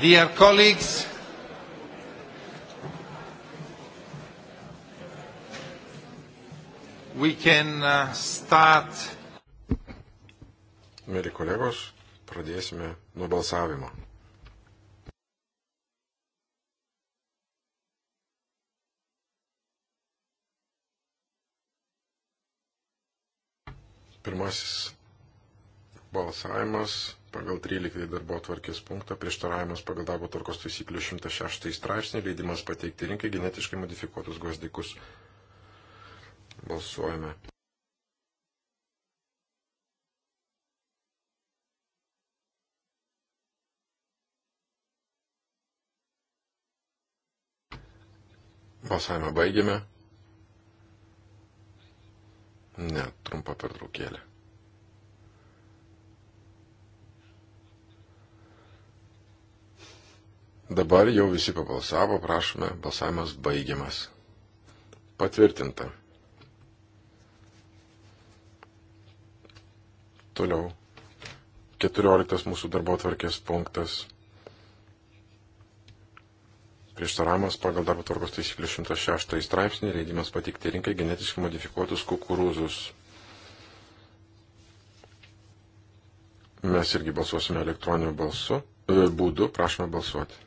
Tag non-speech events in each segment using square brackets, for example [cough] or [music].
Dear colleagues, we can uh, start. Mėly kolegos, pradėsime nuo balsavimo. Pirmasis balsavimas pagal 13 darbo tvarkės punktą prieštaravimas pagal darbo tvarkos taisyklių 106 straipsnį leidimas pateikti rinkai genetiškai modifikuotus gozdikus. Balsuojame. Balsavimą baigėme. Ne, trumpa pertraukėlė. Dabar jau visi pabalsavo, prašome, balsavimas baigiamas. Patvirtinta. Toliau. 14 mūsų darbo tvarkės punktas. Prieštaravimas pagal darbo tvarkos taisyklių 106 straipsnį leidimas patikti rinkai genetiškai modifikuotus kukurūzus. Mes irgi balsuosime elektroniniu balsu, e, būdu, prašome balsuoti.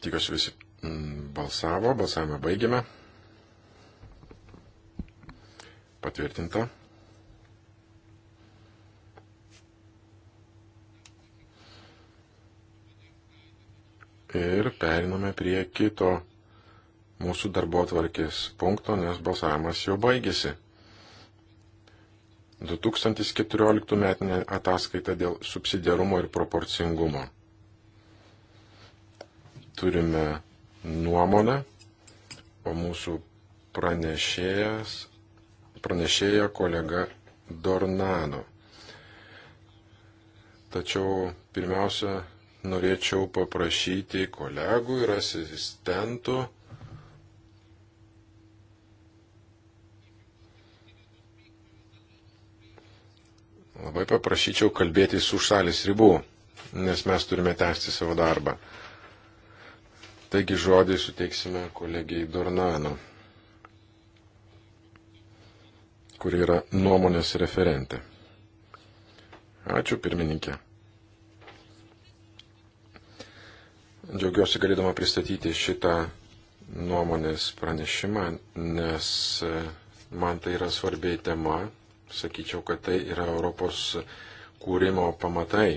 Tikiuosi visi mm, balsavo, balsavimą baigėme. Patvirtinta. Ir periname prie kito mūsų darbo atvarkės punkto, nes balsavimas jau baigėsi. 2014 metinė ataskaita dėl subsidiarumo ir proporcingumo turime nuomonę, o mūsų pranešėjas, pranešėja kolega Dornano. Tačiau pirmiausia, norėčiau paprašyti kolegų ir asistentų Labai paprašyčiau kalbėtis už salės ribų, nes mes turime tęsti savo darbą. Taigi žodį suteiksime kolegijai Dornano, kuri yra nuomonės referentė. Ačiū pirmininkė. Džiaugiuosi galėdama pristatyti šitą nuomonės pranešimą, nes e, man tai yra svarbiai tema. Sakyčiau, kad tai yra Europos kūrimo pamatai.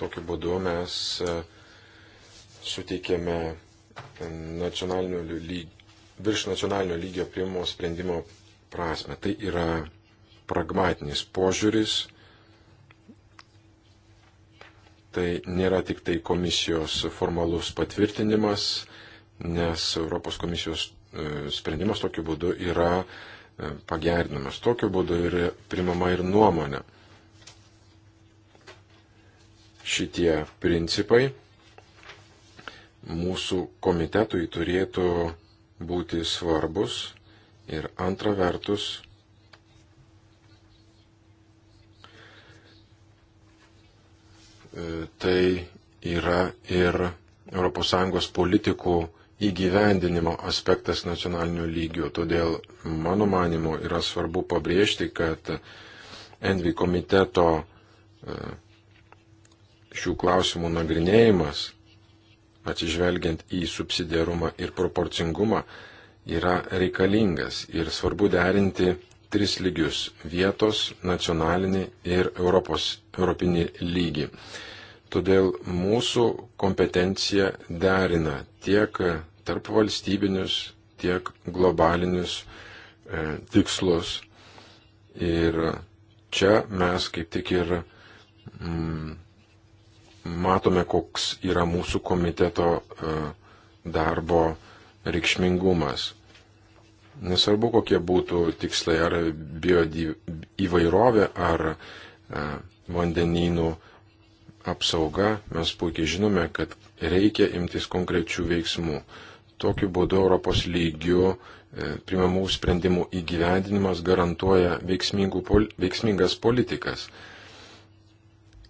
Tokiu būdu mes uh, suteikėme nacionalinio lyg, virš nacionalinio lygio priimo sprendimo prasme. Tai yra pragmatinis požiūris. Tai nėra tik tai komisijos formalus patvirtinimas, nes Europos komisijos e, sprendimas tokiu būdu yra e, pagerinamas. Tokiu būdu ir primama ir nuomonė. Šitie principai mūsų komitetui turėtų būti svarbus ir antra vertus tai yra ir ES politikų įgyvendinimo aspektas nacionaliniu lygiu. Todėl mano manimu yra svarbu pabrėžti, kad Envi komiteto e, šių klausimų nagrinėjimas atsižvelgiant į subsidiarumą ir proporcingumą, yra reikalingas ir svarbu derinti tris lygius - vietos, nacionalinį ir Europos, europinį lygį. Todėl mūsų kompetencija derina tiek tarp valstybinius, tiek globalinius e, tikslus. Ir čia mes kaip tik ir mm, matome, koks yra mūsų komiteto e, darbo reikšmingumas. Nesvarbu, kokie būtų tikslai, ar bioįvairovė, ar e, vandenynų apsauga, mes puikiai žinome, kad reikia imtis konkrečių veiksmų. Tokiu būdu Europos lygių e, primamų sprendimų įgyvendinimas garantuoja pol, veiksmingas politikas,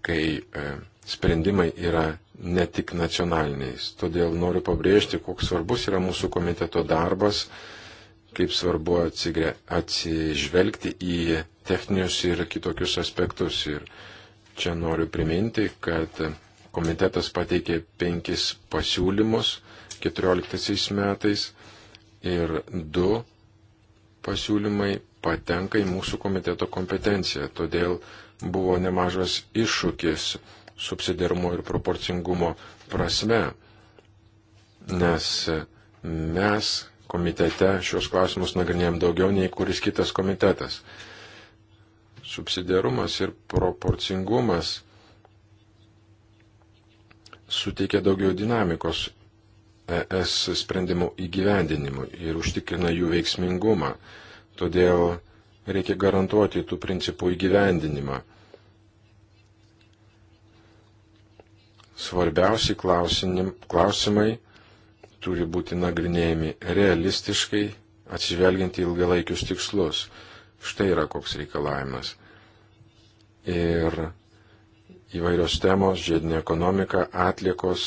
kai sprendimai yra ne tik nacionaliniais. Todėl noriu pabrėžti, koks svarbus yra mūsų komiteto darbas, kaip svarbu atsigre, atsižvelgti į techninius ir kitokius aspektus. Ir čia noriu priminti, kad komitetas pateikė penkis pasiūlymus 14 metais ir du pasiūlymai patenka į mūsų komiteto kompetenciją. Todėl buvo nemažas iššūkis subsidiarumo ir proporcingumo prasme, nes mes komitete šios klausimus nagrinėjom daugiau nei kuris kitas komitetas. Subsidiarumas ir proporcingumas suteikia daugiau dinamikos ES sprendimų įgyvendinimui ir užtikrina jų veiksmingumą. Todėl reikia garantuoti tų principų įgyvendinimą. svarbiausi klausimai turi būti nagrinėjami realistiškai, atsižvelgiant į ilgalaikius tikslus. Štai yra koks reikalavimas. Ir įvairios temos, žiedinė ekonomika, atliekos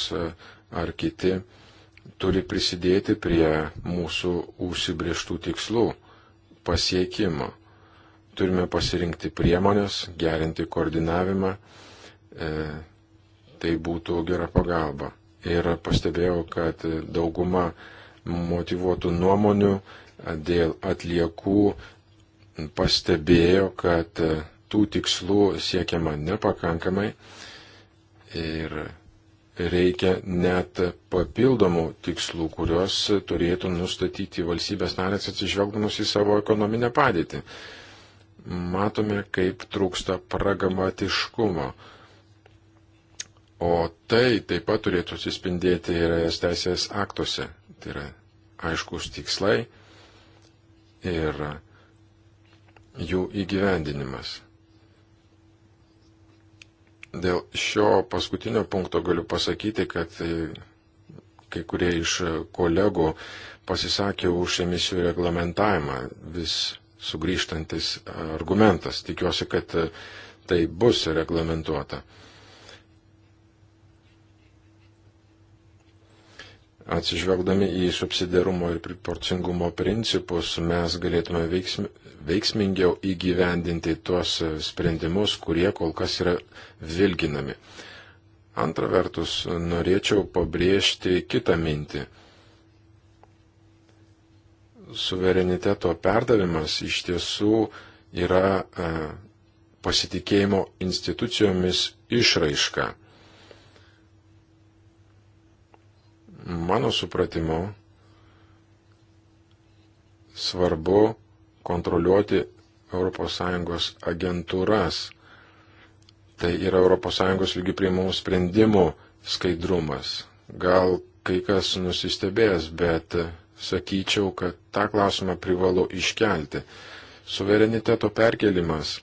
ar kiti, turi prisidėti prie mūsų užsibrieštų tikslų pasiekimo. Turime pasirinkti priemonės, gerinti koordinavimą, e, tai būtų gera pagalba. Ir pastebėjau, kad dauguma motivuotų nuomonių dėl atliekų pastebėjo, kad tų tikslų siekiama nepakankamai ir reikia net papildomų tikslų, kuriuos turėtų nustatyti valstybės narės atsižvelgdamus į savo ekonominę padėtį. Matome, kaip trūksta pragmatiškumo. O tai taip pat turėtų atsispindėti ir es teisės aktuose. Tai yra aiškus tikslai ir jų įgyvendinimas. Dėl šio paskutinio punkto galiu pasakyti, kad e, kai kurie iš kolegų pasisakė už emisijų reglamentavimą, vis sugrįžtantis argumentas. Tikiuosi, kad e, tai bus reglamentuota. Atsižvelgdami į subsidiarumo ir proporcingumo principus mes galėtume veiksm, veiksmingiau įgyvendinti tuos sprendimus, kurie kol kas yra vilginami. Antra vertus, norėčiau pabrėžti kitą mintį. Suvereniteto perdavimas iš tiesų yra e, pasitikėjimo institucijomis išraiška. Mano supratimu, svarbu kontroliuoti ES agentūras. Tai yra ES lygių priimamų sprendimų skaidrumas. Gal kai kas nusistebės, bet sakyčiau, kad tą klausimą privalu iškelti. Suvereniteto perkelimas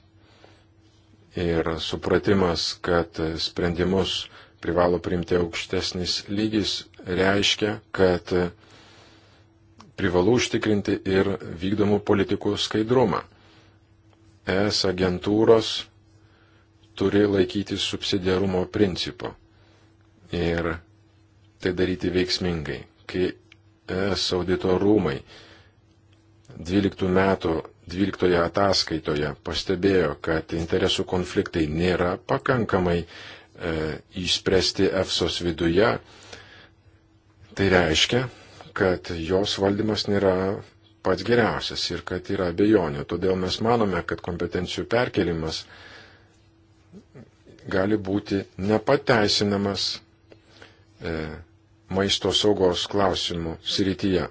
ir supratimas, kad sprendimus privalo priimti aukštesnis lygis, reiškia, kad privalu užtikrinti ir vykdomų politikų skaidrumą. ES agentūros turi laikytis subsidiarumo principo ir tai daryti veiksmingai. Kai ES audito rūmai 12 metų 12 ataskaitoje pastebėjo, kad interesų konfliktai nėra pakankamai išspręsti e, EFSOS viduje, tai reiškia, kad jos valdymas nėra pats geriausias ir kad yra abejonių. Todėl mes manome, kad kompetencijų perkelimas gali būti nepateisinamas e, maisto saugos klausimų srityje.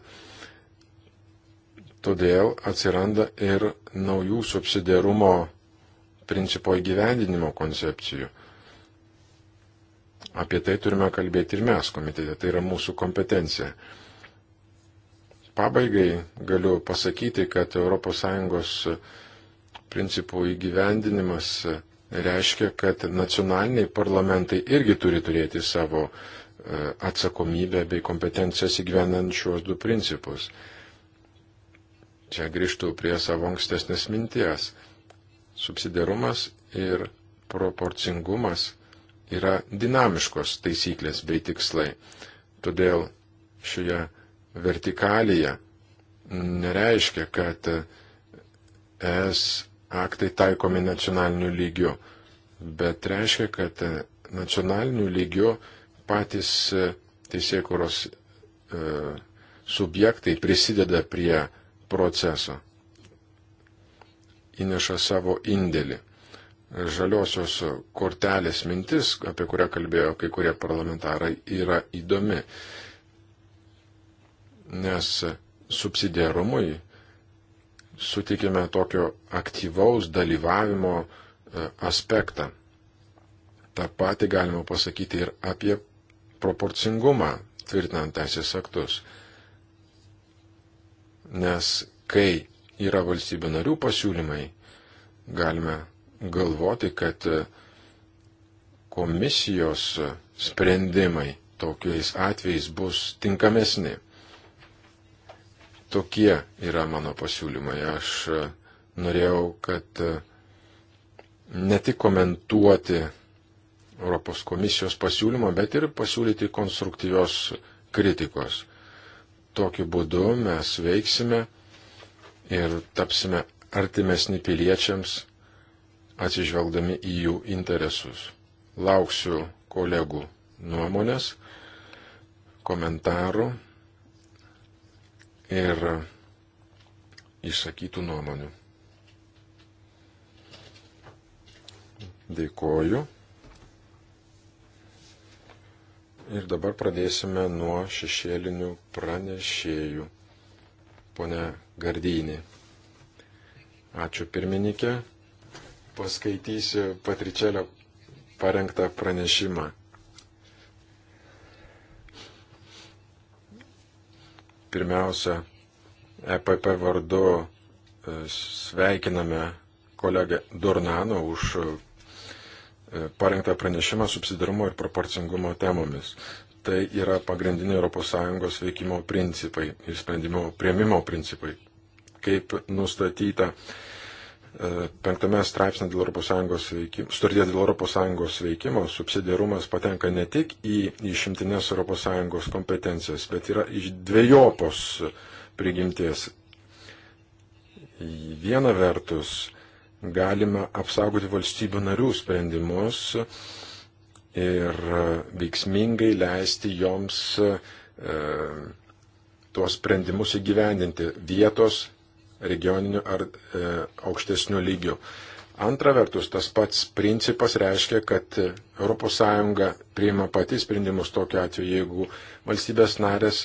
Todėl atsiranda ir naujų subsidiarumo principo įgyvendinimo koncepcijų. Apie tai turime kalbėti ir mes komitete, tai yra mūsų kompetencija. Pabaigai galiu pasakyti, kad ES principų įgyvendinimas reiškia, kad nacionaliniai parlamentai irgi turi turėti savo e, atsakomybę bei kompetencijas įgyvenant šiuos du principus. Čia grįžtų prie savo ankstesnės minties. Subsidiarumas ir proporcingumas yra dinamiškos taisyklės bei tikslai. Todėl šioje vertikalėje nereiškia, kad es aktai taikomi nacionaliniu lygiu, bet reiškia, kad nacionaliniu lygiu patys teisėkuros e, subjektai prisideda prie proceso, įneša savo indėlį žaliosios kortelės mintis, apie kurią kalbėjo kai kurie parlamentarai, yra įdomi. Nes subsidiarumui sutikime tokio aktyvaus dalyvavimo e, aspektą. Ta pati galima pasakyti ir apie proporcingumą tvirtinant teisės aktus. Nes kai yra valstybių narių pasiūlymai, galime galvoti, kad e, komisijos sprendimai tokiais atvejais bus tinkamesni. Tokie yra mano pasiūlymai. Aš e, norėjau, kad e, ne tik komentuoti Europos komisijos pasiūlymą, bet ir pasiūlyti konstruktyvios kritikos. Tokiu būdu mes veiksime ir tapsime artimesni piliečiams atsižvelgdami į jų interesus. Lauksiu kolegų nuomonės, komentarų ir išsakytų nuomonių. Dėkoju. Ir dabar pradėsime nuo šešėlinių pranešėjų. Pone Gardynį. Ačiū pirmininkė paskaitysiu Patričelio parengtą pranešimą. Pirmiausia, EPP vardu e, sveikiname kolegę Dornano už e, parengtą pranešimą subsidarumo ir proporcingumo temomis. Tai yra pagrindiniai ES veikimo principai ir sprendimo prieimimo principai. Kaip nustatyta penktame straipsnė dėl ES veikimo, sutarties dėl ES veikimo, subsidiarumas patenka ne tik į išimtinės ES kompetencijas, bet yra iš dviejopos prigimties. Viena vertus, galime apsaugoti valstybių narių sprendimus ir veiksmingai leisti joms e, tuos sprendimus įgyvendinti vietos regioniniu ar e, aukštesniu lygiu. Antra vertus, tas pats principas reiškia, kad ES priima pati sprendimus tokiu atveju, jeigu valstybės narės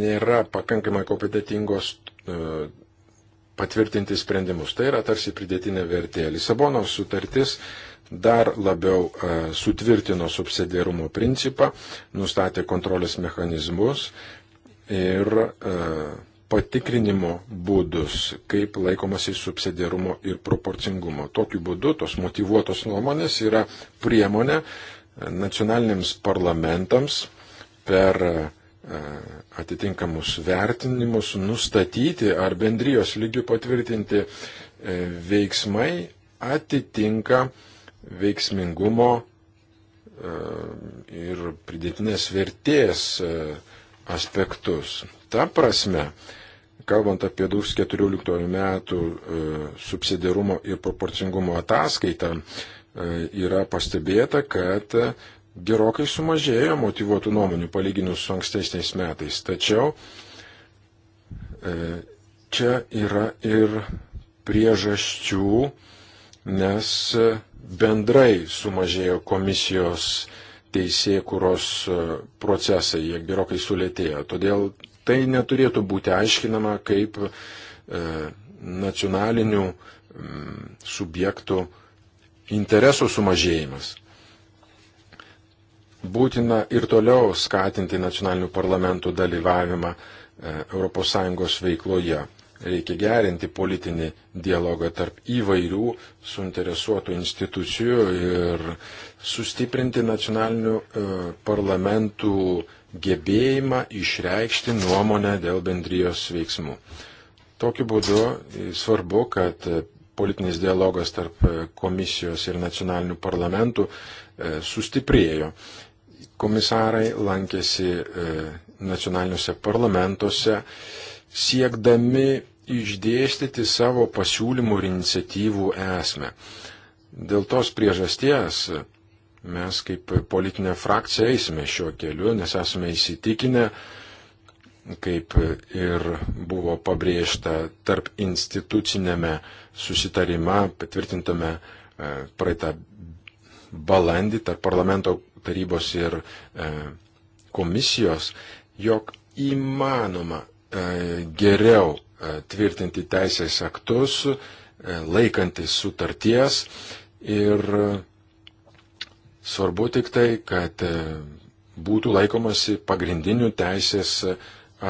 nėra pakankamai kompetitingos e, patvirtinti sprendimus. Tai yra tarsi pridėtinė vertė. Lisabonos sutartis dar labiau e, sutvirtino subsidiarumo principą, nustatė kontrolės mechanizmus ir e, patikrinimo būdus, kaip laikomasi subsidiarumo ir proporcingumo. Tokiu būdu tos motivuotos nuomonės yra priemonė nacionaliniams parlamentams per e, atitinkamus vertinimus nustatyti ar bendrijos lygių patvirtinti e, veiksmai atitinka veiksmingumo e, ir pridėtinės vertės aspektus. Ta prasme, Kalbant apie 2014 metų e, subsidiarumo ir proporcingumo ataskaitą, e, yra pastebėta, kad gerokai sumažėjo motivuotų nuomonių palyginus su ankstesniais metais. Tačiau e, čia yra ir priežasčių, nes bendrai sumažėjo komisijos teisėkuros procesai, jie gerokai sulėtėjo. Todėl Tai neturėtų būti aiškinama kaip e, nacionalinių e, subjektų interesų sumažėjimas. Būtina ir toliau skatinti nacionalinių parlamentų dalyvavimą e, ES veikloje. Reikia gerinti politinį dialogą tarp įvairių suinteresuotų institucijų ir sustiprinti nacionalinių e, parlamentų gebėjimą išreikšti nuomonę dėl bendrijos veiksmų. Tokiu būdu e, svarbu, kad e, politinis dialogas tarp e, komisijos ir nacionalinių parlamentų sustiprėjo. Komisarai lankėsi nacionaliniuose parlamentuose siekdami išdėstyti savo pasiūlymų ir iniciatyvų esmę. Dėl tos priežasties mes kaip politinė frakcija eisime šiuo keliu, nes esame įsitikinę, kaip ir buvo pabrėžta tarp institucinėme susitarime, patvirtintame e, praeitą balandį tarp parlamento tarybos ir e, komisijos, jog įmanoma e, geriau tvirtinti teisės aktus, laikantis sutarties ir Svarbu tik tai, kad e, būtų laikomasi pagrindinių teisės e,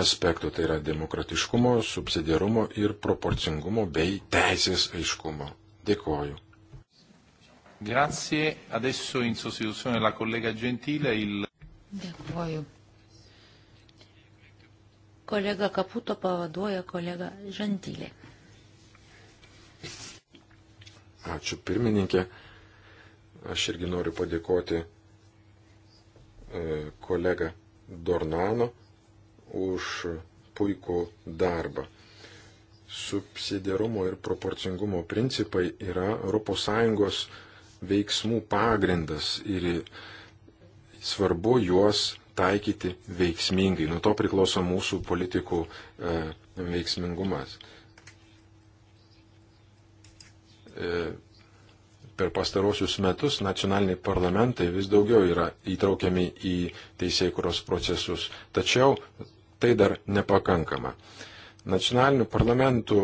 aspektų, tai yra demokratiškumo, subsidiarumo ir proporcingumo bei teisės aiškumo. Dėkuoju. Grazie. Adesso in sostituzione la collega Gentile il. Dėkuoju. Kolega Kaputo pavaduoja kolega Žantylė. Ačiū pirmininkė. Aš irgi noriu padėkoti e, kolega Dornano už puikų darbą. Subsidiarumo ir proporcingumo principai yra ES veiksmų pagrindas ir svarbu juos taikyti veiksmingai. Nuo to priklauso mūsų politikų e, veiksmingumas. E, per pastarosius metus nacionaliniai parlamentai vis daugiau yra įtraukiami į teisėkuros procesus, tačiau tai dar nepakankama. Nacionalinių parlamentų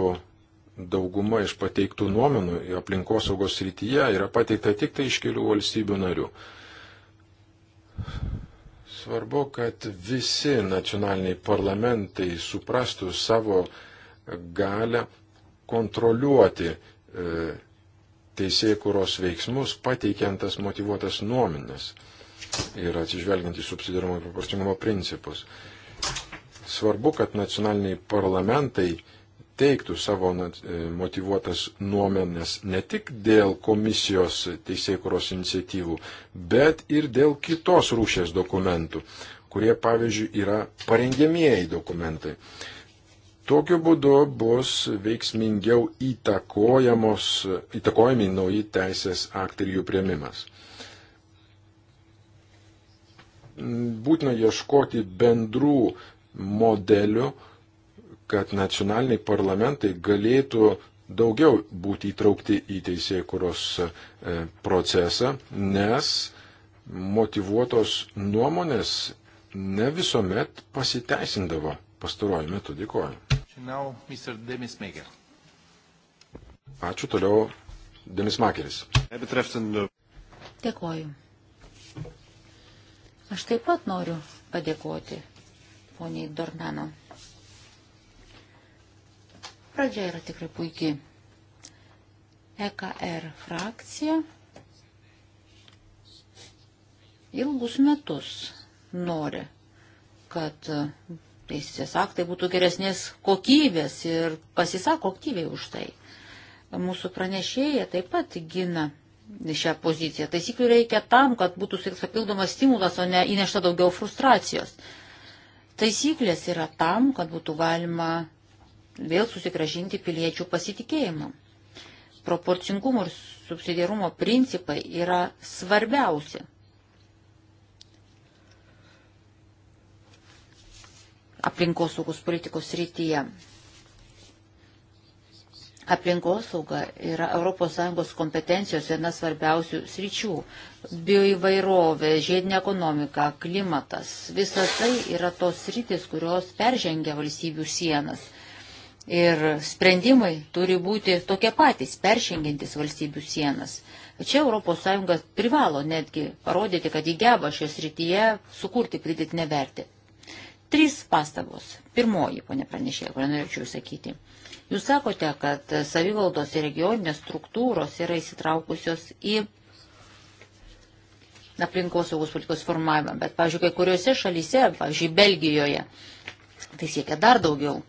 dauguma iš pateiktų nuomenų aplinkosaugos rytyje yra pateikta tik tai iš kelių valstybių narių. Svarbu, kad visi nacionaliniai parlamentai suprastų savo galę kontroliuoti e, teisėkuros veiksmus, pateikiant tas motivuotas nuomonės ir atsižvelgiant į subsidiarumo ir proporcingumo principus. Svarbu, kad nacionaliniai parlamentai teiktų savo e, motivuotas nuomenės ne tik dėl komisijos teisėkuros iniciatyvų, bet ir dėl kitos rūšės dokumentų, kurie, pavyzdžiui, yra parengėmieji dokumentai. Tokiu būdu bus veiksmingiau įtakojami nauji teisės aktai ir jų prieimimas. Būtina ieškoti bendrų modelių, kad nacionaliniai parlamentai galėtų daugiau būti įtraukti į teisėkuros e, procesą, nes motivuotos nuomonės ne visuomet pasiteisindavo pastaruoju metu. Dėkuoju. Now, Ačiū toliau, Denis Makeris. Dėkuoju. Aš taip pat noriu padėkoti poniai Dornano. Pradžia yra tikrai puikiai. EKR er frakcija ilgus metus nori, kad teisės aktai būtų geresnės kokybės ir pasisako aktyviai už tai. Mūsų pranešėja taip pat gina šią poziciją. Taisyklių reikia tam, kad būtų papildomas stimulas, o ne įnešta daugiau frustracijos. Taisyklės yra tam, kad būtų galima vėl susigražinti piliečių pasitikėjimą. Proporcingumo ir subsidiarumo principai yra svarbiausi aplinkosaugos politikos rytyje. Aplinkosauga yra ES kompetencijos viena svarbiausių sričių. Bioįvairovė, žiedinė ekonomika, klimatas - visa tai yra tos sritis, kurios peržengia valstybių sienas. Ir sprendimai turi būti tokie patys, peržengiantis valstybių sienas. Čia ES privalo netgi parodyti, kad įgeba šios rytyje sukurti pridėtinę vertę. Trys pastabos. Pirmoji, ponė pranešėja, kurią norėčiau sakyti. Jūs sakote, kad savivaldos ir regioninės struktūros yra įsitraukusios į aplinkos saugos politikos formavimą, bet, pavyzdžiui, kai kuriuose šalyse, pavyzdžiui, Belgijoje, tai siekia dar daugiau.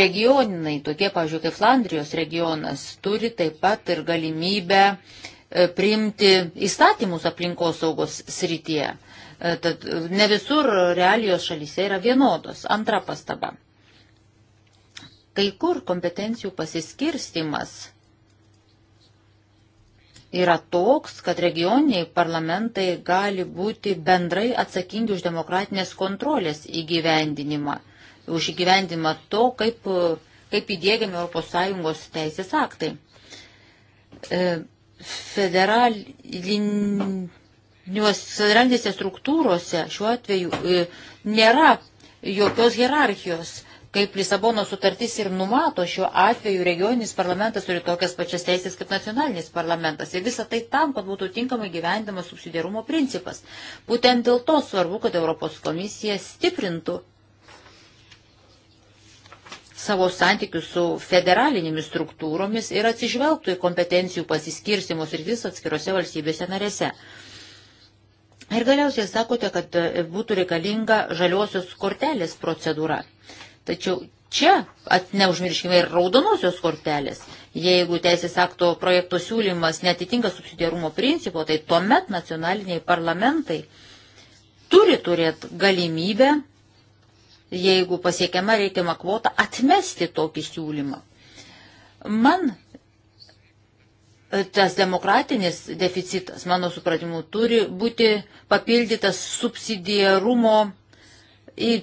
Regioninai, tokie, pavyzdžiui, kaip Flandrijos regionas, turi taip pat ir galimybę e, priimti įstatymus aplinkos saugos srityje. E, tad ne visur realijos šalyse yra vienodos. Antra pastaba. Kai kur kompetencijų pasiskirstimas yra toks, kad regioniniai parlamentai gali būti bendrai atsakingi už demokratinės kontrolės įgyvendinimą, už įgyvendinimą to, kaip, kaip įdėgiami ES teisės aktai. E, federalin Nuosadrandėse struktūrose šiuo atveju e, nėra jokios hierarchijos. Kaip Lisabono sutartis ir numato, šiuo atveju regioninis parlamentas turi tokias pačias teisės kaip nacionalinis parlamentas. Ir visa tai tam, kad būtų tinkamai gyvendamas subsidiarumo principas. Būtent dėl to svarbu, kad Europos komisija stiprintų savo santykius su federalinėmis struktūromis ir atsižvelgtų į kompetencijų pasiskirstimus rytis atskirose valstybėse narėse. Ir galiausiai sakote, kad e, būtų reikalinga žaliosios kortelės procedūra. Tačiau čia at, neužmirškime ir raudonosios kortelės. Jeigu teisės akto projekto siūlymas netitinka subsidiarumo principo, tai tuomet nacionaliniai parlamentai turi turėti galimybę, jeigu pasiekiama reikiama kvota, atmesti tokį siūlymą. Man tas demokratinis deficitas, mano supratimu, turi būti papildytas subsidiarumo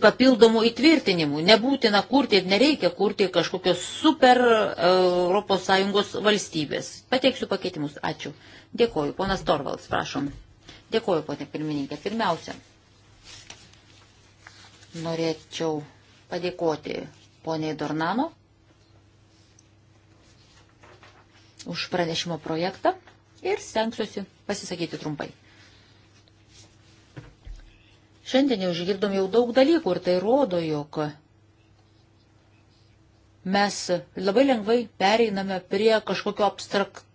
papildomų įtvirtinimų. Nebūtina kurti ir nereikia kurti kažkokios super ES valstybės. Pateiksiu pakeitimus. Ačiū. Dėkoju. Ponas Torvalds, prašom. Dėkoju, ponė pirmininkė. Pirmiausia, norėčiau padėkoti poniai Dornano už pranešimo projektą ir stengsiuosi pasisakyti trumpai. Šiandien jau išgirdom jau daug dalykų ir tai rodo, jog mes labai lengvai pereiname prie kažkokio abstraktų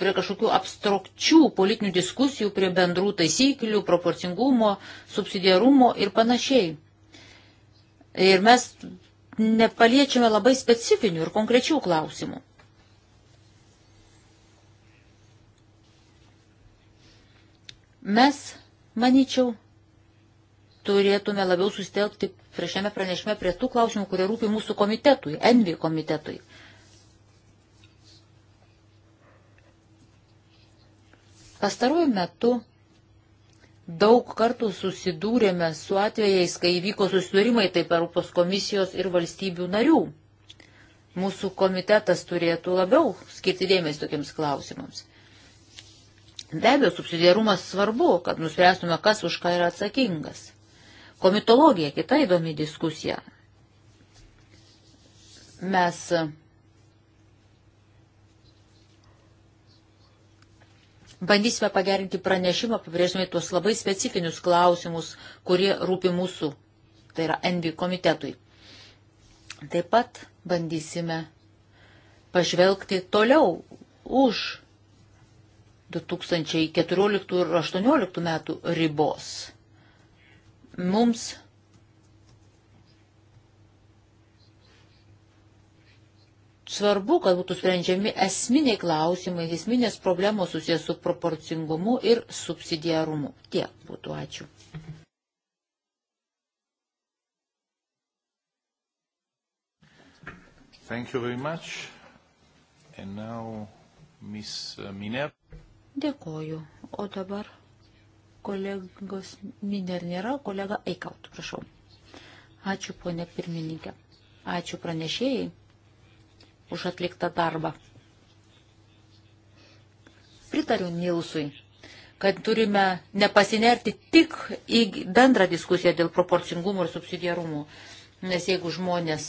prie kažkokių abstrakčių politinių diskusijų, prie bendrų taisyklių, proporcingumo, subsidiarumo ir panašiai. Ir mes nepaliečiame labai specifinių ir konkrečių klausimų. Mes, manyčiau, turėtume labiau susitelkti prie šiame pranešime prie tų klausimų, kurie rūpi mūsų komitetui, Envi komitetui. Pastaruoju metu daug kartų susidūrėme su atvejais, kai vyko susidūrimai taip Europos komisijos ir valstybių narių. Mūsų komitetas turėtų labiau skirti dėmesį tokiems klausimams. Be abejo, subsidiarumas svarbu, kad nuspręstume, kas už ką yra atsakingas. Komitologija kita įdomi diskusija. Mes bandysime pagerinti pranešimą, apibrėždami tuos labai specifinius klausimus, kurie rūpi mūsų, tai yra NB komitetui. Taip pat bandysime pažvelgti toliau už 2014 ir 2018 metų ribos. Mums svarbu, kad būtų sprendžiami esminiai klausimai, esminės problemos susijęs su proporcingumu ir subsidiarumu. Tiek būtų ačiū. Thank you very much. And now Ms. Miner. Dėkoju. O dabar kolegos Miner nėra, kolega Eikaut, prašau. Ačiū, ponė pirmininkė. Ačiū pranešėjai už atliktą darbą. Pritariu Nilsui, kad turime nepasinerti tik į bendrą diskusiją dėl proporcingumų ir subsidiarumų, nes jeigu žmonės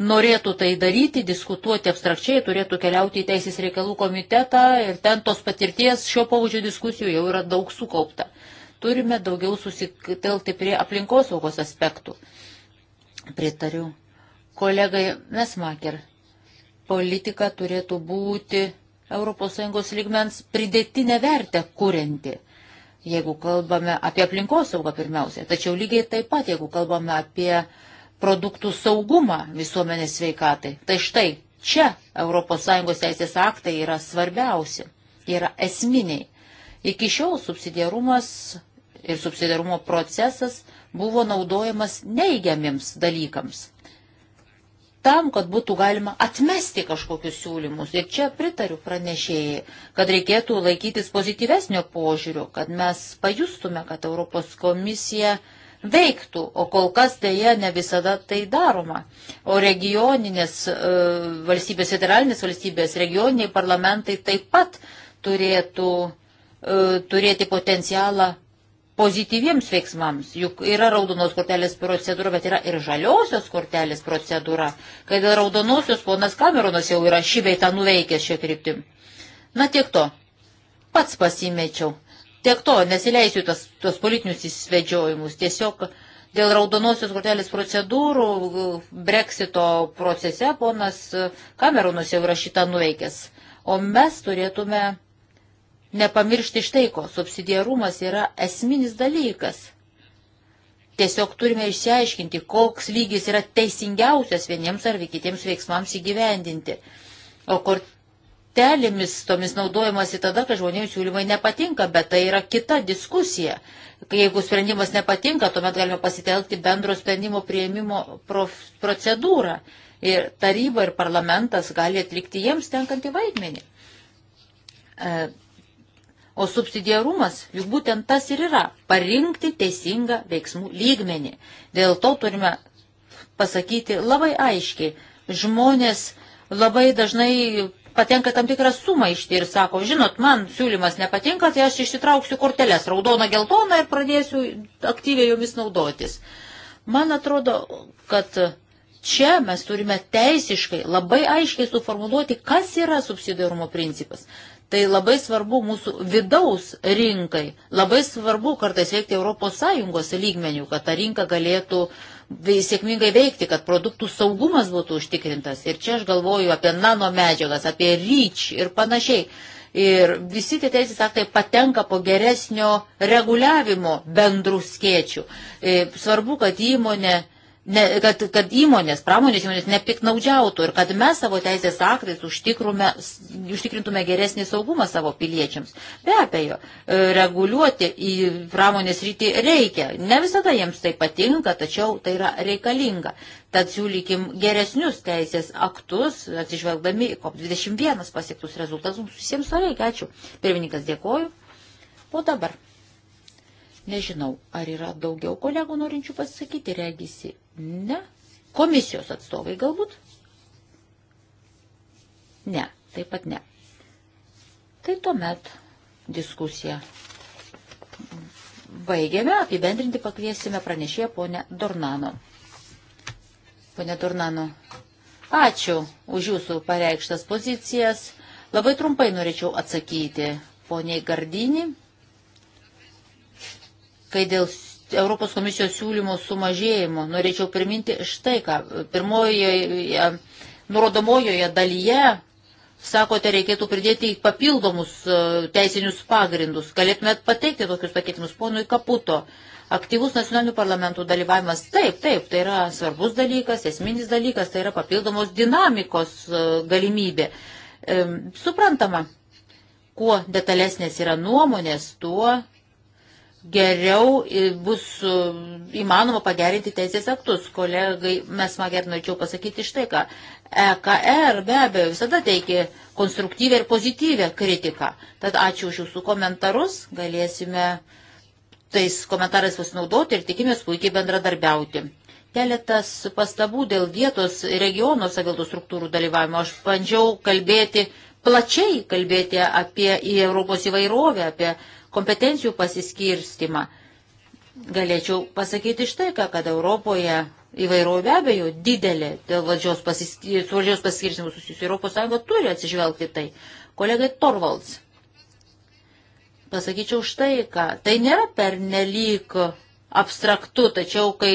norėtų tai daryti, diskutuoti abstrakčiai, turėtų keliauti į Teisės reikalų komitetą ir ten tos patirties šio pavyzdžio diskusijų jau yra daug sukaupta. Turime daugiau susitelkti prie aplinkosaugos aspektų. Pritariu. Kolegai Mesmaker, politika turėtų būti ES lygmens pridėtinę vertę kurianti jeigu kalbame apie aplinkosaugą pirmiausia. Tačiau lygiai taip pat, jeigu kalbame apie produktų saugumą visuomenės sveikatai. Tai štai čia ES teisės aktai yra svarbiausi, yra esminiai. Iki šiol subsidiarumas ir subsidiarumo procesas buvo naudojamas neigiamiems dalykams. Tam, kad būtų galima atmesti kažkokius siūlymus. Ir čia pritariu pranešėjai, kad reikėtų laikytis pozityvesnio požiūrio, kad mes pajustume, kad Europos komisija uh, veiktų, o kol kas dėja ne visada tai daroma. O regioninės e, valstybės, federalinės valstybės, regioniniai parlamentai taip pat turėtų e, turėti potencialą pozityviems veiksmams. Juk yra raudonos kortelės procedūra, bet yra ir žaliosios kortelės procedūra, kai dėl raudonosios ponas Kameronas jau yra šį beitą nuveikęs šią kryptim. Na tiek to. Pats pasimečiau. Tiek to, nesileisiu tas, tos politinius įsivedžiojimus. Tiesiog dėl raudonosios kortelės procedūrų Brexito procese ponas Kameronas jau yra šitą nuveikęs. O mes turėtume nepamiršti štai ko. Subsidiarumas yra esminis dalykas. Tiesiog turime išsiaiškinti, koks lygis yra teisingiausias vieniems ar kitiems veiksmams įgyvendinti. O kort, kortelėmis tomis naudojamasi tada, kai žmonėms siūlymai nepatinka, bet tai yra kita diskusija. Jeigu sprendimas nepatinka, tuomet galime pasitelkti bendro sprendimo prieimimo procedūrą. Ir taryba ir parlamentas gali atlikti jiems tenkantį vaidmenį. E, o subsidiarumas, juk būtent tas ir yra - parinkti teisingą veiksmų lygmenį. Dėl to turime pasakyti labai aiškiai. Žmonės labai dažnai patenka tam tikrą sumaištį ir sako, žinot, man siūlymas nepatinka, tai aš išsitrauksiu korteles raudoną, geltoną ir pradėsiu aktyviai jomis naudotis. Man atrodo, kad čia mes turime teisiškai labai aiškiai suformuluoti, kas yra subsidiarumo principas. Tai labai svarbu mūsų vidaus rinkai, labai svarbu kartais veikti ES lygmenių, kad ta rinka galėtų uh, sėkmingai veikti, kad produktų saugumas būtų užtikrintas. Ir čia aš galvoju apie nanomedžiagas, apie ryč ir panašiai. Ir visi tie teisės aktai patenka po geresnio reguliavimo bendrų skėčių. E, svarbu, kad įmonė ne, kad, kad įmonės, pramonės įmonės nepiknaudžiautų ir kad mes savo teisės aktais užtikrintume geresnį saugumą savo piliečiams. Be abejo, e, reguliuoti į pramonės rytį reikia. Ne visada jiems tai patinka, tačiau tai yra reikalinga. Tad siūlykim geresnius teisės aktus, atsižvelgdami COP21 pasiektus rezultatus. Visiems to reikia. Ačiū. Pirmininkas dėkoju. O dabar. Nežinau, ar yra daugiau kolegų norinčių pasakyti, regisi Ne. Komisijos atstovai galbūt? Ne, taip pat ne. Tai tuomet diskusiją baigėme, apibendrinti pakviesime pranešėją ponę Dornano. Pone Dornano, ačiū už jūsų pareikštas pozicijas. Labai trumpai norėčiau atsakyti poniai Gardinį, kai dėl Europos komisijos siūlymų sumažėjimo. Norėčiau priminti štai ką. Pirmojoje nurodomojoje dalyje, sakote, reikėtų pridėti papildomus e, teisinius pagrindus. Galėtumėt pateikti tokius pakeitimus ponui Kaputo. Aktyvus nacionalinių parlamentų dalyvavimas, taip, taip, tai yra svarbus dalykas, esminis dalykas, tai yra papildomos dinamikos e, galimybė. E, suprantama, kuo detalesnės yra nuomonės, tuo geriau bus įmanoma pagerinti teisės aktus. Kolegai, mes mager norėčiau pasakyti štai ką. EKR er be abejo visada teikia konstruktyvę ir pozityvę kritiką. Tad ačiū už jūsų komentarus, galėsime tais komentarais pasinaudoti ir tikimės puikiai bendradarbiauti. Keletas pastabų dėl vietos regiono savildų struktūrų dalyvavimo. Aš bandžiau kalbėti plačiai, kalbėti apie Europos įvairovę, apie kompetencijų pasiskirstimą, galėčiau pasakyti štai ką, kad Europoje įvairovė be abejo didelė dėl valdžios, pasiskir, valdžios pasiskirstimų susijusių. Europos Sąjunga turi atsižvelgti tai. Kolegai Torvalds, pasakyčiau štai ką. Tai nėra pernelyg abstraktu, tačiau kai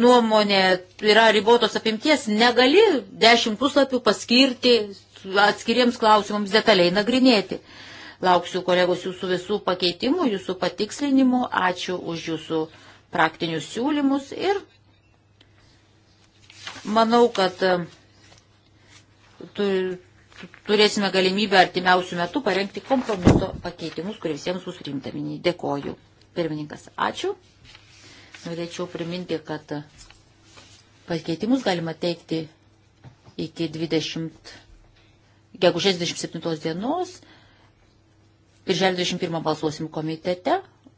nuomonė yra ribotos apimties, negali dešimt puslapių paskirti atskiriems klausimams detaliai nagrinėti. Lauksiu kolegos jūsų visų pakeitimų, jūsų patikslinimų. Ačiū už jūsų praktinius siūlymus ir manau, kad e, turėsime galimybę artimiausių metų parengti kompromiso pakeitimus, kurie visiems bus rimtamini. Dėkoju. Pirmininkas, ačiū. Norėčiau priminti, kad pakeitimus galima teikti iki 20, gegužės 27 dienos. Birželio 21 balsuosim komitete,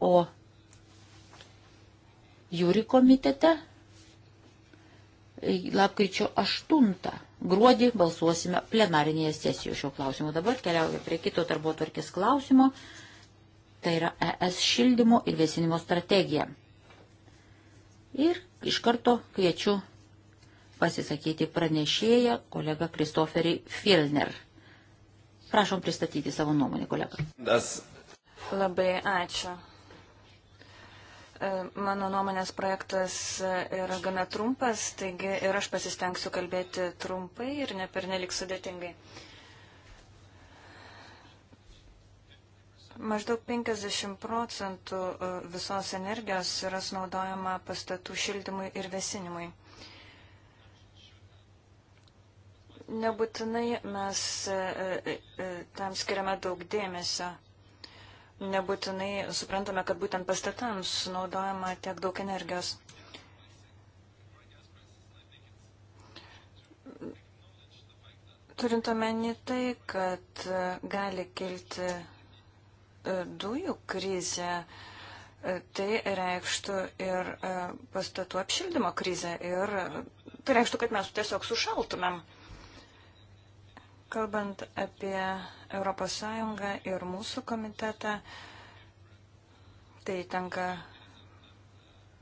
o jūri komitete e, lapkričio 8 gruodį balsuosime plenarinėje sesijoje šio klausimo. Dabar keliauju prie kito darbo tvarkės klausimo. Tai yra ES šildymo ir vėsinimo strategija. Ir iš karto kviečiu pasisakyti pranešėją kolegą Kristoferį Filner. Prašom pristatyti savo nuomonę, kolega. Das. Labai ačiū. E, mano nuomonės projektas yra gana trumpas, taigi ir aš pasistengsiu kalbėti trumpai ir ne pernelik sudėtingai. Maždaug 50 procentų e, visos energijos yra sunaudojama pastatų šildymui ir vesinimui. Nebūtinai mes e, e, e, tam skiriame daug dėmesio. Nebūtinai suprantame, kad būtent pastatams sunaudojama tiek daug energijos. Turint omeny tai, kad gali kilti dujų krizė, tai reikštų ir pastatų apšildymo krizę. Ir tai reikštų, kad mes tiesiog sušaltumėm. Kalbant apie ES ir mūsų komitetą, tai tenka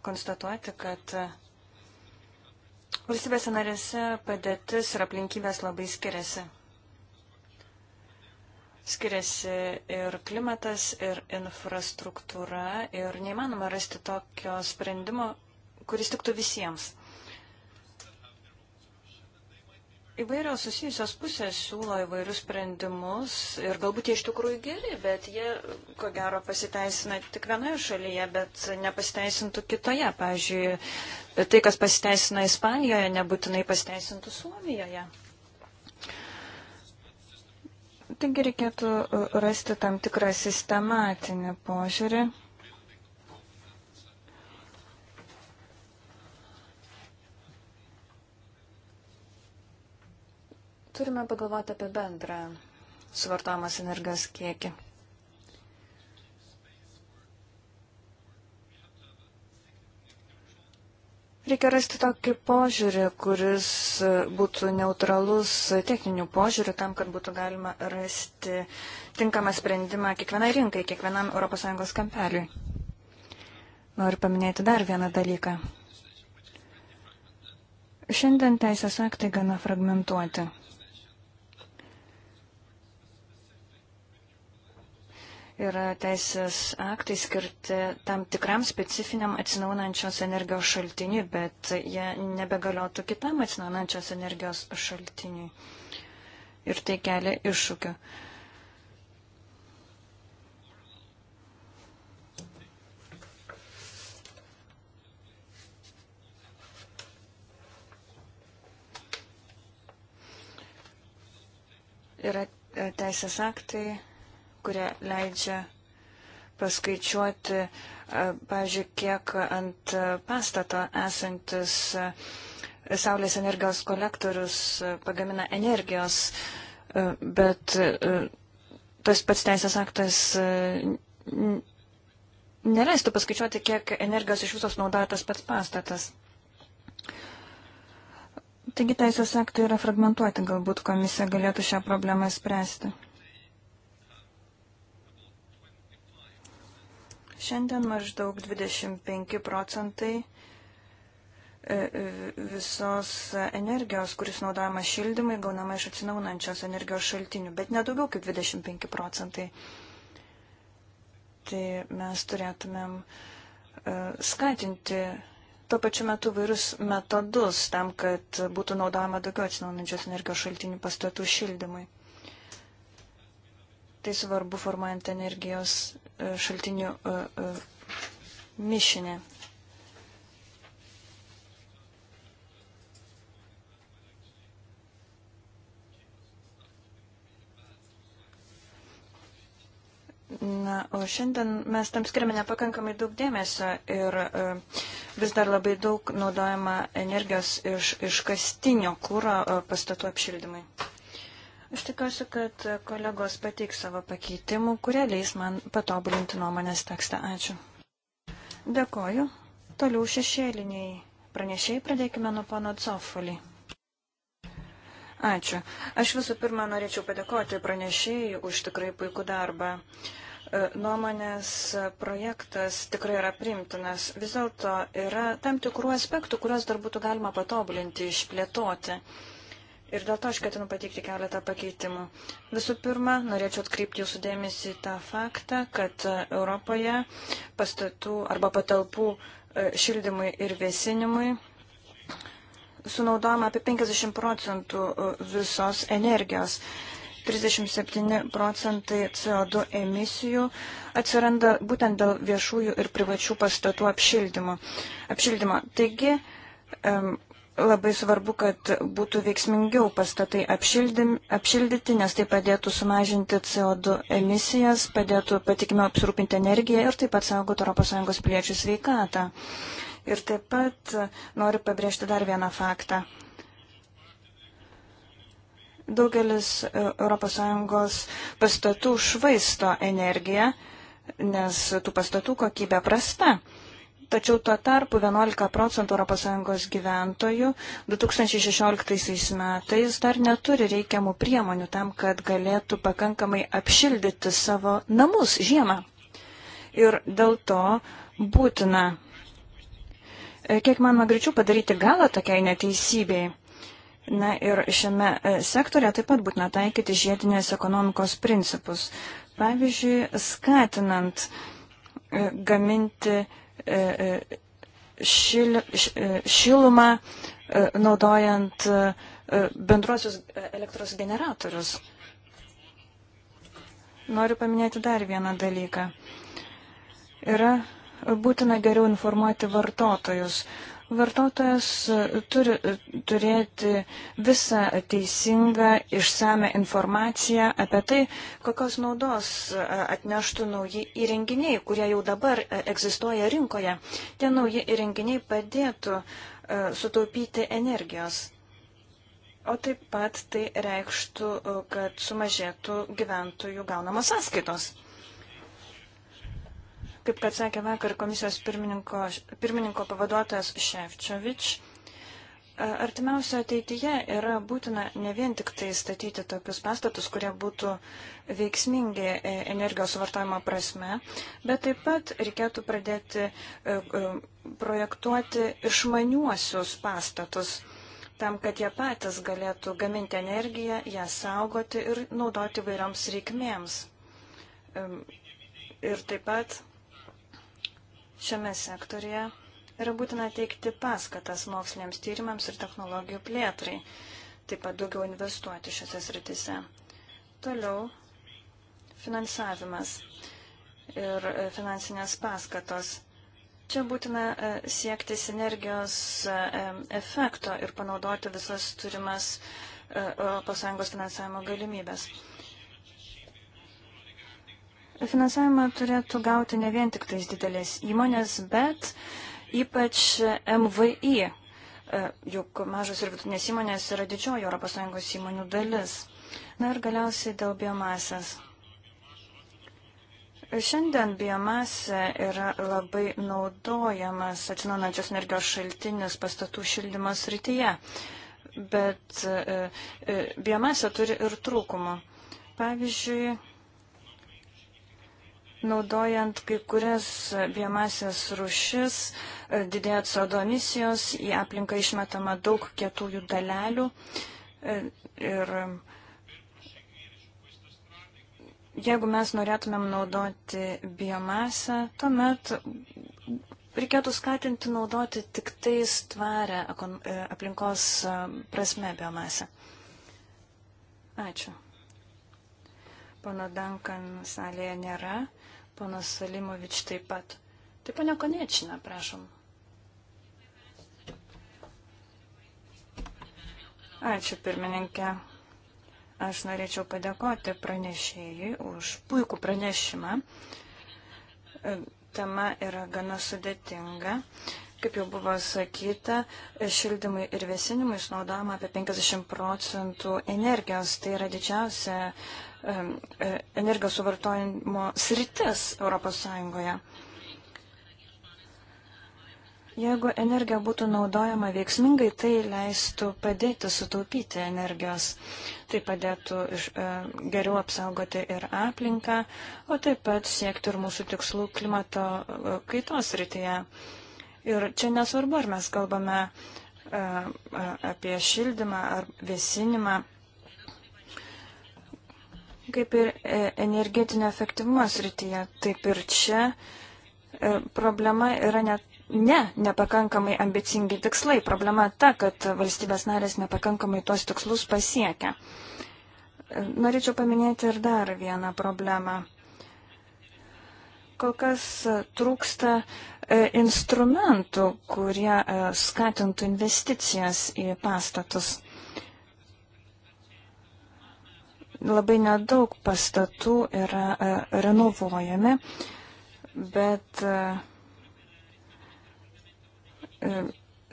konstatuoti, kad valstybėse narėse padėtis ir aplinkybės labai skiriasi. Skiriasi ir klimatas, ir infrastruktūra, ir neįmanoma rasti tokio sprendimo, kuris tiktų visiems. Įvairios susijusios pusės siūlo įvairius sprendimus ir galbūt jie iš tikrųjų geri, bet jie, ko gero, pasiteisina tik vienoje šalyje, bet nepasiteisintų kitoje. Pavyzdžiui, tai, kas pasiteisina Ispanijoje, nebūtinai pasiteisintų Suomijoje. Taigi reikėtų rasti tam tikrą sistematinį požiūrį. Turime pagalvoti apie bendrą suvartojamos energijos kiekį. Reikia rasti tokį požiūrį, kuris būtų neutralus techninių požiūrių tam, kad būtų galima rasti tinkamą sprendimą kiekvienai rinkai, kiekvienam ES kampeliui. Noriu paminėti dar vieną dalyką. Šiandien teisės aktai gana fragmentuoti. yra teisės aktai skirti tam tikram specifiniam atsinaunančios energijos šaltiniui, bet jie nebegaliotų kitam atsinaunančios energijos šaltiniui. Ir tai kelia iššūkių. Yra e, teisės aktai kurie leidžia paskaičiuoti, pavyzdžiui, kiek ant pastato esantis Saulės energijos kolektorius pagamina energijos, bet tas pats teisės aktas neleistų paskaičiuoti, kiek energijos iš visos naudoja tas pats pastatas. Taigi teisės aktai yra fragmentuoti, galbūt komisija galėtų šią problemą spręsti. Šiandien maždaug 25 procentai e, e, visos energijos, kuris naudojama šildymui, gaunama iš atsinaunančios energijos šaltinių, bet nedaugiau kaip 25 procentai. Tai mes turėtumėm e, skatinti tuo pačiu metu vairius metodus tam, kad būtų naudojama daugiau atsinaunančios energijos šaltinių pastatų šildymui. Tai svarbu formuojant energijos e, šaltinių e, e, mišinį. Na, o šiandien mes tam skiriame nepakankamai daug dėmesio ir vis dar labai daug naudojama energijos iš, iš kastinio kūro pastatų apšildymai. Aš tikiuosi, kad kolegos pateiks savo pakeitimų, kurie leis man patobulinti nuomonės tekstą. Ačiū. Dėkoju. Toliau šešėliniai pranešėjai pradėkime nuo pono Cofolį. Ačiū. Aš visų pirma norėčiau padėkoti pranešėjai už tikrai puikų darbą. E, nuomonės projektas tikrai yra primtinas. Vis dėlto yra tam tikrų aspektų, kuriuos dar būtų galima patobulinti, išplėtoti ir dėl to aš ketinu pateikti keletą pakeitimų. Visų pirma, norėčiau atkreipti jūsų dėmesį tą faktą, kad e, Europoje pastatų arba patalpų e, šildymui ir vėsinimui sunaudojama apie 50 procentų e, visos energijos. 37 procentai CO2 emisijų atsiranda būtent dėl viešųjų ir privačių pastatų apšildymo. apšildymo. Taigi, labai svarbu, kad būtų veiksmingiau pastatai apšildyti, nes tai padėtų sumažinti CO2 emisijas, padėtų patikimiau apsirūpinti energiją ir taip pat saugotų ES piliečių sveikatą. Ir taip pat noriu pabrėžti dar vieną faktą. Daugelis e, ES pastatų švaisto energiją, nes tų pastatų kokybė prasta. Tačiau tuo tarpu 11 procentų ES gyventojų 2016 metais dar neturi reikiamų priemonių tam, kad galėtų pakankamai apšildyti savo namus žiemą. Ir dėl to būtina, e, kiek man magričių, padaryti galą tokiai neteisybei. Na ir šiame e, sektorė taip pat būtina taikyti žiedinės ekonomikos principus. Pavyzdžiui, skatinant e, gaminti E, e, šil, e, šilumą naudojant bendruosius elektros generatorius. Noriu paminėti dar vieną dalyką. Yra būtina geriau informuoti vartotojus. Vartotojas e, turi e, turėti visą teisingą, išsame informaciją apie tai, kokios naudos e, atneštų nauji įrenginiai, kurie jau dabar egzistuoja rinkoje. Tie nauji įrenginiai padėtų sutaupyti energijos. O taip pat tai reikštų, kad sumažėtų gyventojų gaunamos sąskaitos. Kaip kad sakė vakar komisijos pirmininko, pirmininko pavaduotojas Ševčiovič, e, artimiausio ateityje yra būtina ne vien tik tai statyti tokius pastatus, kurie būtų veiksmingi e, energijos vartojimo prasme, bet taip pat reikėtų pradėti e, projektuoti išmaniuosius pastatus tam, kad jie patys galėtų gaminti energiją, ją saugoti ir naudoti vairioms reikmėms. Ir taip pat Šiame sektorėje yra būtina teikti paskatas moksliniams tyrimams ir technologijų plėtrai, taip pat daugiau investuoti šiose sritise. Toliau finansavimas ir e, finansinės paskatos. Čia būtina e, siekti sinergijos e, efekto ir panaudoti visas turimas ES finansavimo galimybės. Finansavimą turėtų gauti ne vien tik tais didelės įmonės, bet ypač MVI, e, juk mažos ir vidutinės įmonės yra didžioji ES įmonių dalis. Na ir galiausiai dėl biomasės. Šiandien biomasė yra labai naudojamas atsinaujančios energijos šaltinis pastatų šildymas rytyje, bet e, e, biomasė turi ir trūkumų. Pavyzdžiui, Naudojant kai kurias biomasės rušis, e, didėja CO2 emisijos, į aplinką išmetama daug kietųjų dalelių. E, ir jeigu mes norėtumėm naudoti biomasę, tuomet reikėtų skatinti naudoti tik tais tvarę e, aplinkos prasme biomasę. Ačiū. Pana Dankan salėje nėra. Panas Salimovič taip pat. Tai pane Konečina, prašom. Ačiū, pirmininkė. Aš norėčiau padėkoti pranešėjai už puikų pranešimą. Tema yra gana sudėtinga kaip jau buvo sakyta, šildymui ir vėsinimui išnaudojama apie 50 procentų energijos. Tai yra didžiausia E, energijos suvartojimo sritis ES. Jeigu energija būtų naudojama veiksmingai, tai leistų padėti sutaupyti energijos. Tai padėtų iš, e, geriau apsaugoti ir aplinką, o taip pat siekti ir mūsų tikslų klimato e, kaitos rytyje. Ir čia nesvarbu, ar mes kalbame e, e apie šildymą ar vėsinimą. Kaip ir e, energetinio efektyvumo srityje, taip ir čia e, problema yra net ne nepakankamai ambicingi tikslai. Problema ta, kad valstybės narės nepakankamai tuos tikslus pasiekia. E, norėčiau paminėti ir dar vieną problemą. Kol kas trūksta instrumentų, kurie skatintų investicijas į pastatus. Labai nedaug pastatų yra e, renovuojami, bet e, e,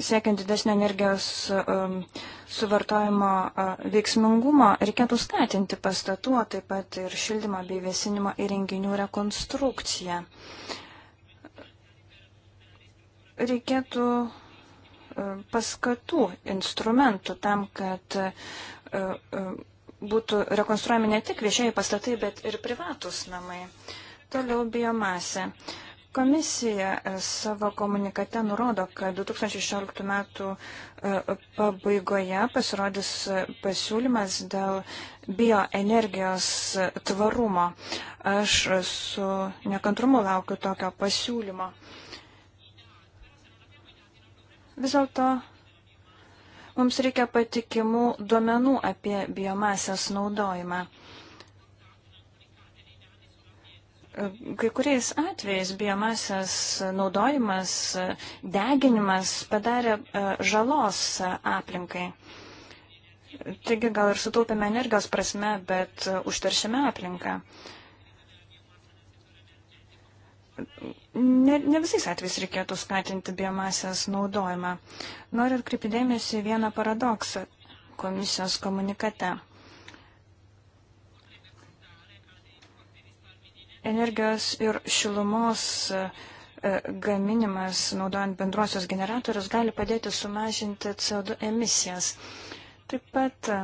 siekiant didesnį energijos suvartojimo veiksmingumą, reikėtų skatinti pastatų, o taip pat ir šildymo bei vėsinimo įrenginių rekonstrukciją. Reikėtų paskatų instrumentų tam, kad būtų rekonstruojami ne tik viešieji pastatai, bet ir privatus namai. Toliau biomasė. Komisija e, savo komunikate nurodo, kad 2016 metų e, pabaigoje pasirodys e, pasiūlymas dėl bioenergijos tvarumo. Aš su nekantrumu laukiu tokio pasiūlymo. Vis dėlto Mums reikia patikimų duomenų apie biomasės naudojimą. Kai kuriais atvejais biomasės naudojimas, deginimas padarė e, žalos aplinkai. Taigi gal ir sutaupėme energijos prasme, bet e, užteršėme aplinką ne, ne visais atvejais reikėtų skatinti biomasės naudojimą. Noriu atkreipti dėmesį į vieną paradoksą komisijos komunikate. Energijos ir šilumos e, gaminimas, naudojant bendruosios generatorius, gali padėti sumažinti CO2 emisijas. Taip pat e,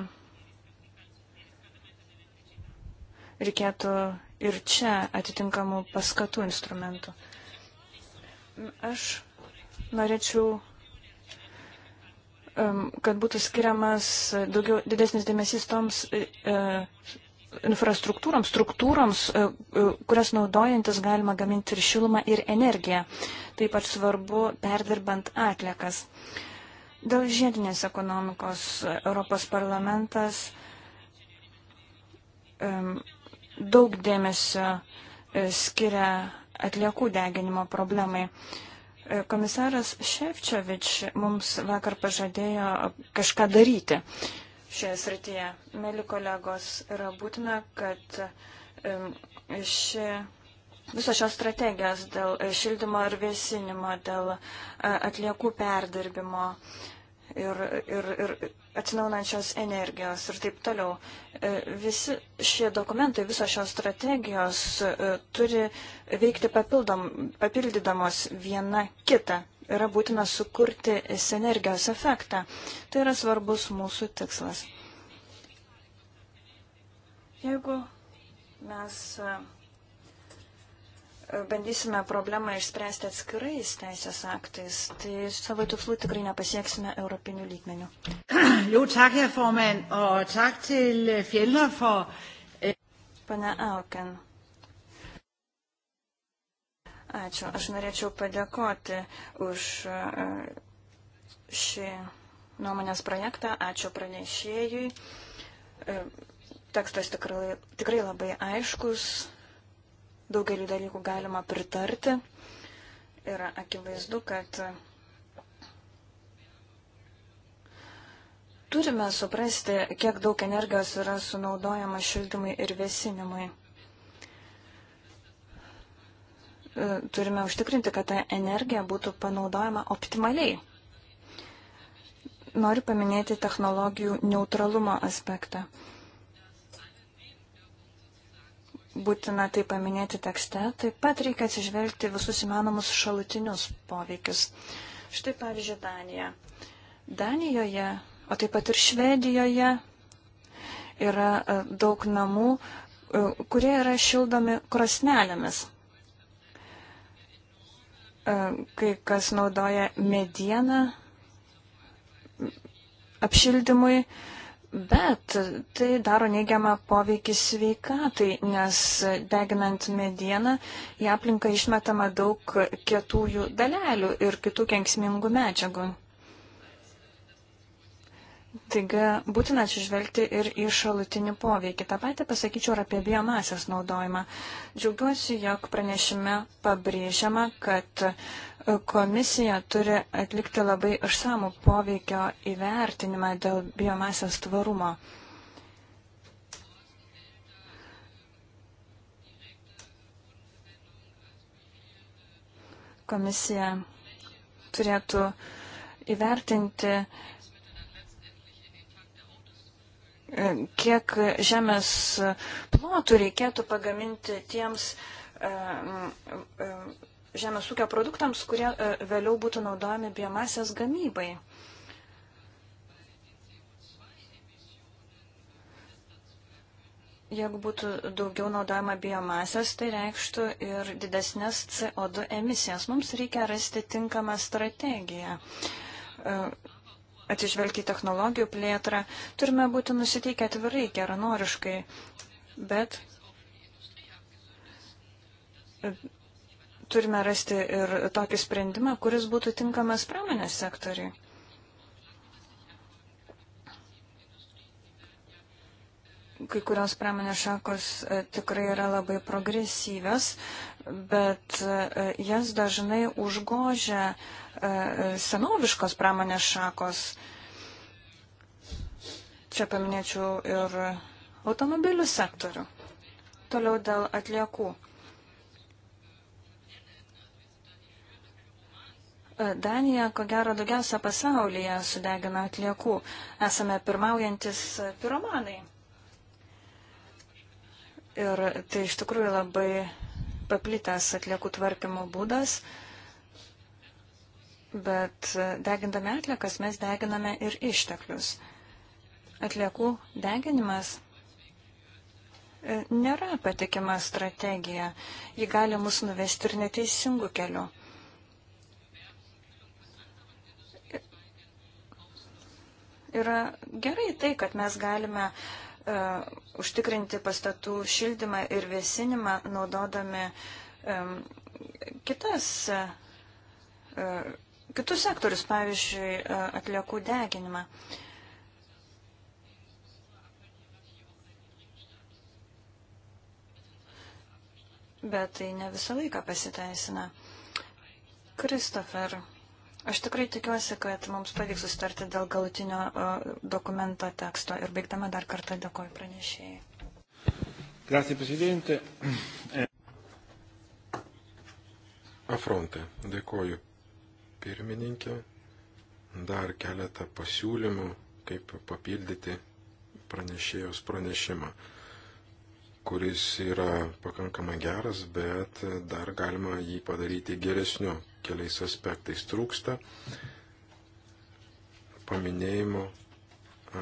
reikėtų ir čia atitinkamų paskatų instrumentų. Aš norėčiau, kad būtų skiriamas daugiau, didesnis dėmesys toms e, e, infrastruktūroms, struktūroms, e, kurias naudojantis galima gaminti ir šilumą, ir energiją. Taip pat svarbu perdirbant atliekas. Dėl žiedinės ekonomikos Europos parlamentas um, daug dėmesio e, skiria atliekų deginimo problemai. E, komisaras Ševčiovič mums vakar pažadėjo kažką daryti šioje srityje. Mėly kolegos, yra būtina, kad e, ši, visos šios strategijos dėl šildymo ir vėsinimo, dėl atliekų perdirbimo, ir, ir, ir atsinaunančios energijos ir taip toliau. E, visi šie dokumentai, visos šios strategijos e, turi veikti papildom, papildydamos viena kitą. Yra būtina sukurti sinergijos efektą. Tai yra svarbus mūsų tikslas. Jeigu mes. Uh, bandysime problemą išspręsti atskirais teisės aktais, tai savo tikslų tikrai nepasieksime europinių lygmenių. [clears throat] Jo, tak, herr formand, o tak til øh, Fjellner for... Øh. Pane Auken. Ačiū. Aš norėčiau padėkoti už e, šį nuomonės projektą. Ačiū pranešėjui. E, tekstas tikrai, tikrai labai aiškus, Daugelį dalykų galima pritarti. Yra akivaizdu, kad turime suprasti, kiek daug energijos yra sunaudojama šildymui ir vėsinimui. E, turime užtikrinti, kad ta energija būtų panaudojama optimaliai. Noriu paminėti technologijų neutralumo aspektą būtina tai paminėti tekste, taip pat reikia atsižvelgti visus įmanomus šalutinius poveikius. Štai pavyzdžiui, Danija. Danijoje, o taip pat ir Švedijoje yra e, daug namų, e, kurie yra šildomi krosnelėmis. E, kai kas naudoja medieną apšildymui, Bet tai daro neigiamą poveikį sveikatai, nes deginant medieną į aplinką išmetama daug kietųjų dalelių ir kitų kenksmingų medžiagų. Taigi būtina atsižvelgti ir į šalutinį poveikį. Ta pati pasakyčiau ir apie biomasės naudojimą. Džiaugiuosi, jog pranešime pabrėžiama, kad komisija turi atlikti labai išsamų poveikio įvertinimą dėl biomasės tvarumo. Komisija turėtų įvertinti kiek žemės plotų reikėtų pagaminti tiems e, e, žemės ūkio produktams, kurie e, vėliau būtų naudojami biomasės gamybai. Jeigu būtų daugiau naudojama biomasės, tai reikštų ir didesnės CO2 emisijas. Mums reikia rasti tinkamą strategiją atsižvelgti į technologijų plėtrą, turime būti nusiteikę atvirai, geranoriškai, bet e, turime rasti ir tokį sprendimą, kuris būtų tinkamas pramonės sektoriai. kai kurios pramonės šakos e, tikrai yra labai progresyvios, bet e, jas dažnai užgožia E, senoviškos pramonės šakos. Čia paminėčiau ir automobilių sektorių. Toliau dėl atliekų. E, Danija, ko gero, daugiausia pasaulyje sudegina atliekų. Esame pirmaujantis piromanai. Ir tai iš tikrųjų labai paplitęs atliekų tvarkymo būdas. Uh, bet e, degindami atliekas mes deginame ir išteklius. Atliekų deginimas e, nėra patikima strategija. Ji gali mus nuvesti ir neteisingų kelių. Yra gerai tai, kad mes galime uh, užtikrinti pastatų šildymą ir vėsinimą naudodami um, kitas uh, kitus sektorius, pavyzdžiui, e, atliekų deginimą. Bet tai ne visą laiką pasiteisina. Kristofer, aš tikrai tikiuosi, kad mums pavyks sustarti dėl galutinio e, dokumento teksto ir baigtame dar kartą dėkoju pranešėjai. Grazie, prezidente. Afronte, dėkoju pirmininkė. Dar keletą pasiūlymų, kaip papildyti pranešėjos pranešimą, kuris yra pakankamai geras, bet dar galima jį padaryti geresniu. Keliais aspektais trūksta paminėjimo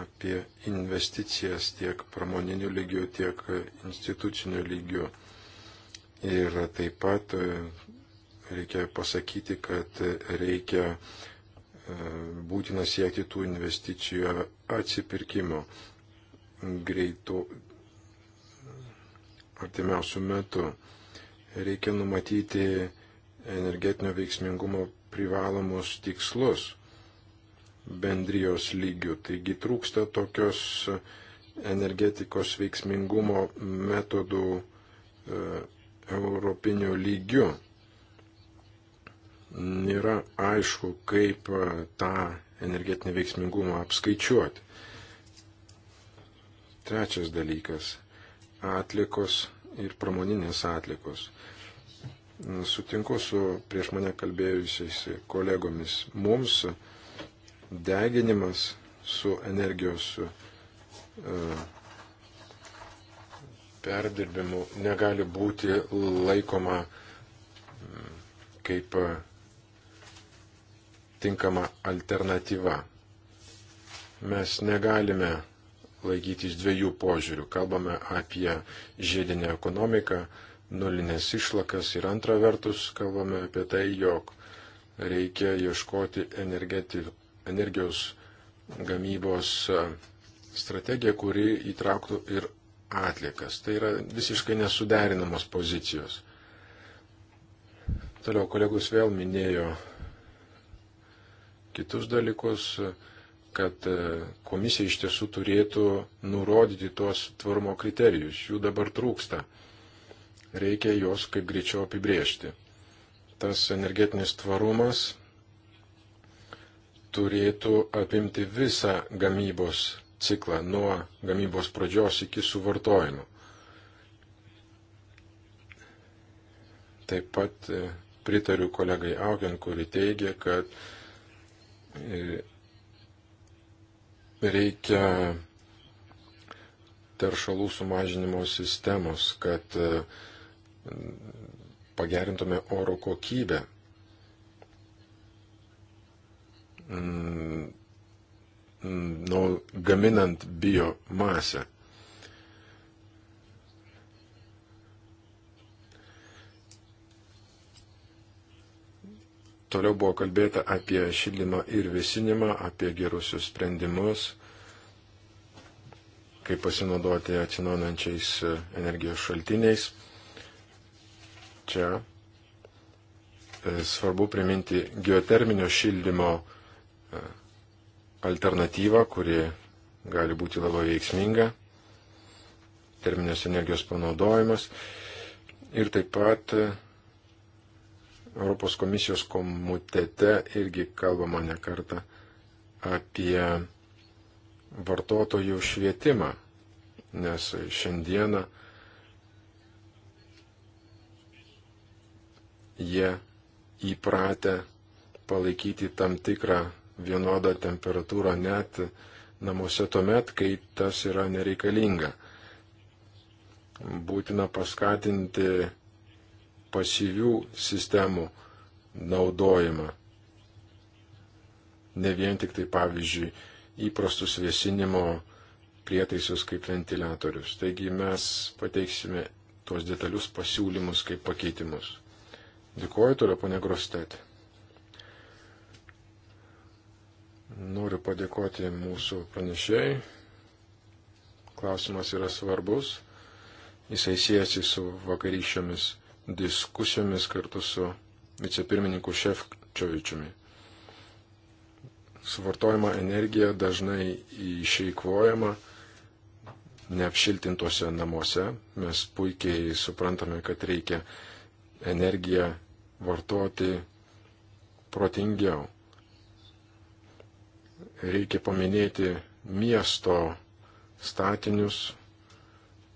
apie investicijas tiek pramoninių lygių, tiek institucinių lygių. Ir taip pat reikia pasakyti, kad reikia e, būtina siekti tų investicijų atsipirkimo greitų artimiausių metų. Reikia numatyti energetinio veiksmingumo privalomus tikslus bendrijos lygių. Taigi trūksta tokios energetikos veiksmingumo metodų e, europinių lygių nėra aišku, kaip e, tą energetinį veiksmingumą apskaičiuoti. Trečias dalykas - atlikos ir pramoninės atlikos. Sutinku su prieš mane kalbėjusiais kolegomis. Mums deginimas su energijos e, perdirbimu negali būti laikoma kaip e, tinkama alternatyva. Mes negalime laikytis dviejų požiūrių. Kalbame apie žiedinę ekonomiką, nulinės išlakas ir antra vertus kalbame apie tai, jog reikia ieškoti energijos gamybos e, strategiją, kuri įtrauktų ir atlikas. Tai yra visiškai nesuderinamos pozicijos. Toliau kolegus vėl minėjo kitus dalykus, kad e, komisija iš tiesų turėtų nurodyti tuos tvarumo kriterijus. Jų dabar trūksta. Reikia juos kaip greičiau apibriežti. Tas energetinis tvarumas turėtų apimti visą gamybos ciklą nuo gamybos pradžios iki suvartojimo. Taip pat e, pritariu kolegai Augen, kuri teigia, kad E, reikia teršalų sumažinimo sistemos, kad e, pagerintume oro kokybę. Mm, mm, nu, gaminant biomasę. Toliau buvo kalbėta apie šildymą ir vėsinimą, apie gerusius sprendimus, kaip pasinaudoti atsinaujančiais e, energijos šaltiniais. Čia e, svarbu priminti geoterminio šildymo e, alternatyvą, kuri gali būti labai veiksminga, terminės energijos panaudojimas ir taip pat Europos komisijos komitete irgi kalbama ne kartą apie vartotojų švietimą, nes šiandieną jie įpratę palaikyti tam tikrą vienodą temperatūrą net namuose tuomet, kai tas yra nereikalinga. Būtina paskatinti pasyvių sistemų naudojimą. Ne vien tik tai, pavyzdžiui, įprastus vėsinimo prietaisus kaip ventiliatorius. Taigi mes pateiksime tuos detalius pasiūlymus kaip pakeitimus. Dėkuoju toliau, ponė Grostet. Noriu padėkoti mūsų pranešėjai. Klausimas yra svarbus. Jisai siejasi su vakaryšiomis diskusijomis kartu su vicepirmininku Šefčiovičiumi. Suvartojama energija dažnai išeikvojama neapšiltintose namuose. Mes puikiai suprantame, kad reikia energiją vartoti protingiau. Reikia paminėti miesto statinius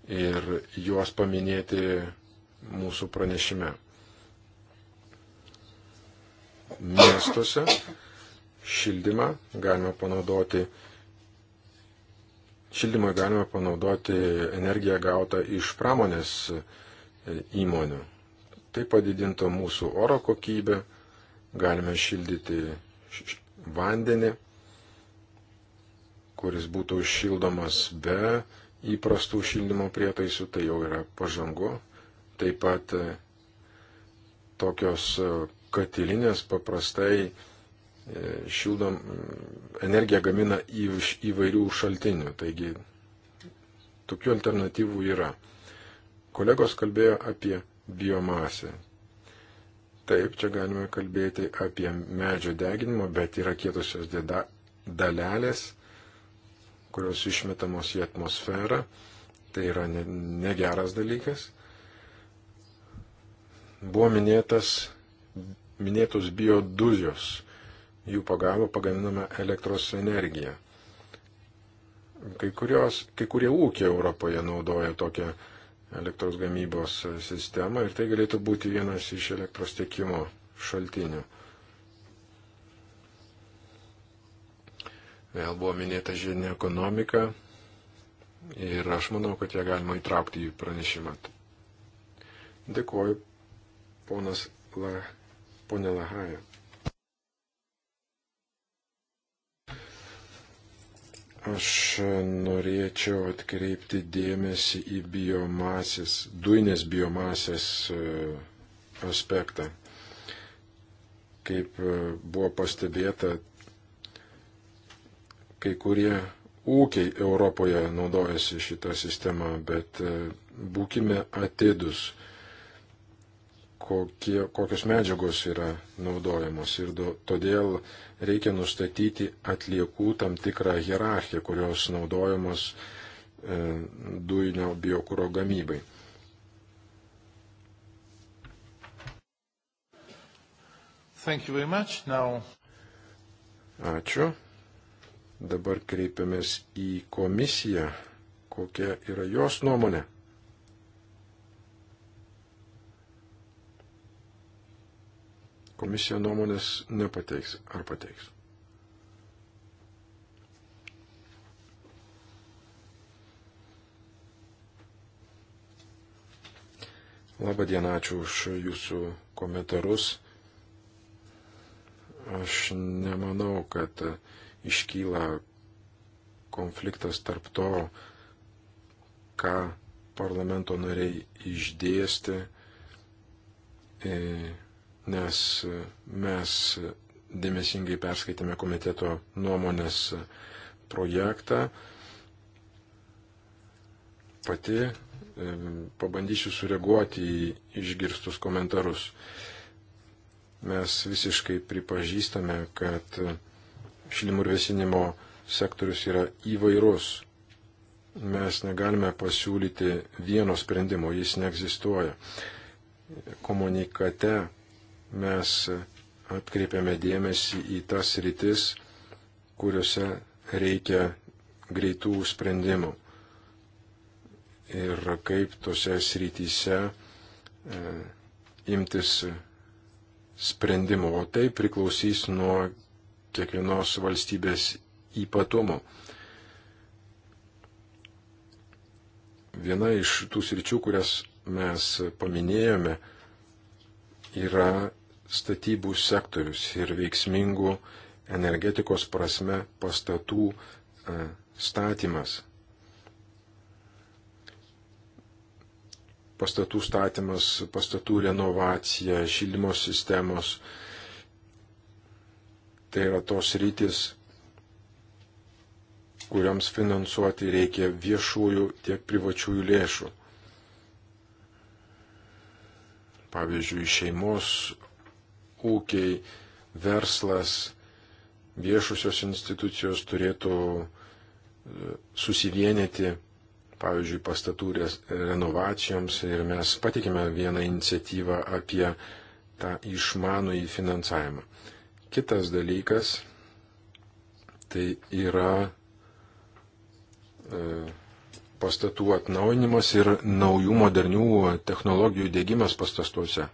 ir juos paminėti mūsų pranešime. Miestuose šildymą galima panaudoti, šildymą galima panaudoti energiją gautą iš pramonės e, įmonių. Tai padidintų mūsų oro kokybę, galime šildyti vandenį, kuris būtų šildomas be įprastų šildymo prietaisų, tai jau yra pažangu, Taip pat e, tokios e, katilinės paprastai e, šildom, mm, energiją gamina iš įvairių šaltinių. Taigi tokių alternatyvų yra. Kolegos kalbėjo apie biomasę. Taip, čia galime kalbėti apie medžio deginimą, bet yra kietosios dėda, dalelės, kurios išmetamos į atmosferą. Tai yra negeras dalykas. Buvo minėtas, minėtos biodujos. Jų pagalba pagaminama elektros energija. Kai, kurios, kai kurie ūkiai Europoje naudoja tokią elektros gamybos sistemą ir tai galėtų būti vienas iš elektros tiekimo šaltinių. Vėl buvo minėta žiedinė ekonomika ir aš manau, kad ją galima įtraukti į pranešimą. Dėkuoju ponas La, ponė Lahaja. Aš norėčiau atkreipti dėmesį į biomasės, duinės biomasės e, aspektą. Kaip e, buvo pastebėta, kai kurie ūkiai Europoje naudojasi šitą sistemą, bet e, būkime atidus kokie, kokios medžiagos yra naudojamos. Ir do, todėl reikia nustatyti atliekų tam tikrą hierarchiją, kurios naudojamos e, dujinio biokuro gamybai. Now... Ačiū. Dabar kreipiamės į komisiją, kokia yra jos nuomonė. Komisija nuomonės nepateiks ar pateiks. Labą dieną, ačiū už jūsų komentarus. Aš nemanau, kad iškyla konfliktas tarp to, ką parlamento nariai išdėsti. E, nes mes dėmesingai perskaitėme komiteto nuomonės projektą. Pati pabandysiu sureaguoti į išgirstus komentarus. Mes visiškai pripažįstame, kad šilimų ir vėsinimo sektorius yra įvairus. Mes negalime pasiūlyti vieno sprendimo, jis neegzistuoja. Komunikate mes atkreipiame dėmesį į tas rytis, kuriuose reikia greitų sprendimų. Ir kaip tose srityse e, imtis sprendimų. O tai priklausys nuo kiekvienos valstybės ypatumų. Viena iš tų sričių, kurias mes paminėjome, yra statybų sektorius ir veiksmingų energetikos prasme pastatų e, statymas. Pastatų statymas, pastatų renovacija, šildymo sistemos. Tai yra tos rytis, kuriams finansuoti reikia viešųjų tiek privačiųjų lėšų. Pavyzdžiui, šeimos ūkiai, verslas, viešusios institucijos turėtų e, susivienyti, pavyzdžiui, pastatų renovacijoms ir mes patikime vieną iniciatyvą apie tą išmanų į finansavimą. Kitas dalykas tai yra e, pastatų atnaujinimas ir naujų modernių technologijų dėgymas pastatuose.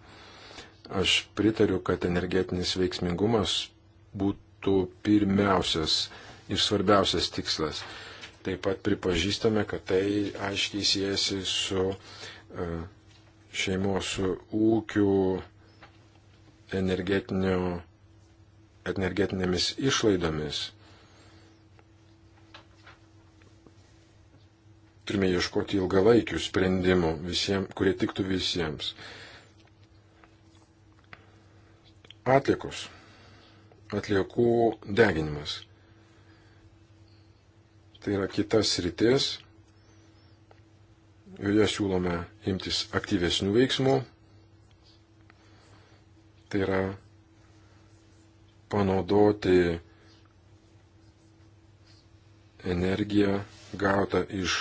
Aš pritariu, kad energetinis veiksmingumas būtų pirmiausias ir svarbiausias tikslas. Taip pat pripažįstame, kad tai aiškiai siejasi su e, šeimos ūkių energetinėmis išlaidomis. Turime ieškoti ilgalaikių sprendimų, visiems, kurie tiktų visiems. Atlikus. Atliekų deginimas. Tai yra kitas rytis. Joje siūlome imtis aktyvesnių veiksmų. Tai yra panaudoti energiją gautą iš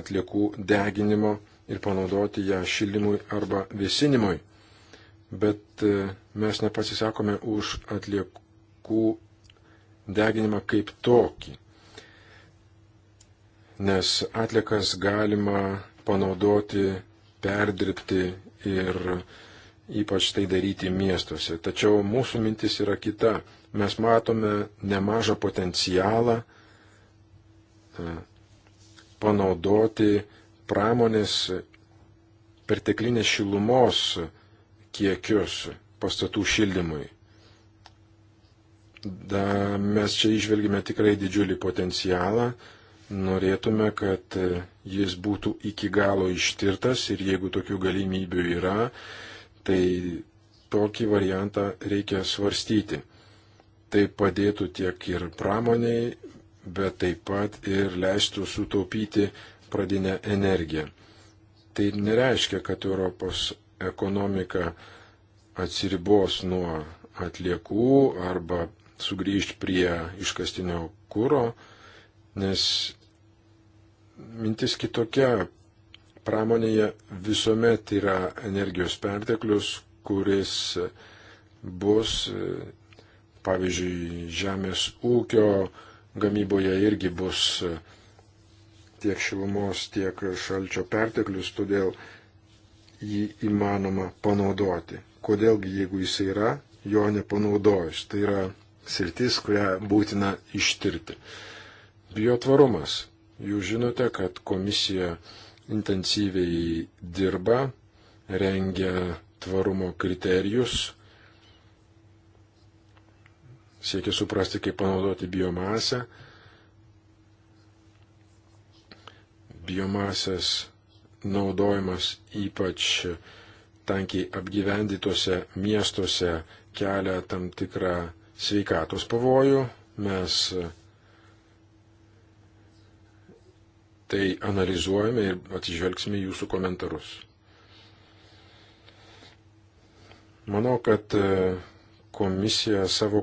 atliekų deginimo ir panaudoti ją šildymui arba vėsinimui bet e, mes nepasisakome už atliekų deginimą kaip tokį, nes atliekas galima panaudoti, perdirbti ir ypač tai daryti miestuose. Tačiau mūsų mintis yra kita. Mes matome nemažą potencialą e, panaudoti pramonės perteklinės šilumos kiekius pastatų šildymui. Da, mes čia išvelgime tikrai didžiulį potencialą. Norėtume, kad e, jis būtų iki galo ištirtas ir jeigu tokių galimybių yra, tai tokį variantą reikia svarstyti. Tai padėtų tiek ir pramoniai, bet taip pat ir leistų sutaupyti pradinę energiją. Tai nereiškia, kad Europos ekonomika atsiribos nuo atliekų arba sugrįžti prie iškastinio kūro, nes mintis kitokia. Pramonėje visuomet yra energijos perteklius, kuris bus, pavyzdžiui, žemės ūkio gamyboje irgi bus tiek šilumos, tiek šalčio perteklius, todėl jį įmanoma panaudoti. Kodėlgi, jeigu jis yra, jo nepanaudojus. Tai yra sritis, kurią būtina ištirti. Biotvarumas. Jūs žinote, kad komisija intensyviai dirba, rengia tvarumo kriterijus, siekia suprasti, kaip panaudoti biomasę. Biomasės naudojimas ypač tankiai apgyvendytose miestuose kelia tam tikrą sveikatos pavojų. Mes tai analizuojame ir atsižvelgsime jūsų komentarus. Manau, kad e, komisija savo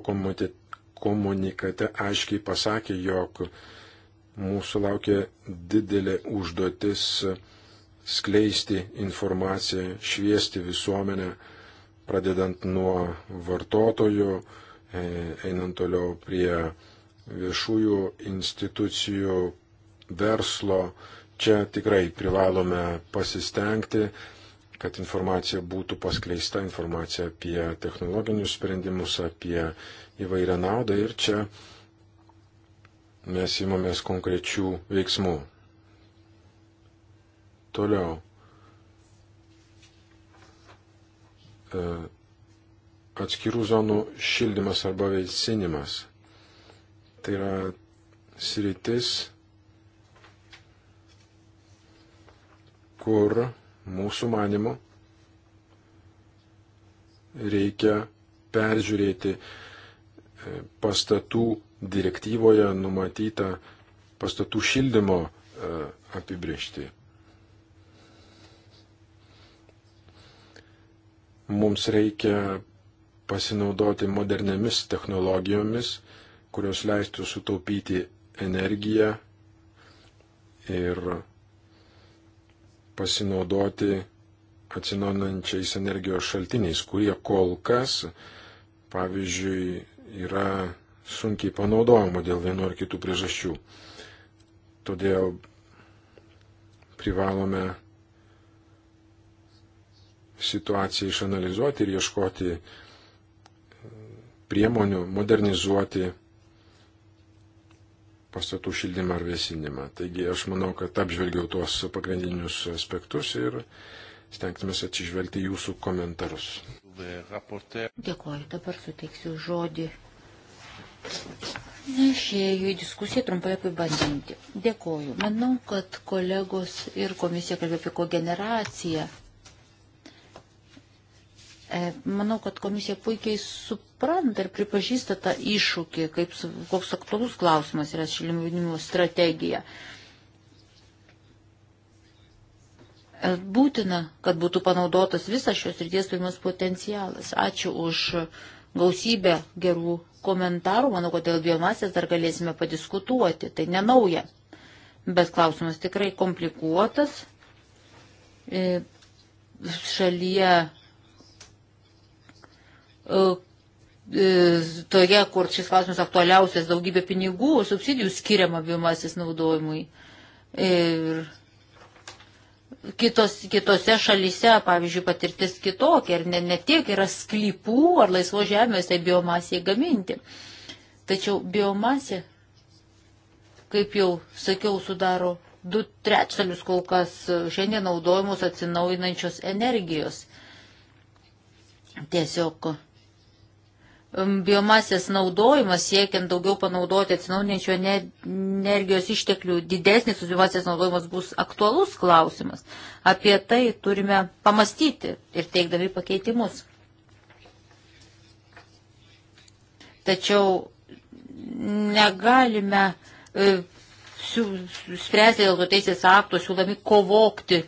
komunikate aiškiai pasakė, jog mūsų laukia didelė užduotis skleisti informaciją, šviesti visuomenę, pradedant nuo vartotojų, e, einant toliau prie viešųjų institucijų, verslo. Čia tikrai privalome pasistengti, kad informacija būtų paskleista, informacija apie technologinius sprendimus, apie įvairią naudą ir čia mes įmamės konkrečių veiksmų. Toliau. E, atskirų zonų šildymas arba veisinimas. Tai yra sritis, kur mūsų manimu reikia peržiūrėti e, pastatų direktyvoje numatytą pastatų šildymo e, apibriežtį. Mums reikia pasinaudoti moderniamis technologijomis, kurios leistų sutaupyti energiją ir pasinaudoti atsinaujinančiais energijos šaltiniais, kurie kol kas, pavyzdžiui, yra sunkiai panaudojama dėl vienu ar kitų priežasčių. Todėl privalome situaciją išanalizuoti ir ieškoti e, priemonių modernizuoti pastatų šildymą ar vėsinimą. Taigi aš manau, kad apžvelgiau tuos pagrindinius aspektus ir stengtume atsižvelgti jūsų komentarus. Dėkuoju, dabar suteiksiu žodį. Nešėjau į diskusiją trumpai apibandinti. Dėkuoju. Manau, kad kolegos ir komisija kalbėjo apie kogeneraciją E, manau, kad komisija puikiai supranta ir pripažįsta tą iššūkį, kaip, koks aktualus klausimas yra šilimo strategija. E, būtina, kad būtų panaudotas visas šios ryties turimas potencialas. Ačiū už gausybę gerų komentarų. Manau, kad dėl biomasės dar galėsime padiskutuoti. Tai nenauja. Bet klausimas tikrai komplikuotas. E, šalyje E, toje, kur šis klausimas aktualiausias, daugybė pinigų, subsidijų skiriama biomasės naudojimui. Ir kitos, kitose šalyse, pavyzdžiui, patirtis kitokia ir ne, ne tiek yra sklypų ar laisvo žemės tai biomasiai gaminti. Tačiau biomasė, kaip jau sakiau, sudaro du trečdalius kol kas šiandien naudojamos atsinaujinančios energijos. Tiesiog Um, biomasės naudojimas, siekiant daugiau panaudoti atsinaujinančių energijos išteklių, didesnis biomasės naudojimas bus aktualus klausimas. Apie tai turime pamastyti ir teikdami pakeitimus. Tačiau negalime e, spręsti dėl to teisės akto, siūlami kovokti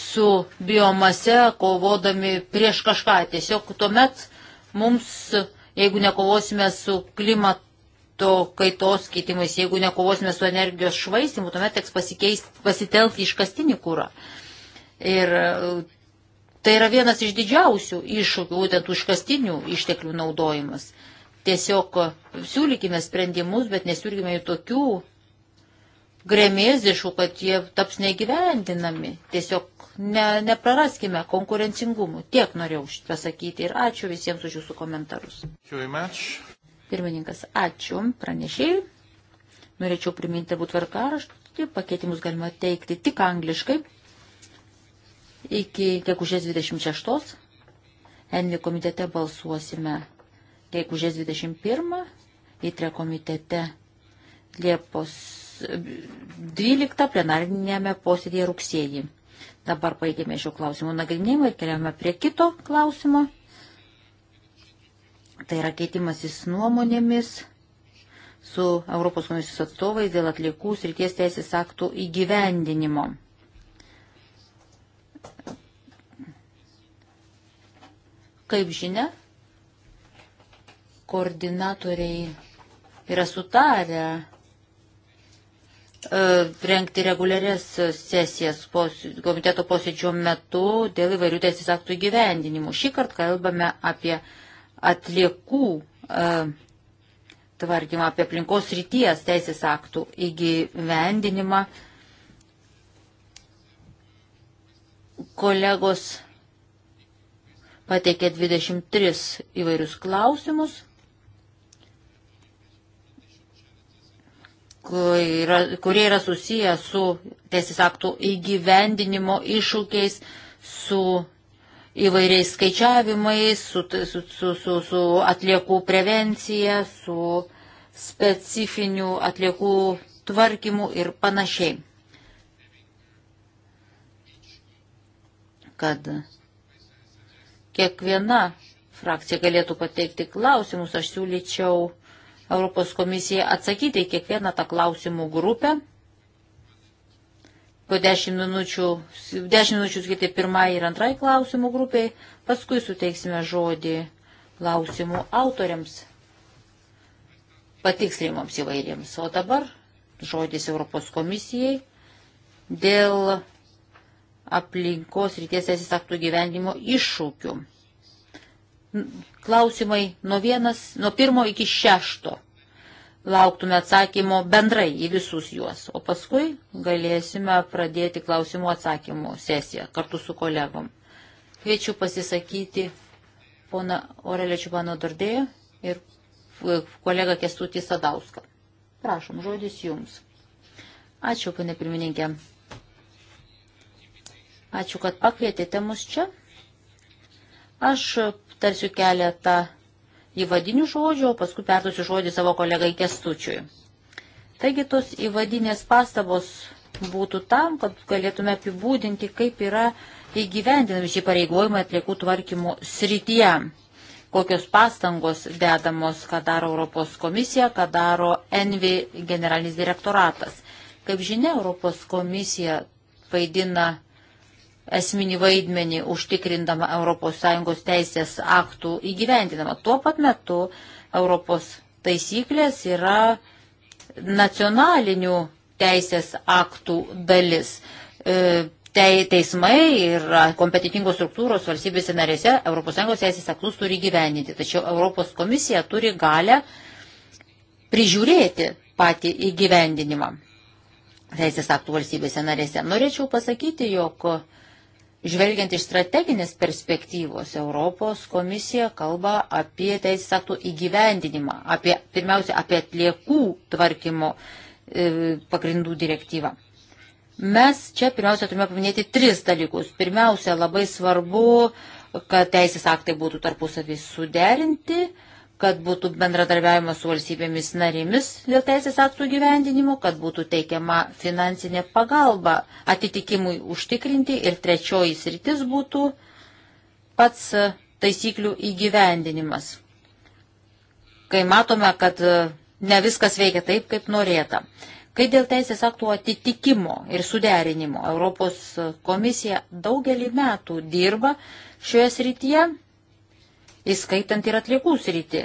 su biomase, kovodami prieš kažką. Tiesiog tuomet Mums, jeigu nekovosime su klimato kaitos keitimais, jeigu nekovosime su energijos švaistimu, tuomet teks pasitelkti iškastinį kūrą. Ir e, tai yra vienas iš didžiausių iššūkių, būtent užkastinių išteklių naudojimas. Tiesiog siūlykime sprendimus, bet nesiūlykime jų tokių, grėmėziškų, kad jie taps negyvendinami. Tiesiog ne, nepraraskime konkurencingumų. Tiek norėjau pasakyti ir ačiū visiems už jūsų komentarus. Pirmininkas, ačiū pranešėjai. Norėčiau priminti būtų tvarkaraštį, pakeitimus galima teikti tik angliškai iki gegužės 26. Envi komitete balsuosime gegužės 21. Įtre komitete Liepos 12 plenarinėme posėdėje rugsėjį. Dabar baigėme šio klausimo nagrinėjimą ir keliame prie kito klausimo. Tai yra keitimasis nuomonėmis su Europos komisijos atstovais dėl atliekų srities teisės aktų įgyvendinimo. Kaip žinia, koordinatoriai yra sutarę E, rengti reguliarias sesijas komiteto posėdžio metu dėl įvairių teisės aktų įgyvendinimų. Šį kartą kalbame apie atliekų e, tvarkymą, apie aplinkos ryties teisės aktų įgyvendinimą. Kolegos pateikė 23 įvairius klausimus. kurie yra susiję su teisės aktų įgyvendinimo iššūkiais, su įvairiais skaičiavimais, su, su, su, su, su atliekų prevencija, su specifinių atliekų tvarkymų ir panašiai. Kad kiekviena frakcija galėtų pateikti klausimus, aš siūlyčiau Europos komisijai atsakyti į kiekvieną tą klausimų grupę. Po 10 minučių, 10 minučių skirti pirmai ir antrai klausimų grupiai, paskui suteiksime žodį klausimų autoriams, patikslimams įvairiems. O dabar žodis Europos komisijai dėl aplinkos ryties teisės aktų gyvendimo iššūkių klausimai nuo, vienas, nuo pirmo iki šešto. Lauktume atsakymo bendrai į visus juos, o paskui galėsime pradėti klausimų atsakymų sesiją kartu su kolegom. Kviečiu pasisakyti pona Orelė Čiubano Dardėjo ir kolega Kestutį Sadauską. Prašom, žodis jums. Ačiū, pane pirmininkė. Ačiū, kad pakvietėte mus čia. Aš tarsiu keletą įvadinių žodžių, o paskui perduosiu žodį savo kolegai Kestučiui. Taigi tos įvadinės pastabos būtų tam, kad galėtume apibūdinti, kaip yra įgyvendinami šį pareigojimą atliekų tvarkymo srityje, kokios pastangos dedamos, ką daro Europos komisija, ką daro ENVI generalinis direktoratas. Kaip žinia, Europos komisija vaidina esminį vaidmenį užtikrindama ES teisės aktų įgyvendinama. Tuo pat metu Europos taisyklės yra nacionalinių teisės aktų dalis. E, Te, teismai ir kompetitingos struktūros valstybėse narėse ES teisės aktus turi gyveninti, tačiau Europos komisija turi galę prižiūrėti patį įgyvendinimą teisės aktų valstybėse narėse. Norėčiau pasakyti, jog Žvelgiant iš strateginės perspektyvos, Europos komisija kalba apie teisės aktų įgyvendinimą, apie, pirmiausia, apie atliekų tvarkymo e, pagrindų direktyvą. Mes čia pirmiausia turime paminėti tris dalykus. Pirmiausia, labai svarbu, kad teisės aktai būtų tarpusavį suderinti, e, kad būtų bendradarbiavimas su valstybėmis narimis dėl teisės aktų gyvendinimo, kad būtų teikiama finansinė pagalba atitikimui užtikrinti ir trečioji sritis būtų pats taisyklių įgyvendinimas. Kai matome, kad ne viskas veikia taip, kaip norėta. Kai dėl teisės aktų atitikimo ir suderinimo Europos komisija daugelį metų dirba šioje srityje, įskaitant ir atliekų sritį.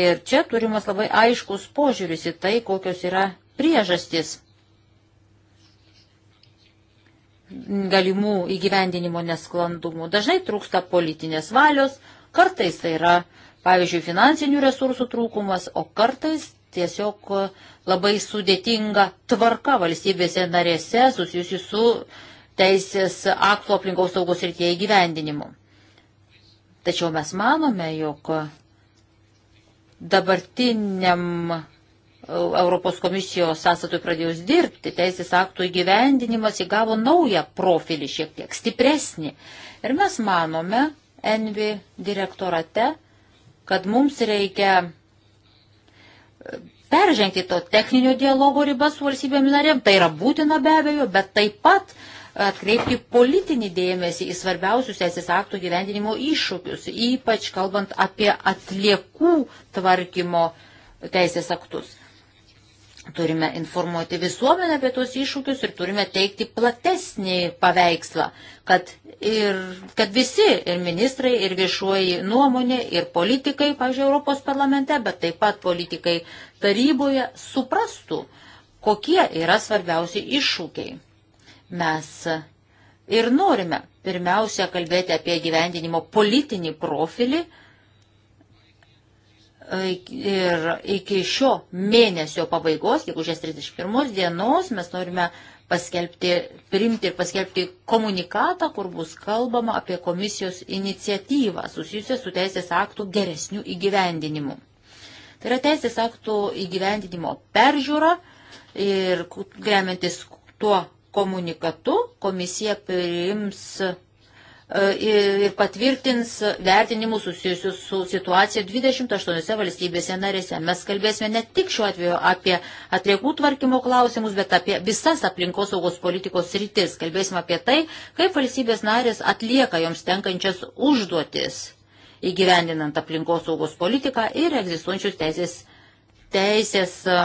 Ir čia turimas labai aiškus požiūris į tai, kokios yra priežastys galimų įgyvendinimo nesklandumų. Dažnai trūksta politinės valios, kartais tai yra, pavyzdžiui, finansinių resursų trūkumas, o kartais tiesiog labai sudėtinga tvarka valstybėse narėse susijusi su teisės aktų aplinkos saugos rytie įgyvendinimu. Tačiau mes manome, jog dabartiniam e, Europos komisijos sąstatui pradėjus dirbti, teisės aktų įgyvendinimas įgavo naują profilį šiek tiek stipresnį. Ir mes manome, Envi direktorate, kad mums reikia e, peržengti to techninio dialogo ribas su valstybėmis narėm. Tai yra būtina be abejo, bet taip pat atkreipti politinį dėmesį į svarbiausius teisės aktų gyvendinimo iššūkius, ypač kalbant apie atliekų tvarkymo teisės aktus. Turime informuoti visuomenę apie tuos iššūkius ir turime teikti platesnį paveikslą, kad, ir, kad visi, ir ministrai, ir viešuoji nuomonė, ir politikai, pažiūrėjau, Europos parlamente, bet taip pat politikai taryboje suprastų, kokie yra svarbiausi iššūkiai Mes ir norime pirmiausia kalbėti apie gyvendinimo politinį profilį ir iki šio mėnesio pabaigos, jeigu žės 31 dienos, mes norime paskelbti, priimti ir paskelbti komunikatą, kur bus kalbama apie komisijos iniciatyvą susijusią su teisės aktų geresnių įgyvendinimu. Tai yra teisės aktų įgyvendinimo peržiūra ir remiantis tuo komunikatu komisija priims e, ir patvirtins vertinimus susijusius su situacija 28 valstybėse narėse. Mes kalbėsime ne tik šiuo atveju apie atliekų tvarkymo klausimus, bet apie visas aplinkos saugos politikos rytis. Kalbėsime apie tai, kaip valstybės narės atlieka joms tenkančias užduotis įgyvendinant aplinkos saugos politiką ir egzistuojančius teisės, teisės e,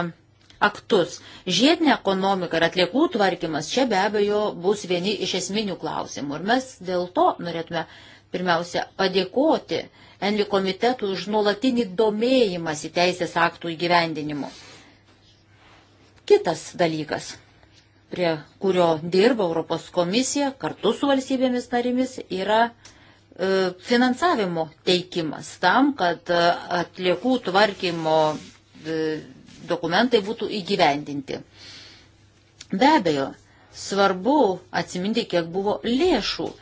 aktus. Žiedinė ekonomika ir atliekų tvarkymas čia be abejo bus vieni iš esminių klausimų. Ir mes dėl to norėtume pirmiausia padėkoti Enli komitetų už nuolatinį domėjimąsi teisės aktų įgyvendinimu. Kitas dalykas, prie kurio dirba Europos komisija kartu su valstybėmis narimis, yra e, finansavimo teikimas tam, kad e, atliekų tvarkymo e, dokumentai būtų įgyvendinti. Be abejo, svarbu atsiminti, kiek buvo lėšų e,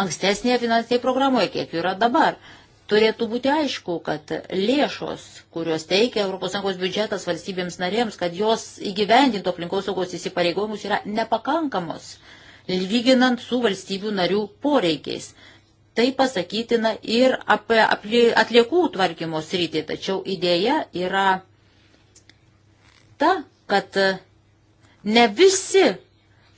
ankstesnėje finansinėje programoje, kiek jų yra dabar. Turėtų būti aišku, kad lėšos, kurios teikia ES biudžetas valstybėms narėms, kad jos įgyvendinto aplinkos saugos įsipareigojimus yra nepakankamos, lyginant su valstybių narių poreikiais. Tai pasakytina ir apie atliekų tvarkymo sritį, tačiau idėja yra ta, kad e, ne visi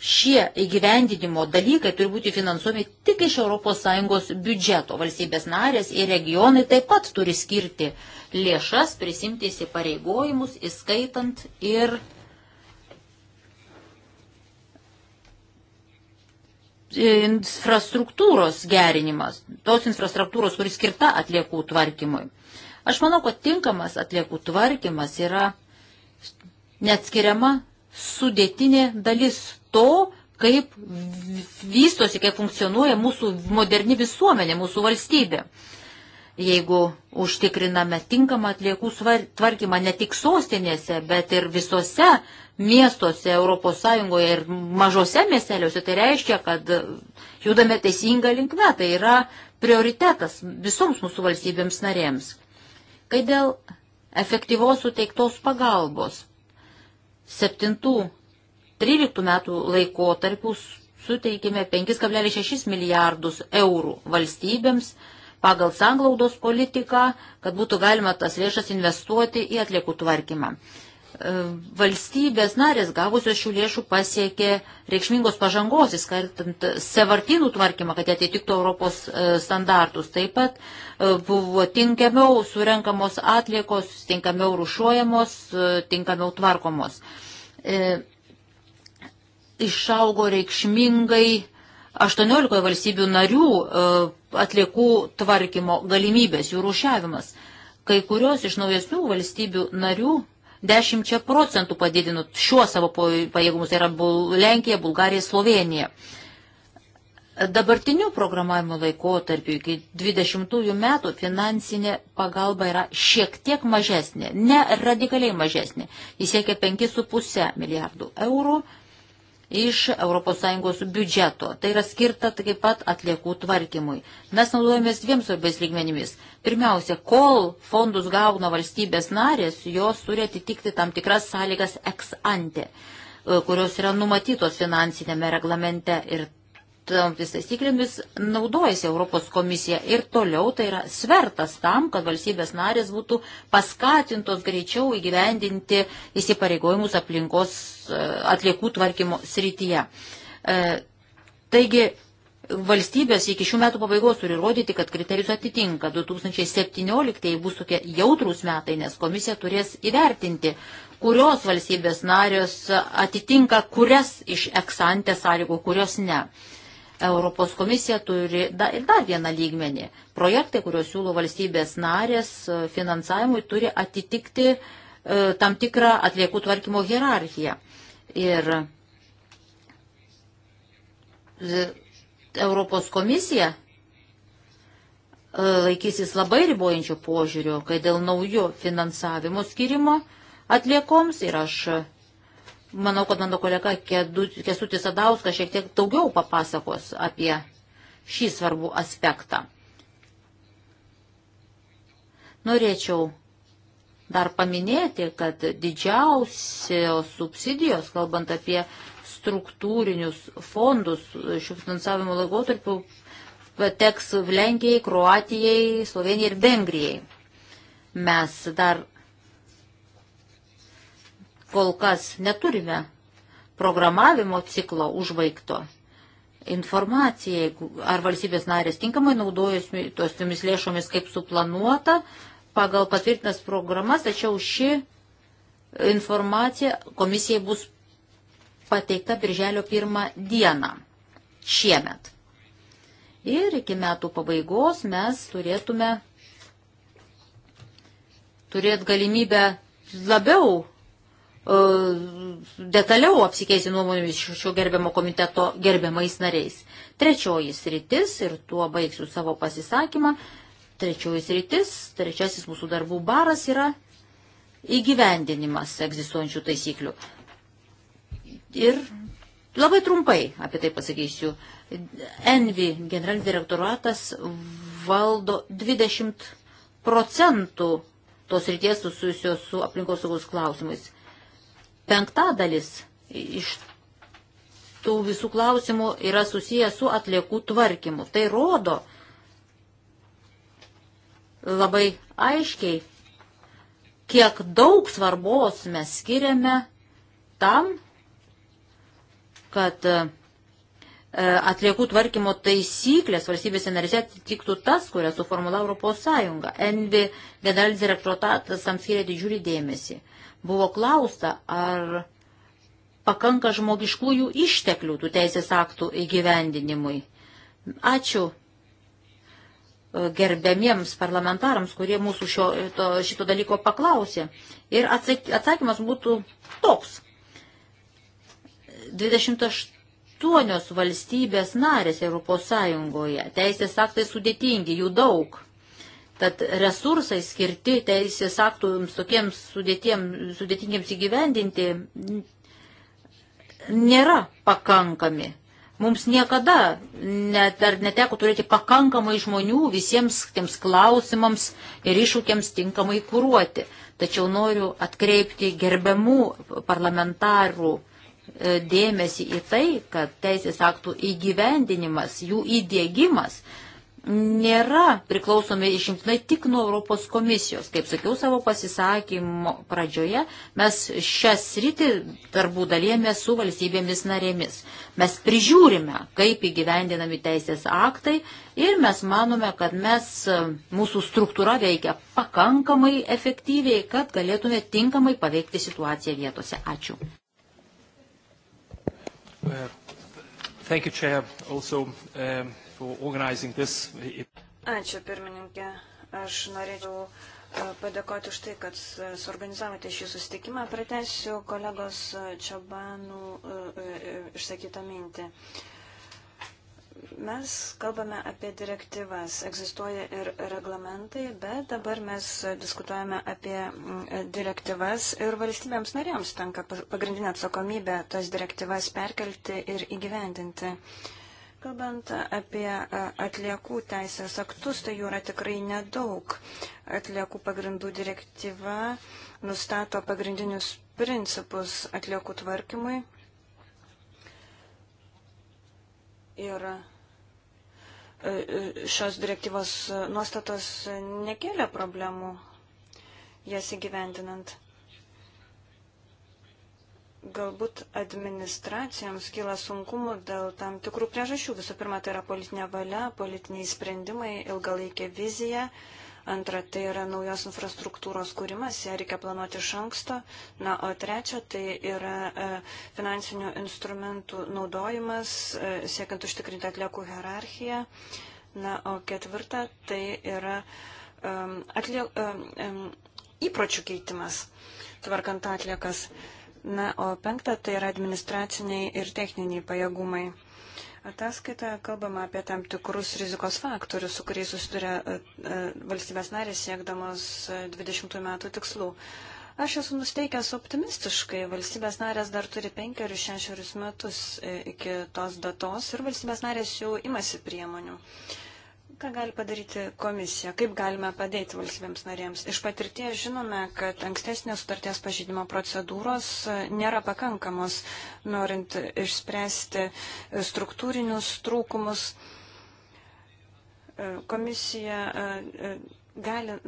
šie įgyvendinimo dalykai turi būti finansuomi tik iš ES biudžeto. Valstybės narės ir regionai taip pat turi skirti lėšas, prisimti įsipareigojimus, įskaitant ir e, infrastruktūros gerinimas, tos infrastruktūros, kuris skirta atliekų tvarkymui. Aš manau, kad tinkamas atliekų tvarkymas yra neatskiriama sudėtinė dalis to, kaip vystosi, kaip funkcionuoja mūsų moderni visuomenė, mūsų valstybė. Jeigu užtikriname tinkamą atliekų tvarkymą ne tik sostinėse, bet ir visose miestuose ES ir mažose miesteliuose, tai reiškia, kad judame teisinga linkme, tai yra prioritetas visoms mūsų valstybėms narėms. Kai dėl efektyvos suteiktos pagalbos 7-13 metų laikotarpių suteikėme 5,6 milijardus eurų valstybėms pagal sanglaudos politiką, kad būtų galima tas lėšas investuoti į atliekų tvarkymą. E, valstybės narės gavusios šių lėšų pasiekė reikšmingos pažangos, įskaitant sevartinų tvarkymą, kad jie atitiktų Europos e, standartus. Taip pat e, buvo tinkamiau surenkamos atliekos, tinkamiau rušuojamos, tinkamiau tvarkomos. Išaugo reikšmingai 18 valstybių narių atliekų tvarkymo galimybės, jų rušiavimas. Kai kurios iš naujesnių valstybių narių 10 procentų padidino šiuos savo pajėgumus, tai yra Bul Lenkija, Bulgarija, Slovenija. Dabartiniu programavimo laikotarpiu iki 20 metų finansinė pagalba yra šiek tiek mažesnė, ne radikaliai mažesnė. Jis siekia 5,5 milijardų eurų iš ES biudžeto. Tai yra skirta taip pat atliekų tvarkymui. Mes naudojamės dviem svarbiais lygmenimis. Pirmiausia, kol fondus gauna valstybės narės, jos turi atitikti tam tikras sąlygas ex ante, e, kurios yra numatytos finansinėme reglamente ir tomis taisyklėmis naudojasi Europos komisija ir toliau tai yra svertas tam, kad valstybės narės būtų paskatintos greičiau įgyvendinti įsipareigojimus aplinkos e, atliekų tvarkymo srityje. E, taigi valstybės iki šių metų pabaigos turi rodyti, kad kriterijus atitinka. 2017 bus tokie jautrus metai, nes komisija turės įvertinti, kurios valstybės narios atitinka kurias iš eksantę sąlygų, kurios ne. Europos komisija turi da, ir dar vieną lygmenį. Projektai, kuriuos siūlo valstybės narės e, finansavimui, turi atitikti e, tam tikrą atliekų tvarkymo hierarchiją. Ir e, Europos komisija e, laikysis labai ribojančio požiūrio, kai dėl naujų finansavimo skirimo atliekoms ir aš e, manau, kad mano kolega Kesutis Adauskas šiek tiek daugiau papasakos apie šį svarbų aspektą. Norėčiau dar paminėti, kad didžiausios subsidijos, kalbant apie struktūrinius fondus šių finansavimo laikotarpių pateks Lenkijai, Kroatijai, Slovenijai ir Vengrijai. Mes dar kol kas neturime programavimo ciklo užbaigto. Informacija, ar valstybės narės tinkamai naudojasi tos tomis lėšomis kaip suplanuota pagal patvirtinas programas, tačiau ši informacija komisijai bus pateikta birželio pirmą dieną šiemet. Ir iki metų pabaigos mes turėtume turėti galimybę labiau e, detaliau apsikeisti nuomonėmis šio gerbiamo komiteto gerbiamais nariais. Trečioji sritis, ir tuo baigsiu savo pasisakymą, trečioji sritis, trečiasis mūsų darbų baras yra įgyvendinimas egzistuojančių taisyklių. Ir labai trumpai apie tai pasakysiu. Envi generalinis direktoratas valdo 20 procentų tos ryties susijusios su aplinkosaugos klausimais. Penktadalis iš tų visų klausimų yra susijęs su atliekų tvarkymu. Tai rodo labai aiškiai, kiek daug svarbos mes skiriame tam, kad e, atliekų tvarkymo taisyklės valstybės narėse atitiktų tas, kurias suformulavo Europos Sąjunga. Envi generalinis direktoratas tam skiria didžiulį dėmesį. Buvo klausta, ar pakanka žmogiškųjų išteklių tų teisės aktų įgyvendinimui. Ačiū e, gerbiamiems parlamentarams, kurie mūsų šio, to, šito dalyko paklausė. Ir atsakymas būtų toks 28 valstybės narės Europos Sąjungoje. Teisės aktai sudėtingi, jų daug. Tad resursai skirti teisės aktams tokiems sudėtingiems įgyvendinti nėra pakankami. Mums niekada net, dar neteko turėti pakankamai žmonių visiems tiems klausimams ir iššūkiams tinkamai kūruoti. Tačiau noriu atkreipti gerbiamų parlamentarų E, dėmesį į tai, kad teisės aktų įgyvendinimas, jų įdėgymas nėra priklausomi išimtinai tik nuo Europos komisijos. Kaip sakiau savo pasisakymo pradžioje, mes šią sritį darbų dalėmė su valstybėmis narėmis. Mes prižiūrime, kaip įgyvendinami teisės aktai ir mes manome, kad mes, e, mūsų struktūra veikia pakankamai efektyviai, kad galėtume tinkamai paveikti situaciją vietose. Ačiū. Uh, thank you, Chair, also um, for organizing this. Ačiū, pirmininkė. Aš norėčiau uh, padėkoti už tai, kad uh, suorganizavote šį susitikimą. Pratesiu kolegos uh, Čabanų išsakytą mintį. Uh, Mes kalbame apie direktyvas, egzistuoja ir reglamentai, bet dabar mes diskutuojame apie mm, direktyvas ir valstybėms narėms tenka pagrindinė atsakomybė tas direktyvas perkelti ir įgyvendinti. Kalbant apie e, atliekų teisės aktus, tai jų yra tikrai nedaug. Atliekų pagrindų direktyva nustato pagrindinius principus atliekų tvarkymui ir šios direktyvos nuostatos nekėlė problemų jas įgyvendinant. Galbūt administracijoms kyla sunkumų dėl tam tikrų priežasčių. Visų pirma, tai yra politinė valia, politiniai sprendimai, ilgalaikė vizija. Uh, Antra, tai yra naujos infrastruktūros kūrimas, ją reikia planuoti iš anksto. Na, o trečia, tai yra e, finansinių instrumentų naudojimas, e, siekiant užtikrinti atliekų hierarchiją. Na, o ketvirta, tai yra um, atlie, um, įpročių keitimas, tvarkant atliekas. Na, o penkta, tai yra administraciniai ir techniniai pajėgumai. Ataskaitoje kalbama apie tam tikrus rizikos faktorius, su kuriais susiduria e, e, valstybės narės siekdamos 20 e, metų tikslų. Aš esu nusteikęs optimistiškai. Valstybės narės dar turi penkerius, šešerius metus iki tos datos ir valstybės narės jau imasi priemonių. Uh, Ką gali padaryti komisija? Kaip galime padėti valstybėms narėms? Iš patirties žinome, kad ankstesnės sutarties pažydimo procedūros e, nėra pakankamos, norint išspręsti e, struktūrinius trūkumus. E, komisija gali e,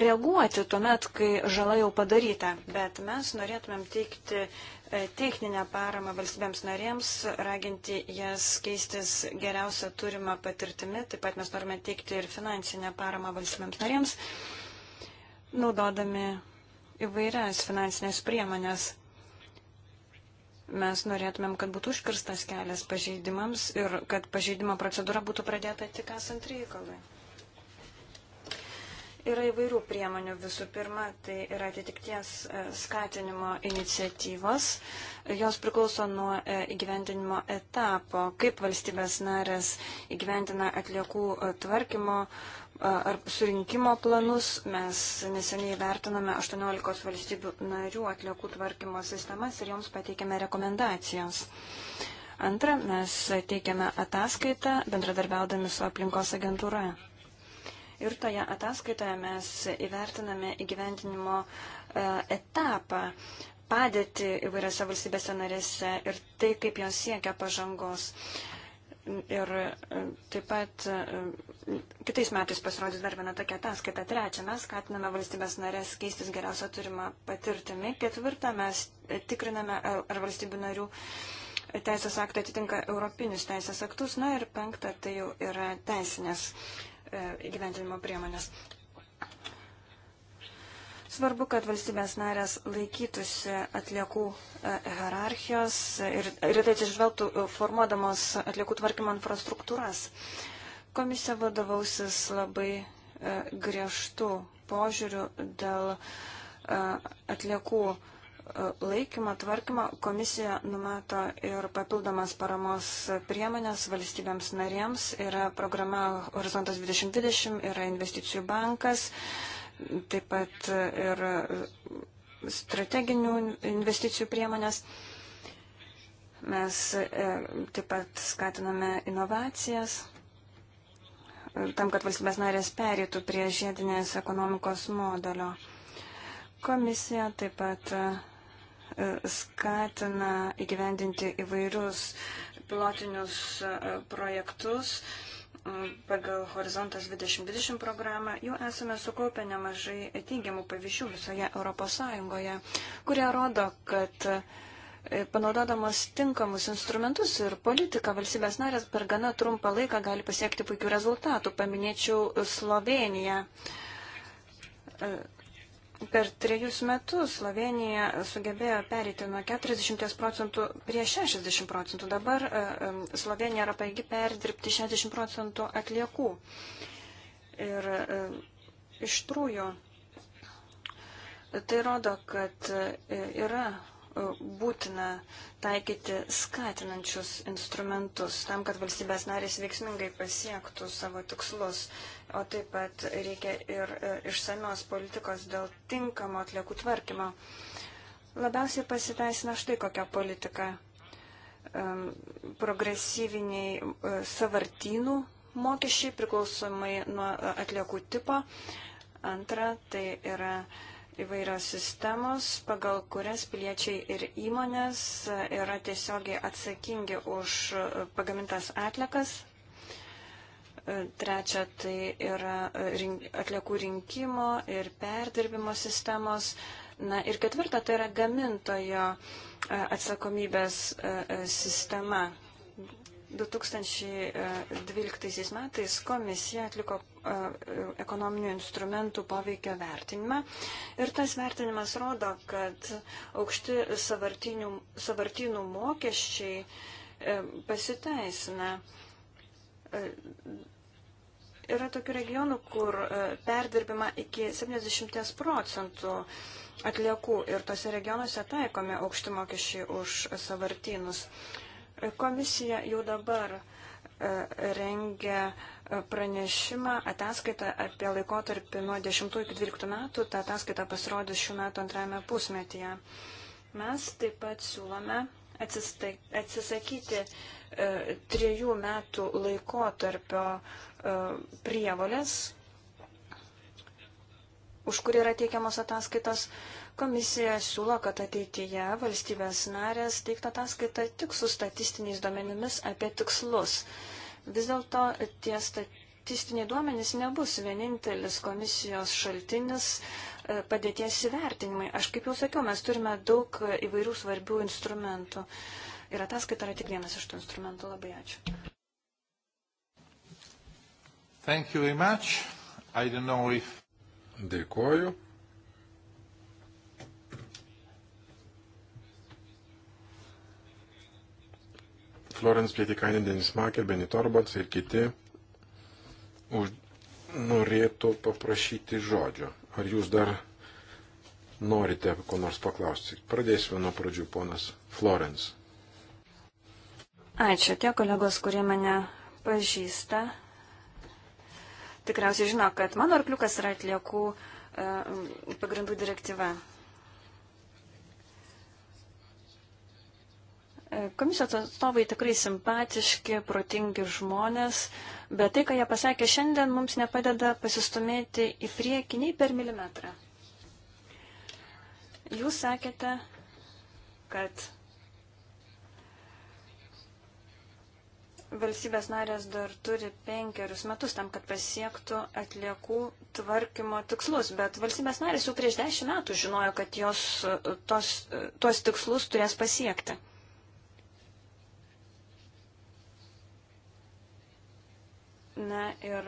reaguoti tuomet, kai žala jau padaryta, bet mes norėtumėm teikti e, techninę paramą valstybėms narėms, raginti jas keistis geriausią turimą patirtimį, taip pat mes norime teikti ir finansinę paramą valstybėms narėms, naudodami įvairias finansinės priemonės. Mes norėtumėm, kad būtų užkirstas kelias pažeidimams ir kad pažeidimo procedūra būtų pradėta tik esant reikalui. Yra įvairių priemonių. Visų pirma, tai yra atitikties e, skatinimo iniciatyvos. Jos priklauso nuo e, įgyvendinimo etapo, kaip valstybės narės įgyvendina atliekų e, tvarkymo ar surinkimo planus. Mes neseniai vertiname 18 valstybių narių atliekų tvarkymo sistemas ir joms pateikėme rekomendacijas. Antra, mes teikiame ataskaitą bendradarbiaudami su aplinkos agentūra. Ir toje ataskaitoje mes įvertiname įgyventinimo e, etapą, padėti įvairiose valstybėse narėse ir tai, kaip jos siekia pažangos. Ir e, taip pat e, kitais metais pasirodys dar viena tokia ataskaita. Trečia, mes skatiname valstybės narės keistis geriausia turima patirtimi. Ketvirta, mes tikriname, ar valstybių narių teisės aktai atitinka europinius teisės aktus. Na ir penkta, tai jau yra teisinės E, įgyvendinimo priemonės. Svarbu, kad valstybės narės laikytųsi atliekų e, hierarchijos ir, ir tai atsižvelgtų e, formuodamos atliekų tvarkymo infrastruktūras. Komisija vadovausis labai griežtų požiūrių dėl atliekų laikymą, tvarkymą komisija numato ir papildomas paramos priemonės valstybėms narėms. Yra programa Horizontas 2020, yra investicijų bankas, taip pat ir strateginių investicijų priemonės. Mes e, taip pat skatiname inovacijas tam, kad valstybės narės perėtų prie žiedinės ekonomikos modelio. Komisija taip pat E, skatina įgyvendinti įvairius pilotinius e, projektus e, pagal Horizontas 2020 programą. Jau esame sukaupę nemažai teigiamų pavyzdžių visoje Europos Sąjungoje, kurie rodo, kad panaudodamos tinkamus instrumentus ir politiką valstybės narės per gana trumpą laiką gali pasiekti puikių rezultatų. Paminėčiau Sloveniją Per trejus metus Slovenija sugebėjo perėti nuo 40 procentų prie 60 procentų. Dabar e, e, Slovenija yra paigi perdirbti 60 procentų atliekų. Ir e, iš trųjų tai rodo, kad yra būtina taikyti skatinančius instrumentus tam, kad valstybės narės veiksmingai pasiektų savo tikslus. O taip pat reikia ir e, išsamios politikos dėl tinkamo atliekų tvarkymo. Labiausiai pasiteisina štai kokia politika. Progresyviniai e, savartynų mokesčiai priklausomai nuo e, atliekų tipo. Antra, tai yra uh, įvairios sistemos, pagal kurias piliečiai ir įmonės yra tiesiogiai atsakingi už pagamintas atlikas. Trečia, tai yra atliekų rinkimo ir perdirbimo sistemos. Na ir ketvirta, tai yra gamintojo e, atsakomybės e, e, sistema. 2012 metais komisija atliko e, ekonominių instrumentų poveikio vertinimą ir tas vertinimas rodo, kad aukšti savartinių mokesčiai e, pasiteisina. E, yra tokių regionų, kur perdirbima iki 70 procentų atliekų ir tose regionuose taikomi aukšti mokesčiai už savartynus. Komisija jau dabar e, rengia e, pranešimą, ataskaitą apie laikotarpį nuo 10 iki 12 metų. Ta ataskaita pasirodys šių metų antrajame pusmetyje. Mes taip pat siūlome atsisakyti e, trijų metų laikotarpio e, prievolės, už kurį yra teikiamos ataskaitos. Komisija siūlo, kad ateityje valstybės narės teiktų ataskaitą tik su statistiniais duomenimis apie tikslus. Vis dėlto tie statistiniai duomenys nebus vienintelis komisijos šaltinis e, padėties įvertinimai. Aš kaip jau sakiau, mes turime daug įvairių svarbių instrumentų. Ir ataskaita yra tik vienas iš tų instrumentų. Labai ačiū. Thank you very much. I don't know if... Dėkoju. Florence Pietikainen, Denis Maker, Benitorbats ir kiti už, norėtų paprašyti žodžio. Ar jūs dar norite ko nors paklausti? Pradėsime nuo pradžių, ponas Florence. Ačiū tie kolegos, kurie mane pažįsta. Tikriausiai žino, kad mano arkliukas yra atliekų e, pagrindų direktyva. Komisijos atstovai tikrai simpatiški, protingi žmonės, bet tai, ką jie pasakė šiandien, mums nepadeda pasistumėti į priekį nei per milimetrą. Jūs sakėte, kad valstybės narės dar turi penkerius metus tam, kad pasiektų atliekų tvarkymo tikslus, bet valstybės narės jau prieš dešimt metų žinojo, kad jos tos, tos tikslus turės pasiekti. Na ir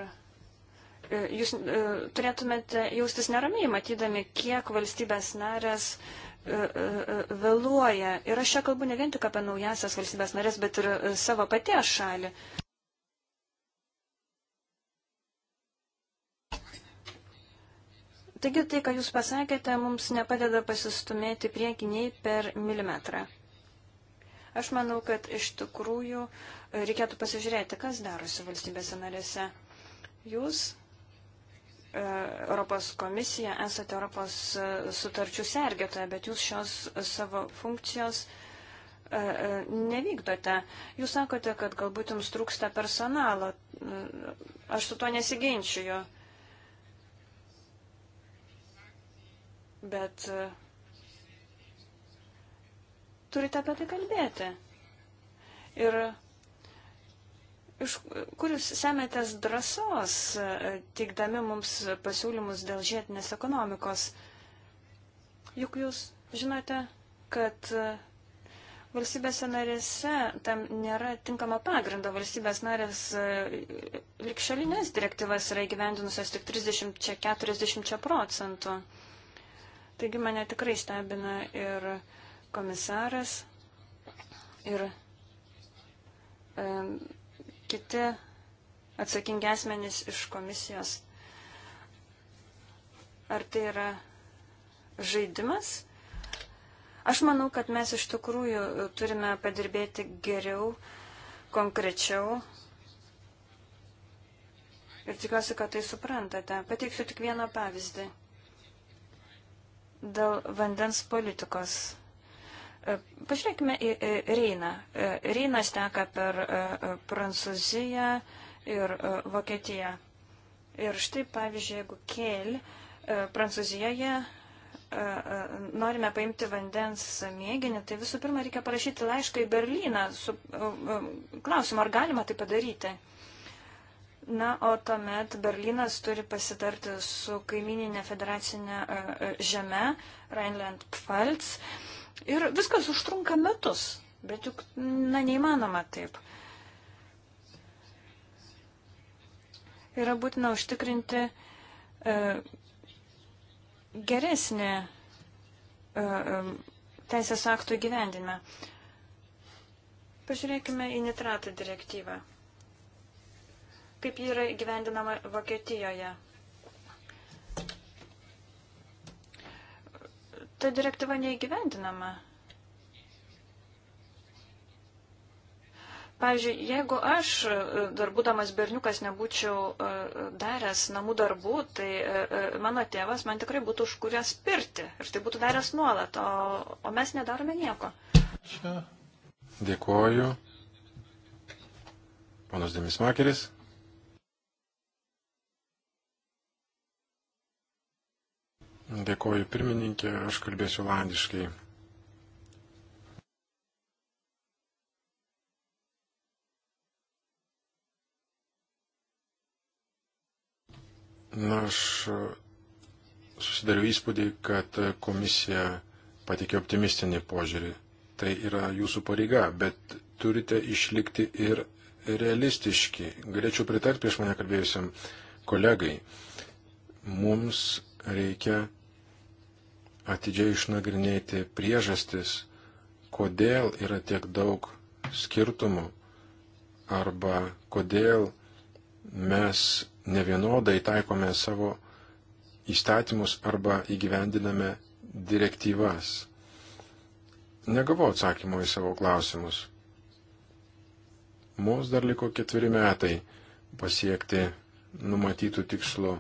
e, jūs e, turėtumėte jaustis neramiai, matydami, kiek valstybės narės e, vėluoja. Ir aš čia kalbu ne vien tik apie naujasias valstybės narės, bet ir savo paties šalį. Taigi tai, ką jūs pasakėte, mums nepadeda pasistumėti priekiniai per milimetrą. Aš manau, kad iš tikrųjų e, reikėtų pasižiūrėti, kas darosi valstybėse narėse. Jūs, e, Europos komisija, esate Europos e, sutarčių sergėtoja, bet jūs šios savo funkcijos nevykdote. Jūs sakote, kad galbūt jums trūksta personalo. Aš su to nesiginčiu. Bet uh, turite apie tai kalbėti. Ir iš kur jūs semėtės drąsos, e, teikdami mums pasiūlymus dėl žiedinės ekonomikos? Juk jūs žinote, kad e, valstybėse narėse tam nėra tinkama pagrindo. Valstybės narės e, likšalinės direktyvas yra įgyvendinusios tik 30-40 procentų. Taigi mane tikrai stebina ir uh, komisaras ir e, kiti atsakingi asmenys iš komisijos. Ar tai yra žaidimas? Aš manau, kad mes iš tikrųjų e, turime padirbėti geriau, konkrečiau. Ir tikiuosi, kad tai suprantate. Pateiksiu tik vieną pavyzdį. Dėl vandens politikos Pažiūrėkime į Reiną. E, Reinas teka per e, e, Prancūziją ir Vokietiją. Ir štai, pavyzdžiui, jeigu kėl Prancūzijoje norime paimti vandens mėginį, tai visų pirma reikia parašyti laišką į Berliną su klausimu, ar galima tai padaryti. Na, o tuomet Berlinas turi pasitarti su kaimininė federacinė žeme, Rheinland-Pfalz Ir viskas užtrunka metus, bet juk, na, neįmanoma taip. Yra būtina užtikrinti e, geresnį e, e teisės aktų įgyvendinimą. Pažiūrėkime į nitratą direktyvą. Kaip ji yra įgyvendinama Vokietijoje. ta direktyva neįgyvendinama. Pavyzdžiui, jeigu aš, e, dar būdamas berniukas, nebūčiau e, daręs namų darbų, tai e, mano tėvas man tikrai būtų užkūręs pirti ir tai būtų daręs nuolat, o, o mes nedarome nieko. Čia. Dėkuoju. Panas Demismakeris. Dėkoju pirmininkė, aš kalbėsiu landiškai. Na, aš susidariau įspūdį, kad komisija patikė optimistinį požiūrį. Tai yra jūsų pareiga, bet turite išlikti ir realistiški. Galėčiau pritarti prieš mane kalbėjusiam kolegai. Mums reikia atidžiai išnagrinėti priežastis, kodėl yra tiek daug skirtumų arba kodėl mes nevienodai taikome savo įstatymus arba įgyvendiname direktyvas. Negavau atsakymo į savo klausimus. Mums dar liko ketveri metai pasiekti numatytų tikslų.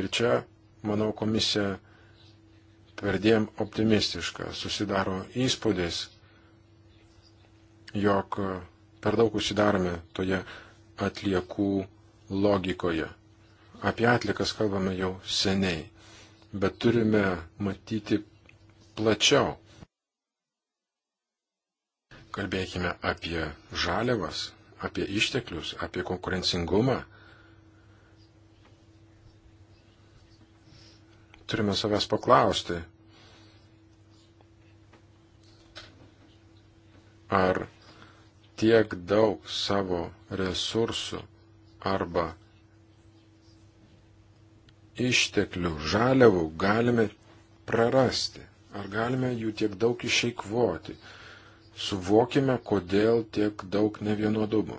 Ir čia, manau, komisija perdėm optimistiška. Susidaro įspūdis, jog e, per daug užsidarome toje atliekų logikoje. Apie atlikas kalbame jau seniai, bet turime matyti plačiau. Kalbėkime apie žaliavas, apie išteklius, apie konkurencingumą, turime savęs paklausti, ar tiek daug savo resursų arba išteklių žaliavų galime prarasti, ar galime jų tiek daug išeikvoti. Suvokime, kodėl tiek daug nevienodumų.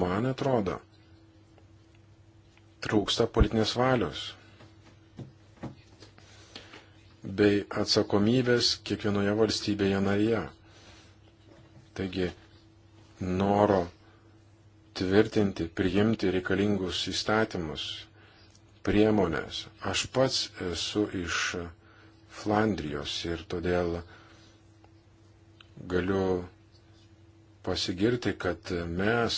Man atrodo, trūksta politinės valios, bei atsakomybės kiekvienoje valstybėje narėje. Taigi noro tvirtinti, priimti reikalingus įstatymus, priemonės. Aš pats esu iš Flandrijos ir todėl galiu pasigirti, kad mes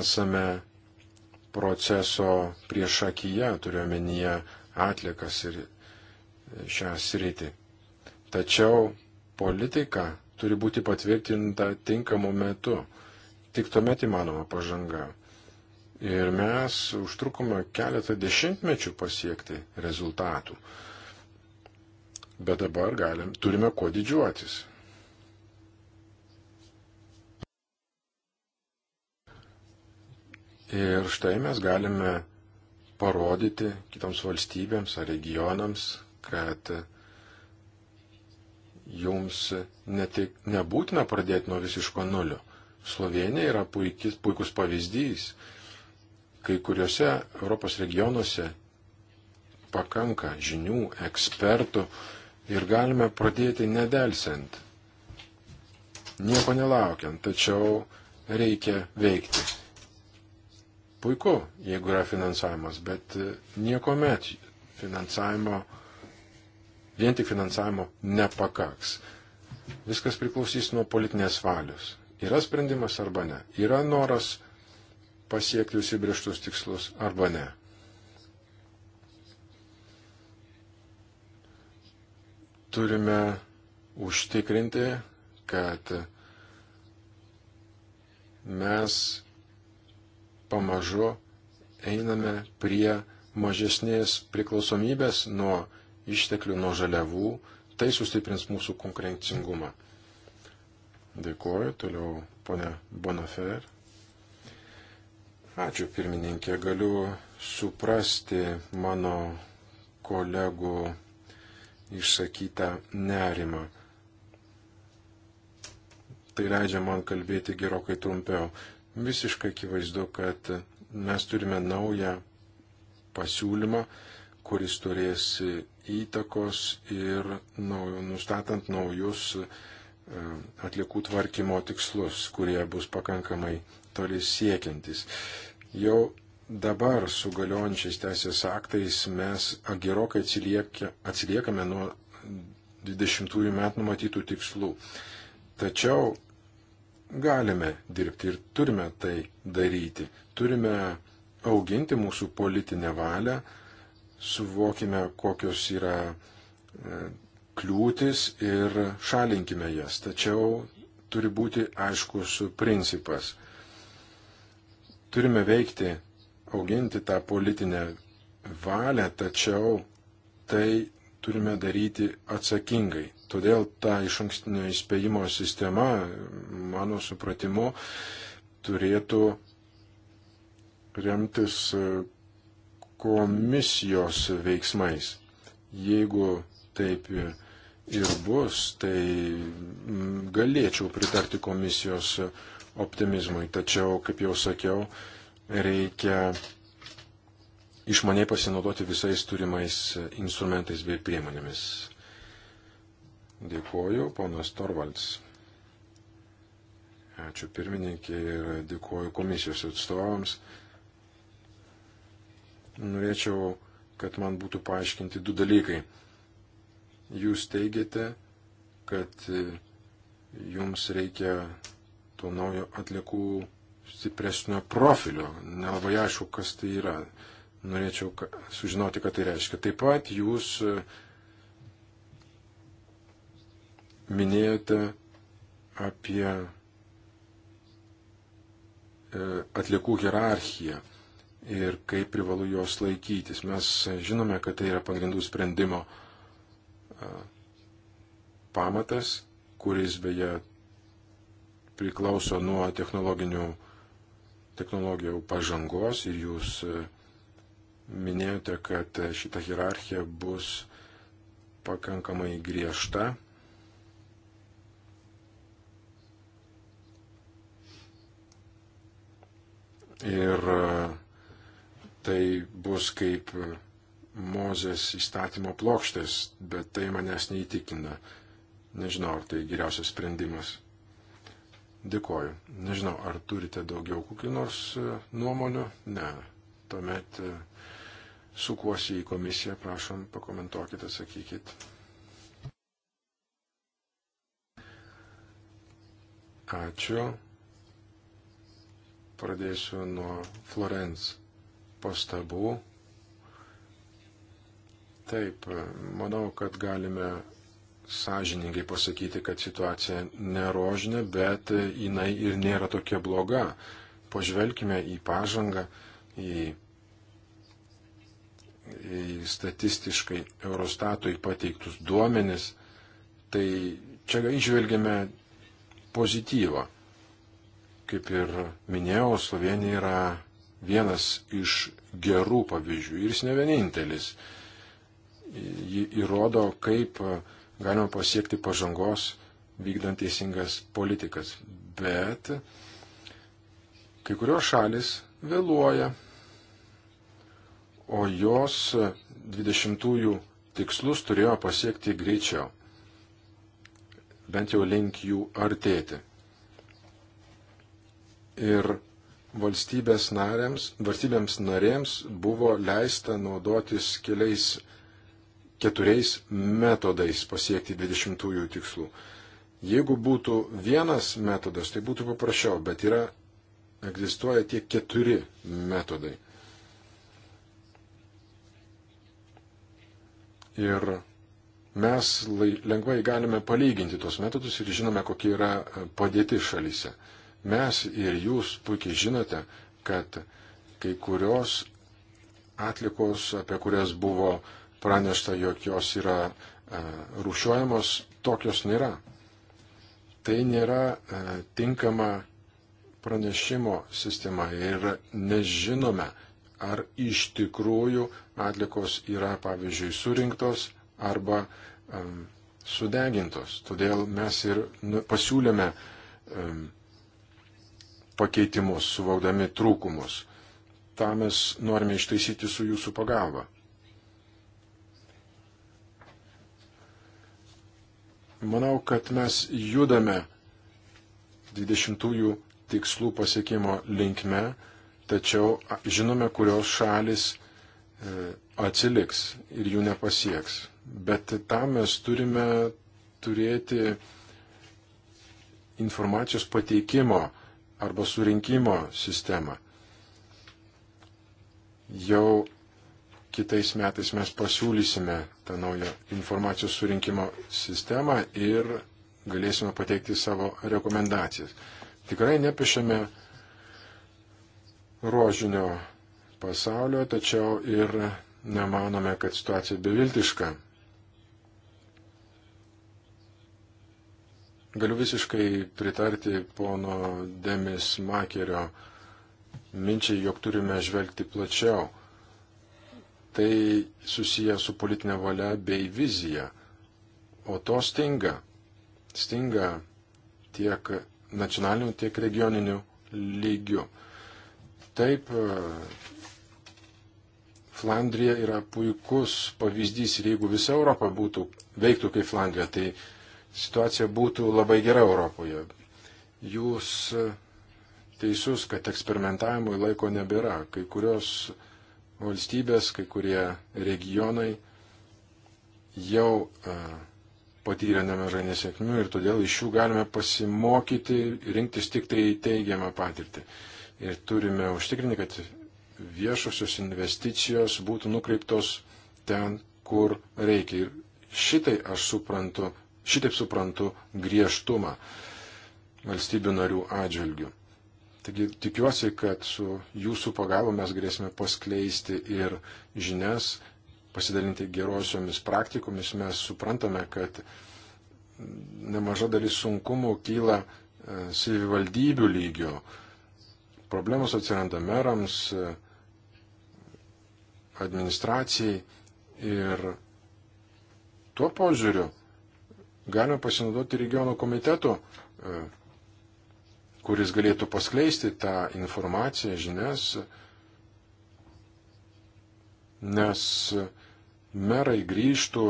esame proceso priešakyje, turiuomenyje atlikas ir šią sritį. Tačiau politika turi būti patvirtinta tinkamu metu. Tik tuomet įmanoma pažanga. Ir mes užtrukome keletą dešimtmečių pasiekti rezultatų. Bet dabar galim, turime kuo didžiuotis. Ir štai mes galime parodyti kitoms valstybėms ar regionams, kad jums ne tik nebūtina pradėti nuo visiško nulio. Slovenija yra puikis, puikus pavyzdys. Kai kuriuose Europos regionuose pakanka žinių, ekspertų ir galime pradėti nedelsiant, nieko nelaukiant, tačiau reikia veikti. Puiku, jeigu yra finansavimas, bet nieko met finansavimo Vien tik finansavimo nepakaks. Viskas priklausys nuo politinės valios. Yra sprendimas arba ne. Yra noras pasiekti užsibrieštus tikslus arba ne. Turime užtikrinti, kad mes pamažu einame prie mažesnės priklausomybės nuo išteklių, nuo žaliavų, tai sustiprins mūsų konkurencingumą. Dėkuoju, toliau ponė Bonafer. Ačiū pirmininkė, galiu suprasti mano kolegų išsakytą nerimą. Tai leidžia man kalbėti gerokai trumpiau. Visiškai akivaizdu, kad mes turime naują pasiūlymą, kuris turės įtakos ir nustatant naujus e, atliekų tvarkymo tikslus, kurie bus pakankamai toli siekiantis. Jau dabar su galiojančiais teisės aktais mes gerokai atsiliekia, atsiliekame nuo 20 metų numatytų tikslų. Tačiau galime dirbti ir turime tai daryti. Turime auginti mūsų politinę valią, suvokime, kokios yra e, kliūtis ir šalinkime jas. Tačiau turi būti aiškus principas. Turime veikti, auginti tą politinę valią, tačiau tai turime daryti atsakingai. Todėl ta iš ankstinio įspėjimo sistema, mano supratimu, turėtų remtis e, komisijos veiksmais. Jeigu taip ir bus, tai mm, galėčiau pritarti komisijos optimizmui. Tačiau, kaip jau sakiau, reikia išmaniai pasinaudoti visais turimais instrumentais bei priemonėmis. Dėkuoju, ponas Torvalds. Ačiū pirmininkė ir dėkuoju komisijos atstovams norėčiau, kad man būtų paaiškinti du dalykai. Jūs teigiate, kad e, jums reikia to naujo atliekų stipresnio profilio. Nelabai aišku, kas tai yra. Norėčiau sužinoti, ką tai reiškia. Taip pat jūs e, minėjote apie e, atliekų hierarchiją ir kaip privalu jos laikytis. Mes žinome, kad tai yra pagrindų sprendimo pamatas, kuris beje priklauso nuo technologinių technologijų pažangos ir jūs minėjote, kad šita hierarchija bus pakankamai griežta. Ir tai bus kaip Mozės įstatymo plokštės, bet tai manęs neįtikina. Nežinau, ar tai geriausias sprendimas. Dėkoju. Nežinau, ar turite daugiau kokių nors e, nuomonių? Ne. Tuomet e, sukuosi į komisiją, prašom, pakomentuokit, atsakykit. Ačiū. Pradėsiu nuo Florence pastabų. Taip, manau, kad galime sąžiningai pasakyti, kad situacija nerožinė, bet jinai ir nėra tokia bloga. Pažvelkime į pažangą, į, į statistiškai Eurostatui pateiktus duomenis. Tai čia išvelgiame pozityvą. Kaip ir minėjau, Slovenija yra vienas iš gerų pavyzdžių ir jis ne vienintelis. Ji įrodo, kaip e, galima pasiekti pažangos vykdant teisingas politikas. Bet kai kurios šalis vėluoja, o jos 20-ųjų tikslus turėjo pasiekti greičiau, bent jau link jų artėti. Ir valstybės narėms, valstybėms narėms buvo leista naudotis keliais, keturiais metodais pasiekti 20-ųjų tikslų. Jeigu būtų vienas metodas, tai būtų paprasčiau, bet yra, egzistuoja tie keturi metodai. Ir mes lengvai galime palyginti tos metodus ir žinome, kokia yra padėti šalyse. Mes ir jūs puikiai žinote, kad kai kurios atlikos, apie kurias buvo pranešta, jog jos yra e, rušiuojamos, tokios nėra. Tai nėra e, tinkama pranešimo sistema ir nežinome, ar iš tikrųjų atlikos yra, pavyzdžiui, surinktos arba um, sudegintos. Todėl mes ir nu, pasiūlėme um, pakeitimus, suvaudami trūkumus. Ta mes norime ištaisyti su jūsų pagalba. Manau, kad mes judame 20-ųjų tikslų pasiekimo linkme, tačiau žinome, kurios šalis e, atsiliks ir jų nepasieks. Bet tam mes turime turėti informacijos pateikimo arba surinkimo sistemą. Jau kitais metais mes pasiūlysime tą naują informacijos surinkimo sistemą ir galėsime pateikti savo rekomendacijas. Tikrai nepišiame rožinio pasaulio, tačiau ir nemanome, kad situacija beviltiška. Galiu visiškai pritarti pono Demis Makerio minčiai, jog turime žvelgti plačiau. Tai susiję su politinė valia bei vizija. O to stinga. Stinga tiek nacionaliniu, tiek regioniniu lygiu. Taip, Flandrija yra puikus pavyzdys ir jeigu visa Europa būtų, veiktų kaip Flandrija, tai situacija būtų labai gera Europoje. Jūs teisus, kad eksperimentavimui laiko nebėra. Kai kurios valstybės, kai kurie regionai jau e, patyrė nemažai nesėkmių ir todėl iš jų galime pasimokyti, rinktis tik tai teigiamą patirtį. Ir turime užtikrinti, kad viešosios investicijos būtų nukreiptos ten, kur reikia. Ir šitai aš suprantu šitaip suprantu griežtumą valstybių narių atžvilgių. Taigi tikiuosi, kad su jūsų pagalba mes galėsime paskleisti ir žinias, pasidalinti gerosiomis praktikomis. Mes suprantame, kad nemaža dalis sunkumų kyla e, savivaldybių lygio. Problemos atsiranda merams, e, administracijai ir tuo požiūriu galime pasinaudoti regiono komitetu, e, kuris galėtų paskleisti tą informaciją, žinias, nes merai grįžtų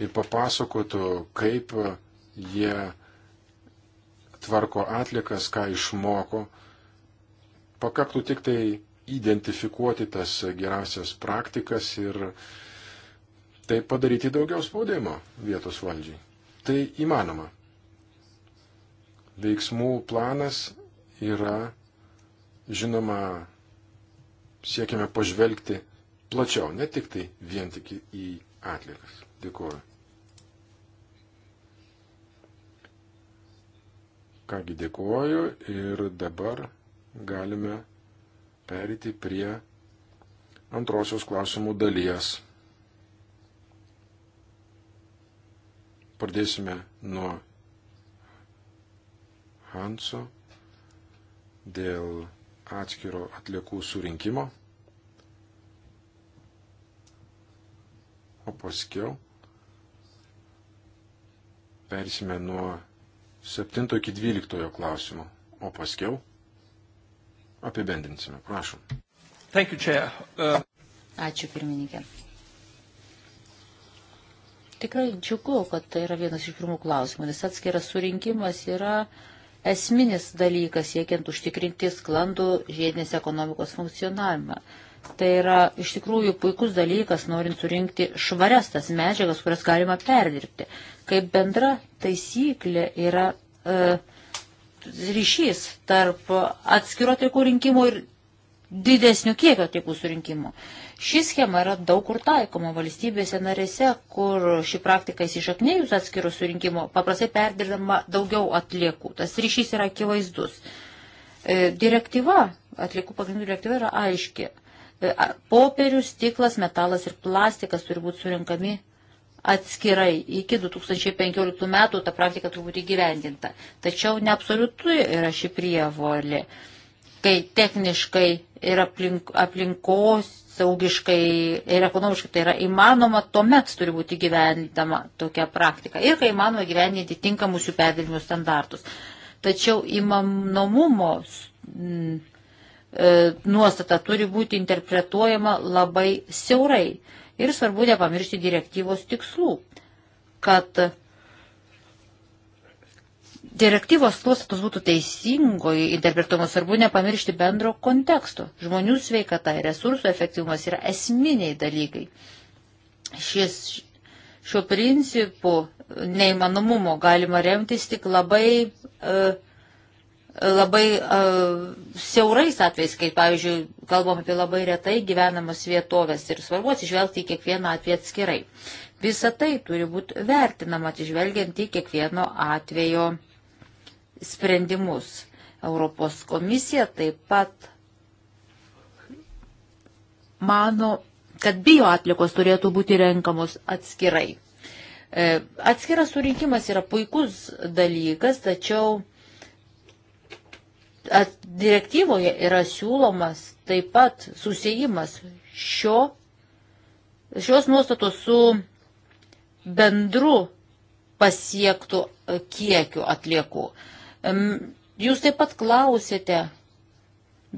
ir papasakotų, kaip jie tvarko atlikas, ką išmoko. Pakaktų tik tai identifikuoti tas geriausias praktikas ir taip padaryti daugiau spaudimo vietos valdžiai tai įmanoma. Veiksmų planas yra, žinoma, siekiame pažvelgti plačiau, ne tik tai vien tik į atliekas. Dėkuoju. Kągi dėkuoju ir dabar galime perėti prie antrosios klausimų dalies. Pradėsime nuo Hanso dėl atskiro atliekų surinkimo, o paskiau persime nuo 7 iki 12 klausimų, o paskiau apibendrinsime. Prašom. Thank you, Chair. Uh... Ačiū pirmininkė. Tikrai džiugu, kad tai yra vienas iš pirmų klausimų, nes atskiras surinkimas yra esminis dalykas siekiant užtikrinti sklandų žiedinės ekonomikos funkcionavimą. Tai yra iš tikrųjų puikus dalykas, norint surinkti švarias tas medžiagas, kurias galima perdirbti. Kaip bendra taisyklė yra e, ryšys tarp atskiro atlikų rinkimo ir didesnio kiekio atliekų surinkimo. Ši schema yra daug kur taikoma valstybėse narėse, kur ši praktika įsišaknėjus atskirų surinkimo paprastai perdirbama daugiau atliekų. Tas ryšys yra akivaizdus. E, direktyva, atliekų pagrindų direktyva yra aiški. E, popierius, stiklas, metalas ir plastikas turi būti surinkami atskirai. Iki 2015 metų ta praktika turbūt įgyvendinta. Tačiau neabsoliutu yra ši prievolė. E, kai techniškai ir aplink, aplinkos saugiškai ir ekonomiškai tai yra įmanoma, tuomet turi būti gyvendama tokia praktika ir kai įmanoma gyveninti tinkamus jų perdirbimo standartus. Tačiau įmanomumo m, mm, e, nuostata turi būti interpretuojama labai siaurai ir svarbu nepamiršti direktyvos tikslų, kad direktyvos nuostatos būtų teisingoji interpretuojamos, svarbu nepamiršti bendro konteksto. Žmonių sveikata ir resursų efektyvumas yra esminiai dalykai. Šis, šiuo principu neįmanomumo galima remtis tik labai, e, labai e, siaurais atvejais, kaip pavyzdžiui, kalbam apie labai retai gyvenamas vietovės ir svarbu atsižvelgti į kiekvieną atvejį atskirai. Visa tai turi būti vertinama atsižvelgiant į kiekvieno atvejo sprendimus. Europos komisija taip pat mano, kad bio atlikos turėtų būti renkamos atskirai. E, atskiras surinkimas yra puikus dalykas, tačiau direktyvoje yra siūlomas taip pat susijimas šio, šios nuostatos su bendru pasiektų kiekiu atliekų. Jūs taip pat klausėte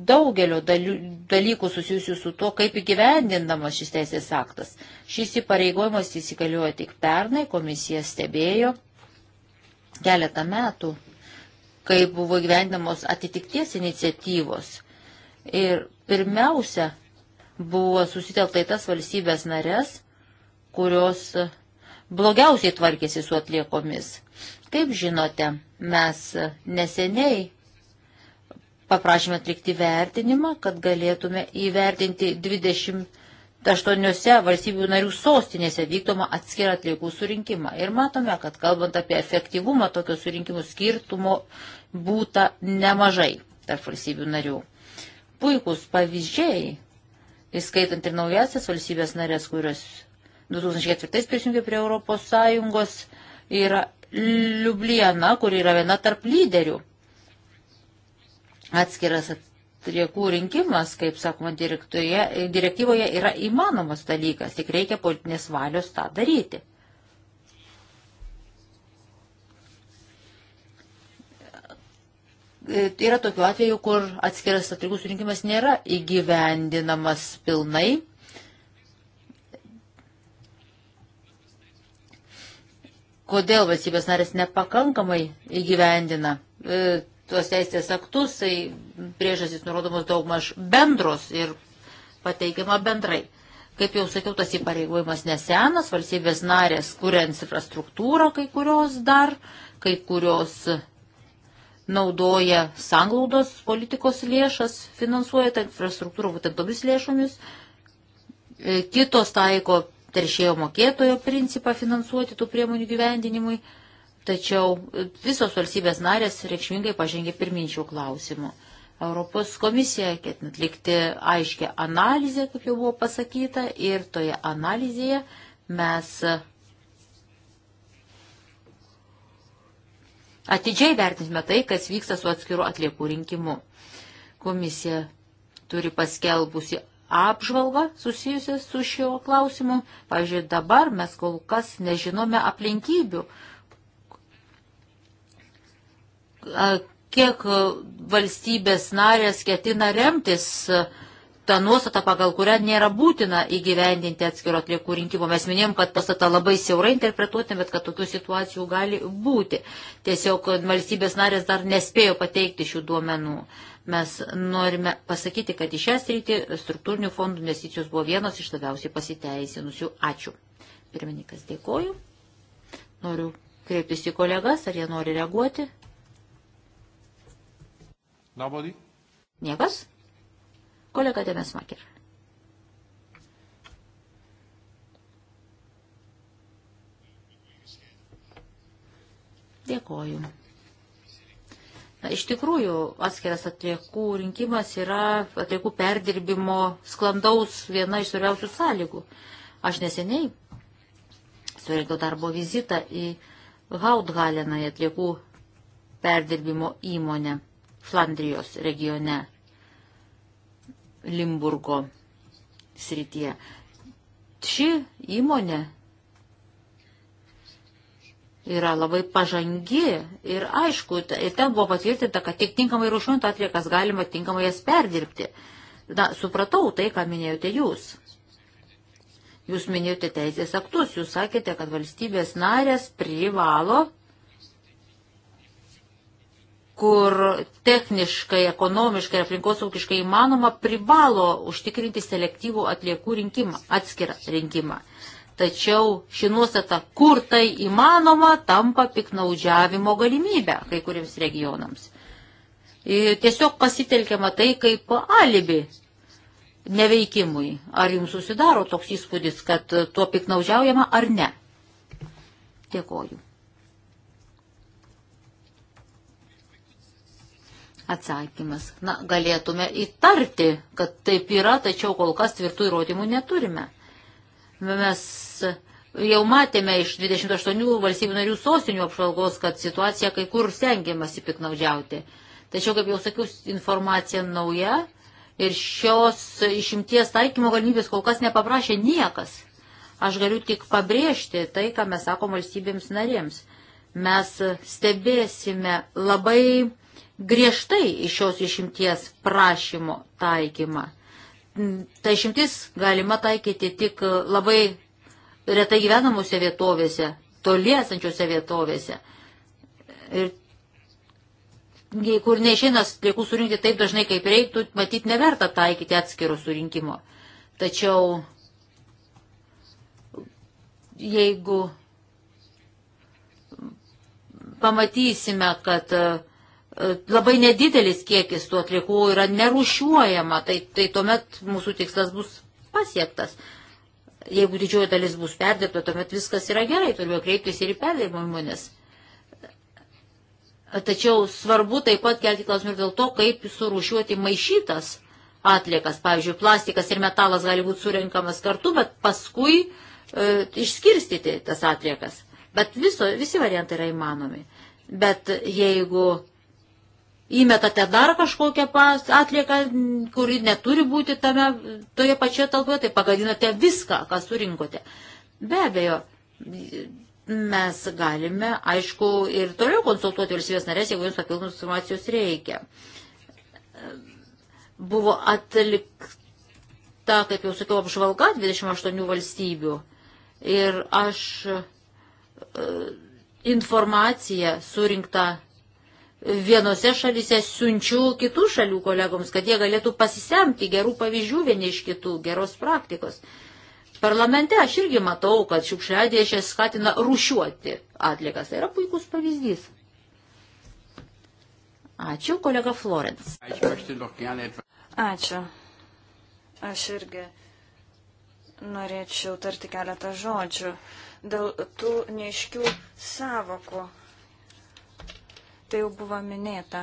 daugelio dalykų susijusių su to, kaip įgyvendinamas šis teisės aktas. Šis įpareigojimas įsigaliojo tik pernai, komisija stebėjo keletą metų, kai buvo įgyvendinamos atitikties iniciatyvos. Ir pirmiausia, buvo susitelkta į tas valstybės narės, kurios blogiausiai tvarkėsi su atliekomis. Kaip žinote, Mes neseniai paprašėme atlikti vertinimą, kad galėtume įvertinti 28 valstybių narių sostinėse vykdomą atskirą atliekų surinkimą. Ir matome, kad kalbant apie efektyvumą tokio surinkimų skirtumo būta nemažai tarp valstybių narių. Puikus pavyzdžiai, įskaitant ir naujasias valstybės narės, kurios 2004 prisijungė prie Europos Sąjungos, yra Liubliana, kur yra viena tarp lyderių. Atskiras atliekų rinkimas, kaip sakoma, direktyvoje yra įmanomas dalykas, tik reikia politinės valios tą daryti. Yra tokių atvejų, kur atskiras atliekų surinkimas nėra įgyvendinamas pilnai kodėl valstybės narės nepakankamai įgyvendina e, tuos teisės aktus, tai priežasys nurodomos daugmaž bendros ir pateikiama bendrai. Kaip jau sakiau, tas įpareigojimas nesenas, valstybės narės kuria infrastruktūrą kai kurios dar, kai kurios naudoja sanglaudos politikos lėšas, finansuoja tą infrastruktūrą būtent tomis lėšomis, e, kitos taiko teršėjo mokėtojo principą finansuoti tų priemonių gyvendinimui, tačiau visos valstybės narės reikšmingai pažengė pirminčių klausimų. Europos komisija ketina atlikti aiškę analizę, kaip jau buvo pasakyta, ir toje analizėje mes atidžiai vertinsime tai, kas vyksta su atskiru atliekų rinkimu. Komisija turi paskelbusi apžvalgą susijusią su šiuo klausimu. Pavyzdžiui, dabar mes kol kas nežinome aplinkybių, kiek valstybės narės ketina remtis tą nuostatą, pagal kurią nėra būtina įgyvendinti atskiro atliekų rinkimo. Mes minėjom, kad nuostatą labai siaurai interpretuoti, bet kad tokių situacijų gali būti. Tiesiog valstybės narės dar nespėjo pateikti šių duomenų. Mes norime pasakyti, kad į šią sritį struktūrinių fondų investicijos buvo vienas iš labiausiai pasiteisinusių. Ačiū. Pirmininkas, dėkoju. Noriu kreiptis į kolegas, ar jie nori reaguoti. Nobody? Niekas? Kolega Demes Maker. Dėkoju. Iš tikrųjų, atskiras atliekų rinkimas yra atliekų perdirbimo sklandaus viena iš svarbiausių sąlygų. Aš neseniai surinkiau darbo vizitą į Hautgaleną į atliekų perdirbimo įmonę Flandrijos regione Limburgo srityje. Ši įmonė yra labai pažangi ir aišku, ir ten buvo patvirtinta, kad tik tinkamai rušiuojant atliekas galima tinkamai jas perdirbti. Na, supratau tai, ką minėjote jūs. Jūs minėjote teisės aktus, jūs sakėte, kad valstybės narės privalo, kur techniškai, ekonomiškai ir aplinkosaukiškai įmanoma, privalo užtikrinti selektyvų atliekų rinkimą, atskirą rinkimą. Tačiau ši nuostata, kur tai įmanoma, tampa piknaudžiavimo galimybę kai kuriems regionams. Ir e, tiesiog pasitelkiama tai kaip alibi neveikimui. Ar jums susidaro toks įspūdis, kad tuo piknaudžiaujama ar ne? Dėkoju. Atsakymas. Na, galėtume įtarti, kad taip yra, tačiau kol kas tvirtų įrodymų neturime. Mes jau matėme iš 28 valstybių narių sostinių apžvalgos, kad situacija kai kur stengiamasi piknaudžiauti. Tačiau, kaip jau sakiau, informacija nauja ir šios išimties taikymo galimybės kol kas nepaprašė niekas. Aš galiu tik pabrėžti tai, ką mes sakom valstybėms narėms. Mes stebėsime labai griežtai iš šios išimties prašymo taikymą ta išimtis galima taikyti tik e, labai retai gyvenamuose vietovėse, toli esančiose vietovėse. Ir kur neišeina atliekų surinkti taip dažnai, kaip reiktų, matyt, neverta taikyti atskiro surinkimo. Tačiau jeigu pamatysime, kad uh, labai nedidelis kiekis tų atliekų yra nerušiuojama, tai, tai tuomet mūsų tikslas bus pasiektas. Jeigu didžioji dalis bus perdėta, tuomet viskas yra gerai, turime kreiptis ir į perdėjimo įmonės. Tačiau svarbu taip pat kelti klausimą ir dėl to, kaip surušiuoti maišytas atliekas. Pavyzdžiui, plastikas ir metalas gali būti surinkamas kartu, bet paskui e, išskirstyti tas atliekas. Bet viso, visi variantai yra įmanomi. Bet jeigu įmetate dar kažkokią atlieką, kuri neturi būti tame, toje pačioje talpoje, tai pagadinate viską, ką surinkote. Be abejo, mes galime, aišku, ir toliau konsultuoti valstybės narės, jeigu jums papildomos informacijos reikia. Buvo atlikta, kaip jau sakiau, apžvalga 28 valstybių ir aš e, informaciją surinktą vienose šalyse siunčiu kitų šalių kolegoms, kad jie galėtų pasisemti gerų pavyzdžių vieni iš kitų, geros praktikos. Parlamente aš irgi matau, kad šiukšliadėžė skatina rušiuoti atlikas. Tai yra puikus pavyzdys. Ačiū, kolega Florence. Ačiū. Aš irgi norėčiau tarti keletą žodžių dėl tų neiškių savokų Tai jau buvo minėta.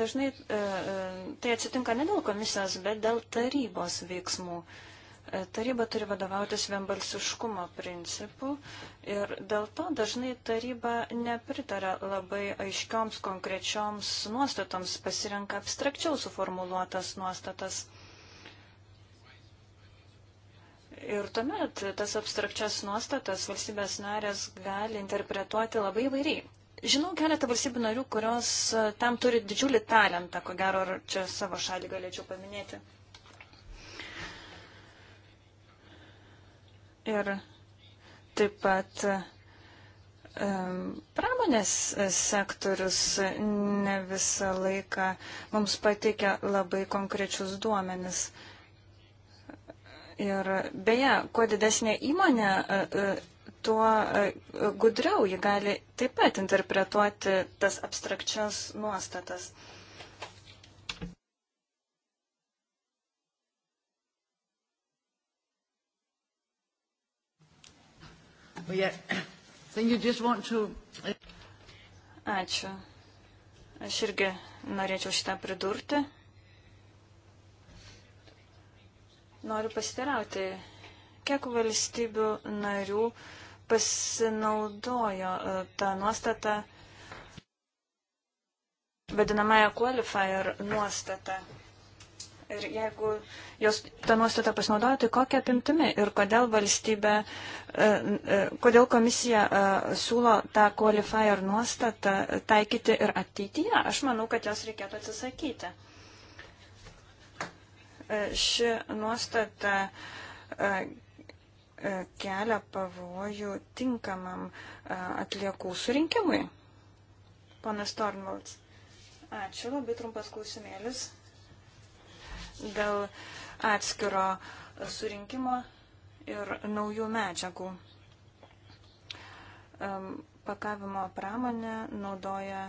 Dažnai e, e, tai atsitinka ne dėl komisijos, bet dėl tarybos veiksmų. E, taryba turi vadovautis vienbalsiškumo principu ir dėl to dažnai taryba nepritaria labai aiškioms konkrečioms nuostatoms, pasirenka abstrakčiau suformuluotas nuostatas. Ir tuomet tas abstrakčias nuostatas valstybės narės gali interpretuoti labai vairiai. Žinau keletą valstybių narių, kurios e, tam turi didžiulį talentą, ko gero, ar čia savo šalį galėčiau paminėti. Ir taip pat e, pramonės sektorius ne visą laiką mums pateikia labai konkrečius duomenis. Ir beje, kuo didesnė įmonė e, tuo e, gudriau ji gali taip pat interpretuoti tas abstrakčias nuostatas. Ačiū. Aš irgi norėčiau šitą pridurti. Noriu pasitarauti, kiek valstybių narių uh, pasinaudojo e, tą nuostatą vadinamąją qualifier nuostatą. Ir jeigu jos tą nuostatą pasinaudojo, tai kokią apimtimi ir kodėl valstybė, e, e, kodėl komisija siūlo tą qualifier nuostatą taikyti ir ateityje, aš manau, kad jos reikėtų atsisakyti. Ši nuostata E, kelia pavojų tinkamam e, atliekų surinkimui. Panas Tornvalds. Ačiū, labai trumpas klausimėlis dėl atskiro surinkimo ir naujų medžiagų. E, pakavimo pramonė naudoja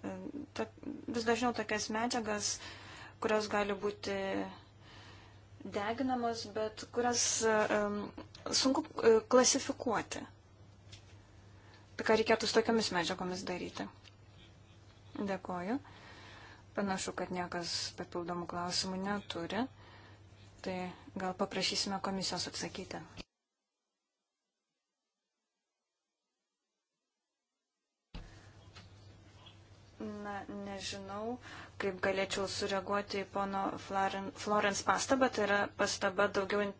vis dažniau tokias medžiagas, kurios gali būti deginamos, bet kurias sunku e, klasifikuoti. Tai ką reikėtų su tokiamis medžiagomis daryti? Dėkoju. Panašu, kad niekas papildomų klausimų neturi. Tai gal paprašysime komisijos atsakyti. Na, nežinau, kaip galėčiau sureaguoti į pono Florence pastabą, tai yra pastaba daugiau e,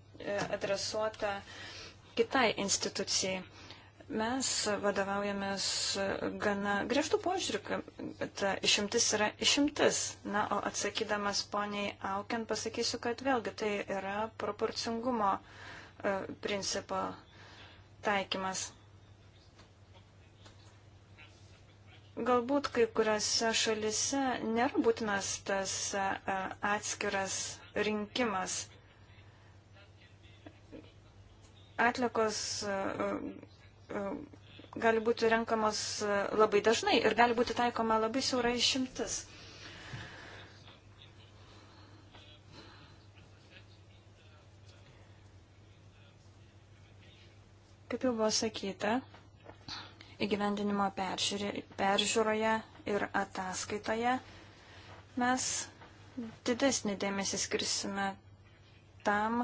adresuota kitai institucijai. Mes vadovaujamės gana griežtų požiūrių, kad išimtis yra išimtis. Na, o atsakydamas poniai Aukiant pasakysiu, kad vėlgi tai yra proporcingumo e, principo taikymas. Galbūt kai kuriuose šalise nėra būtinas tas e, atskiras rinkimas. Atlikos e, e, gali būti renkamos labai dažnai ir gali būti taikoma labai siaura išimtis. Kaip jau buvo sakyta, įgyvendinimo peržiūroje ir ataskaitoje mes didesnį dėmesį skirsime tam,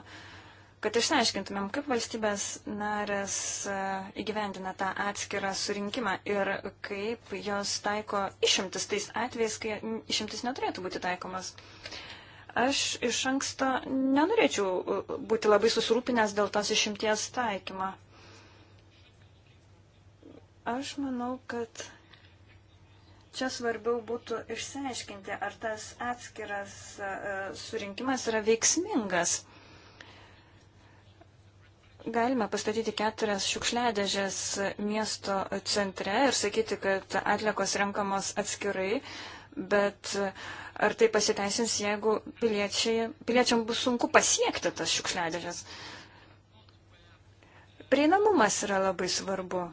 kad išsiaiškintumėm, kaip valstybės narės e, įgyvendina tą atskirą surinkimą ir kaip jos taiko išimtis tais atvejais, kai išimtis neturėtų būti taikomas. Aš iš anksto nenorėčiau e, būti labai susirūpinęs dėl tos išimties taikymo. Aš manau, kad čia svarbiau būtų išsiaiškinti, ar tas atskiras e, surinkimas yra veiksmingas. Galime pastatyti keturias šiukšliadežės miesto centre ir sakyti, kad atlikos renkamos atskirai, bet e, ar tai pasiteisins, jeigu piliečiam bus sunku pasiekti tas šiukšliadežės? Prieinamumas yra labai svarbu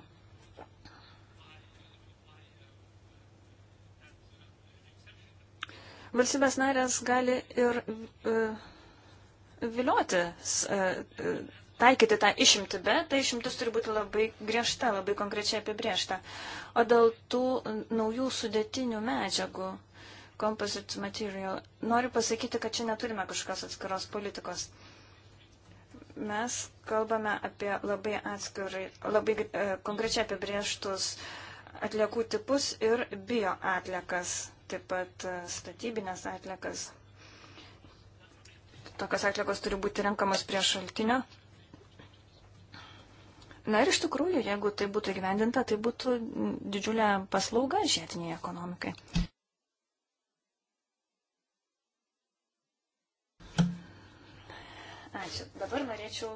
Valstybės narės gali ir e, viliotis e, e, taikyti tą išimtį, bet ta išimtis turi būti labai griežta, labai konkrečiai apibriešta. O dėl tų naujų sudėtinių medžiagų, composite material, noriu pasakyti, kad čia neturime kažkokios atskiros politikos. Mes kalbame apie labai atskirai, labai e, konkrečiai apibrieštus atliekų tipus ir bio atliekas taip pat e, statybinės atlikas. Tokios atlikos turi būti renkamos prie šaltinio. Na ir iš tikrųjų, jeigu tai būtų įgyvendinta, tai būtų didžiulė paslauga žiediniai ekonomikai. Ačiū. Dabar norėčiau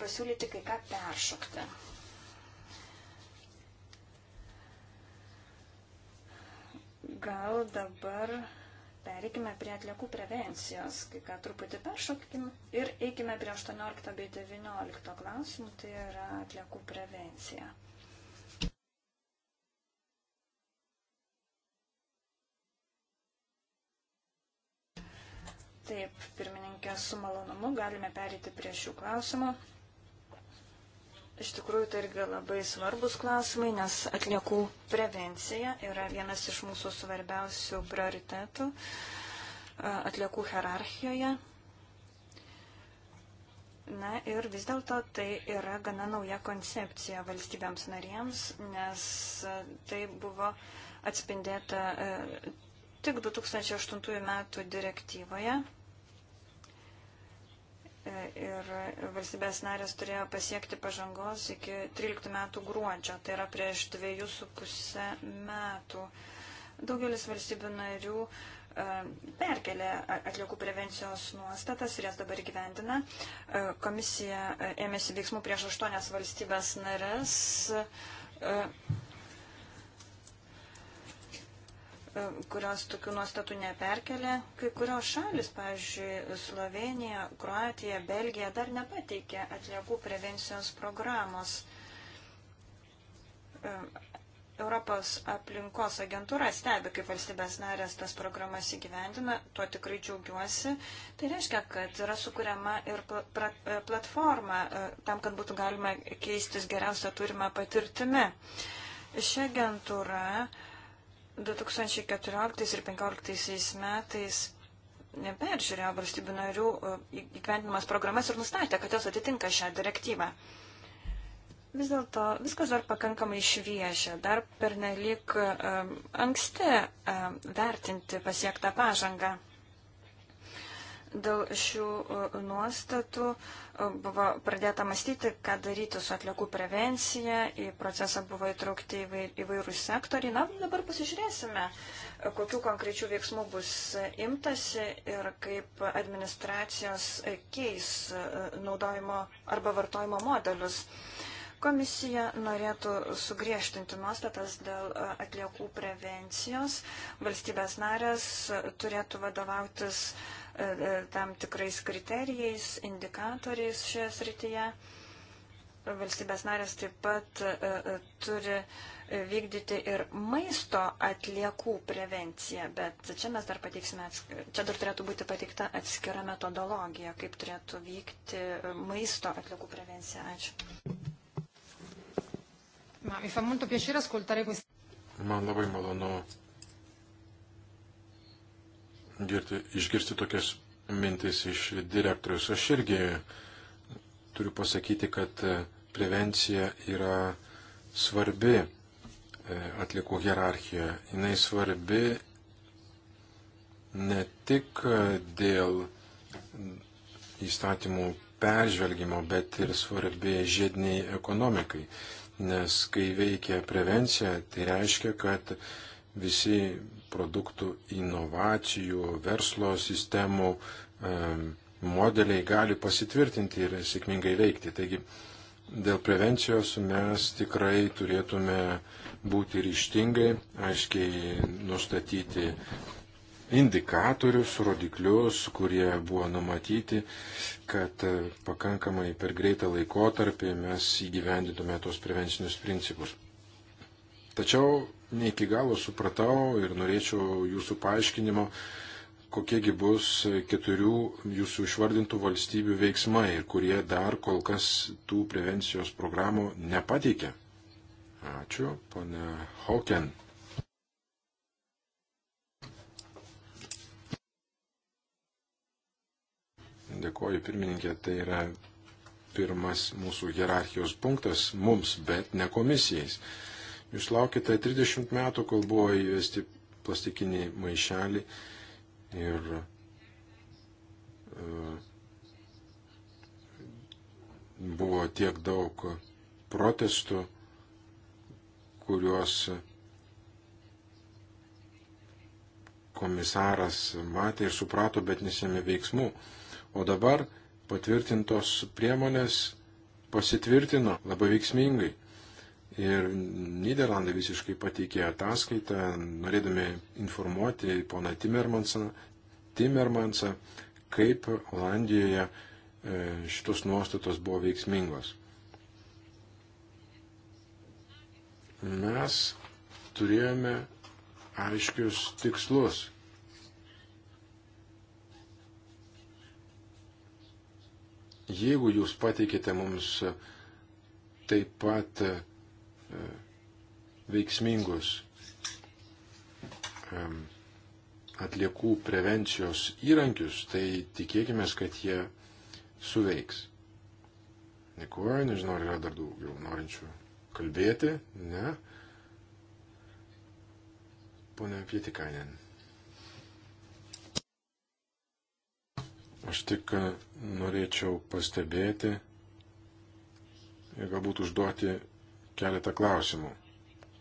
pasiūlyti kai ką peršokti. Gal dabar pereikime prie atliekų prevencijos, kai ką truputį peršokim ir eikime prie 18 bei 19 klausimų, tai yra atliekų prevencija. Taip, pirmininkė, su malonumu galime perėti prie šių klausimų. Iš tikrųjų, tai irgi labai svarbus klausimai, nes atliekų prevencija yra vienas iš mūsų svarbiausių prioritetų atliekų hierarchijoje. Na ir vis dėlto tai yra gana nauja koncepcija valstybėms narėms, nes tai buvo atspindėta tik 2008 metų direktyvoje ir valstybės narės turėjo pasiekti pažangos iki 13 metų gruodžio, tai yra prieš dviejus su pusę metų. Daugelis valstybių narių e, perkelė atliekų prevencijos nuostatas ir jas dabar gyvendina. E, komisija e, ėmėsi veiksmų prieš aštuonias valstybės narės E, kurios tokių nuostatų neperkelė. Kai kurios šalis, pavyzdžiui, Slovenija, Kroatija, Belgija dar nepateikė atliekų prevencijos programos. E, Europos aplinkos agentūra stebi, kaip valstybės narės tas programas įgyvendina, tuo tikrai džiaugiuosi. Tai reiškia, kad yra sukūriama ir e, platforma tam, kad būtų galima keistis geriausia turima patirtimi. Ši agentūra uh, 2014 ir 2015 metais peržiūrėjo valstybių narių e, įgyvendinimas programas ir nustatė, kad jos atitinka šią direktyvą. Vis dėlto viskas dar pakankamai išviešia, dar pernelyg um, anksti um, vertinti pasiektą pažangą. Dėl šių e, nuostatų e, buvo pradėta mąstyti, ką daryti su atliekų prevencija, į procesą buvo įtraukti įvairių sektoriai. Na, dabar pasižiūrėsime, e, kokiu konkrečiu veiksmu bus imtasi ir kaip administracijos keis naudojimo arba vartojimo modelius. Komisija norėtų sugriežtinti nuostatas dėl atliekų prevencijos. Valstybės narės turėtų vadovautis uh, E, e, tam tikrais kriterijais, indikatoriais šioje srityje. Valstybės narės taip pat e, turi vykdyti ir maisto atliekų prevenciją, bet čia mes dar pateiksime, čia dar turėtų būti pateikta atskira metodologija, kaip turėtų vykti maisto atliekų prevencija. Ačiū. Man labai malonu girti, išgirsti tokias mintis iš direktorius. Aš irgi turiu pasakyti, kad e, prevencija yra svarbi e, atlikų hierarchijoje. Jis svarbi ne tik e, dėl įstatymų peržvelgimo, bet ir svarbi žiediniai ekonomikai. Nes kai veikia prevencija, tai reiškia, kad visi produktų inovacijų, verslo sistemų e, modeliai gali pasitvirtinti ir sėkmingai veikti. Taigi dėl prevencijos mes tikrai turėtume būti ryštingai, aiškiai nustatyti indikatorius, rodiklius, kurie buvo numatyti, kad pakankamai per greitą laikotarpį mes įgyvendintume tos prevencinius principus. Tačiau ne iki galo supratau ir norėčiau jūsų paaiškinimo, kokiegi bus keturių jūsų išvardintų valstybių veiksmai ir kurie dar kol kas tų prevencijos programų nepateikė. Ačiū, ponė Hoken. Dėkoju, pirmininkė, tai yra pirmas mūsų hierarchijos punktas mums, bet ne komisijais išlaukite 30 metų, kol buvo įvesti plastikiniai maišeliai ir e, buvo tiek daug protestų, kuriuos komisaras matė ir suprato, bet nesėmė veiksmų. O dabar patvirtintos priemonės pasitvirtino labai veiksmingai. Ir Niderlandai visiškai pateikė ataskaitą, norėdami informuoti poną Timmermansą, Timmermansą, kaip Olandijoje e, šitos nuostatos buvo veiksmingos. Mes turėjome aiškius tikslus. Jeigu jūs pateikite mums taip pat veiksmingus atliekų prevencijos įrankius, tai tikėkime, kad jie suveiks. Dėkuoju, nežinau, ar yra dar daugiau norinčių kalbėti, ne? Pone Pietikainen. Aš tik norėčiau pastebėti ir galbūt užduoti keletą klausimų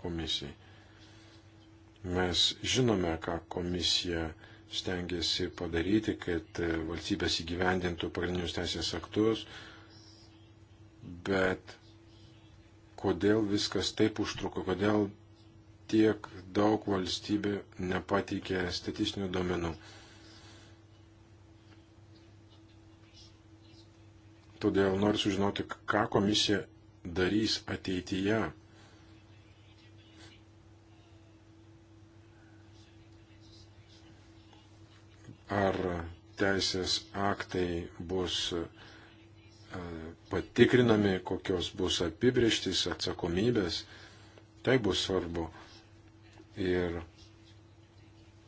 komisijai. Mes žinome, ką komisija stengiasi padaryti, kad valstybės įgyvendintų pagrindinius teisės aktus, bet kodėl viskas taip užtruko, kodėl tiek daug valstybių nepateikė statistinių duomenų. Todėl noriu sužinoti, ką komisija darys ateityje. Ar teisės aktai bus e, patikrinami, kokios bus apibrieštis, atsakomybės, tai bus svarbu. Ir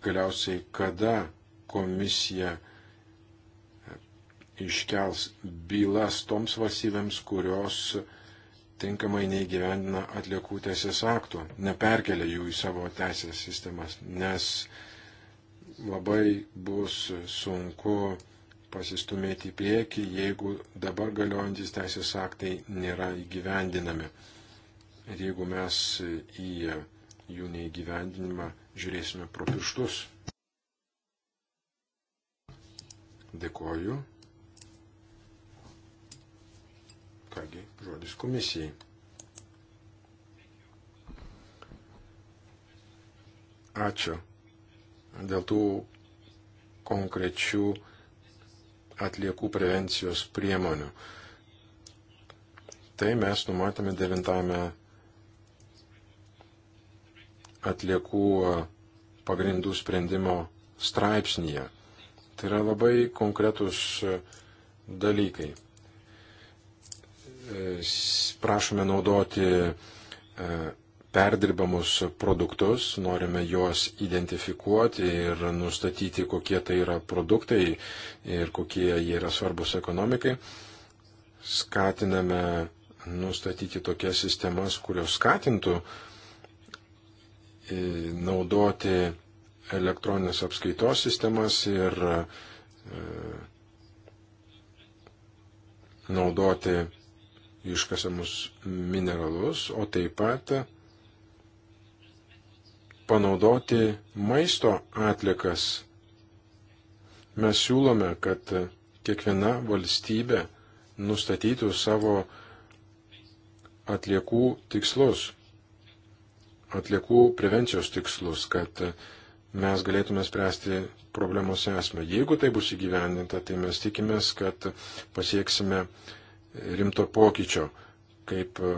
galiausiai, kada komisija iškels bylas toms valstybėms, kurios tinkamai neįgyvendina atliekų teisės aktų, neperkelia jų į savo teisės sistemas, nes labai bus sunku pasistumėti į priekį, jeigu dabar galiojantis teisės aktai nėra įgyvendinami. Ir jeigu mes į jų neįgyvendinimą žiūrėsime pro pirštus. Dėkoju. Kągi, Žodis komisijai. Ačiū dėl tų konkrečių atliekų prevencijos priemonių. Tai mes numatėme devintame atliekų pagrindų sprendimo straipsnėje. Tai yra labai konkretus dalykai prašome naudoti e, perdirbamus produktus, norime juos identifikuoti ir nustatyti, kokie tai yra produktai ir kokie jie yra svarbus ekonomikai. Skatiname nustatyti tokias sistemas, kurios skatintų e, naudoti elektroninės apskaitos sistemas ir e, naudoti iškasamus mineralus, o taip pat panaudoti maisto atlikas. Mes siūlome, kad kiekviena valstybė nustatytų savo atliekų tikslus, atliekų prevencijos tikslus, kad mes galėtume spręsti problemos esmę. Jeigu tai bus įgyvendinta, tai mes tikimės, kad pasieksime rimto pokyčio, kaip e,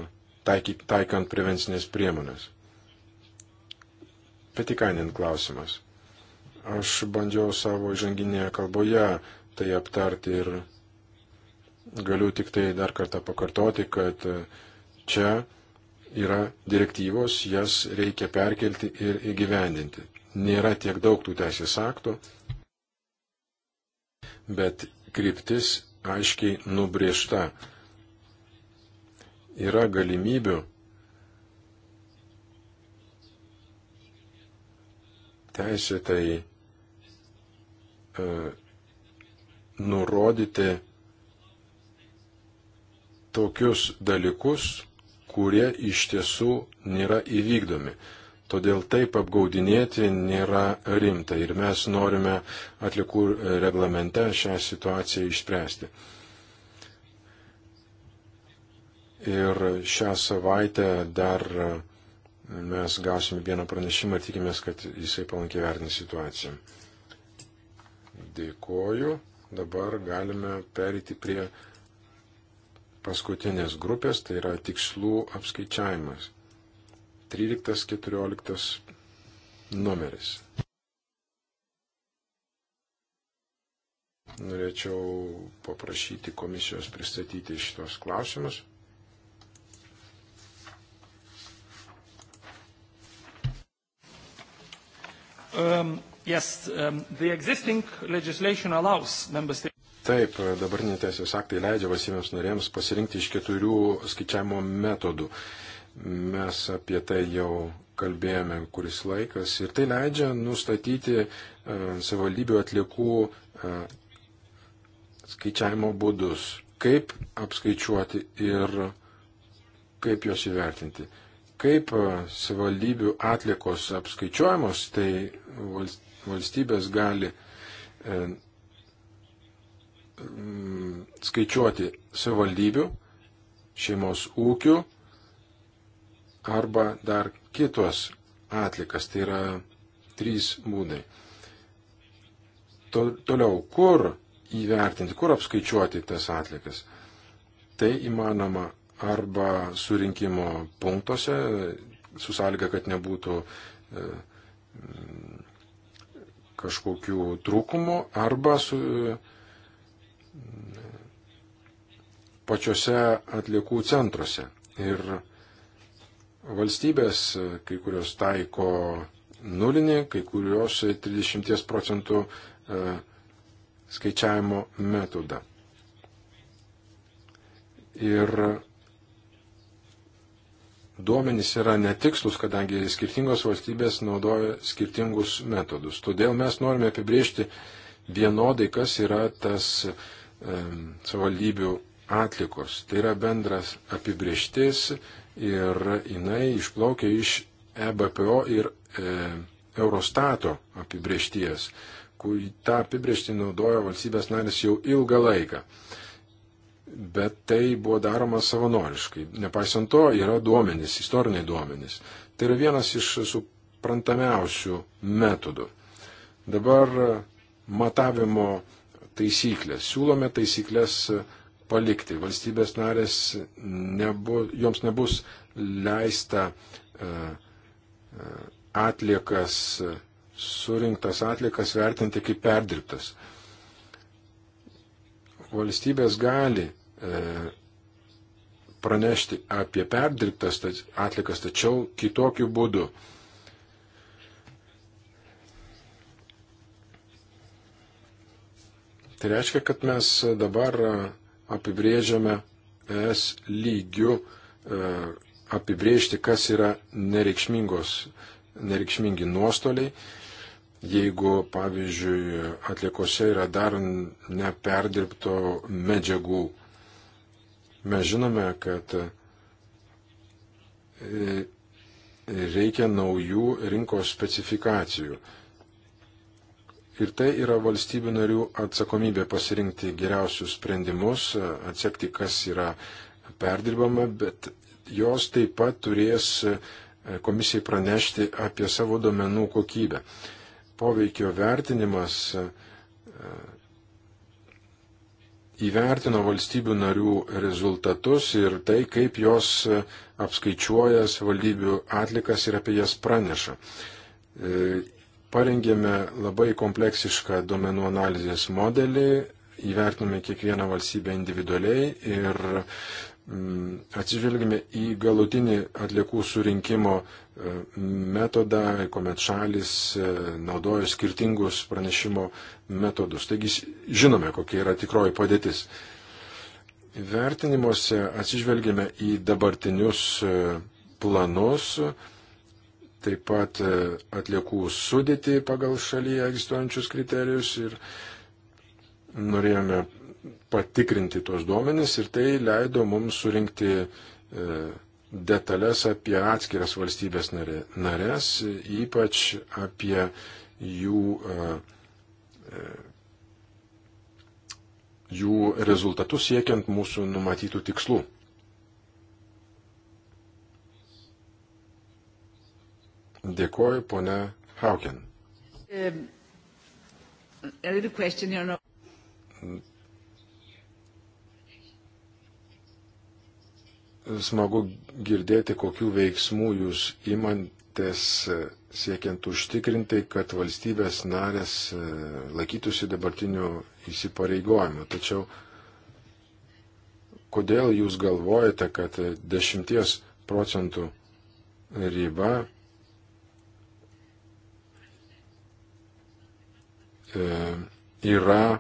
taiky, taikant prevencinės priemonės. Petikainin klausimas. Aš bandžiau savo įžanginėje kalboje tai aptarti ir galiu tik tai dar kartą pakartoti, kad e, čia yra direktyvos, jas reikia perkelti ir įgyvendinti. Nėra tiek daug tų teisės aktų, bet kryptis aiškiai nubriežta. Yra galimybių teisėtai e, nurodyti tokius dalykus, kurie iš tiesų nėra įvykdomi. Todėl taip apgaudinėti nėra rimta ir mes norime atlikų reglamente šią situaciją išspręsti. Ir šią savaitę dar mes gausime vieną pranešimą ir tikimės, kad jisai palankiai vertins situaciją. Dėkoju. Dabar galime perėti prie paskutinės grupės, tai yra tikslų apskaičiavimas. 13-14 numeris. Norėčiau paprašyti komisijos pristatyti šitos klausimus. Um, yes, um, the existing legislation allows member states. Taip, dabartiniai teisės aktai leidžia valstybėms norėms pasirinkti iš keturių skaičiavimo metodų. Uh, Mes apie tai jau kalbėjome kuris laikas ir tai leidžia nustatyti e, savivaldybių atliekų e, skaičiavimo būdus, kaip apskaičiuoti ir kaip juos įvertinti. Kaip e, savivaldybių atliekos apskaičiuojamos, tai valstybės gali skaičiuoti savivaldybių, šeimos ūkių arba dar kitos atlikas. Tai yra trys būdai. Toliau, kur įvertinti, kur apskaičiuoti tas atlikas. Tai įmanoma arba surinkimo punktuose, su sąlyga, kad nebūtų e, kažkokių trūkumų, arba su e, pačiose atliekų centruose. Ir Valstybės kai kurios taiko nulinį, kai kurios 30 procentų e, skaičiavimo metodą. Ir duomenys yra netikslus, kadangi skirtingos valstybės naudoja skirtingus metodus. Todėl mes norime apibriežti vienodai, kas yra tas um, savaldybių atlikos. Tai yra bendras apibrieštis, ir jinai išplaukia iš EBPO ir e, Eurostato apibriešties, kur tą apibriešti naudojo valstybės narės jau ilgą laiką. Bet tai buvo daroma savanoriškai. Nepaisant to, yra duomenys, istoriniai duomenys. Tai yra vienas iš suprantamiausių metodų. Dabar matavimo taisyklės. Siūlome taisyklės palikti. Valstybės narės, nebu, joms nebus leista e, e, atliekas, surinktas atliekas vertinti kaip perdirbtas. Valstybės gali e, pranešti apie perdirbtas atlikas, tačiau kitokiu būdu. Tai reiškia, kad mes dabar apibrėžiame ES lygių e, apibrėžti, kas yra nereikšmingi nuostoliai. Jeigu, pavyzdžiui, atliekose yra dar neperdirbto medžiagų, mes žinome, kad e, reikia naujų rinkos specifikacijų. Ir tai yra valstybių narių atsakomybė pasirinkti geriausius sprendimus, atsekti, kas yra perdirbama, bet jos taip pat turės e, komisijai pranešti apie savo domenų kokybę. Poveikio vertinimas e, įvertino valstybių narių rezultatus ir tai, kaip jos e, apskaičiuoja savaldybių atlikas ir apie jas praneša Parengėme labai kompleksišką duomenų analizės modelį, įvertinome kiekvieną valstybę individualiai ir mm, atsižvelgime į galutinį atliekų surinkimo e, metodą, kuomet šalis e, naudoja skirtingus pranešimo metodus. Taigi žinome, kokia yra tikroji padėtis. Vertinimuose atsižvelgime į dabartinius e, planus, taip pat e, atliekų sudėti pagal šalyje egzistuojančius kriterijus ir norėjome patikrinti tuos duomenis ir tai leido mums surinkti e, detalės apie atskiras valstybės narės, ypač apie jų, e, jų rezultatus siekiant mūsų numatytų tikslų. Dėkoju, ponė Hauken. Um, Smagu girdėti, kokių veiksmų jūs įmantės e, siekiant užtikrinti, kad valstybės narės e, laikytųsi dabartinių įsipareigojimų. Tačiau kodėl jūs galvojate, kad 10 procentų riba E, yra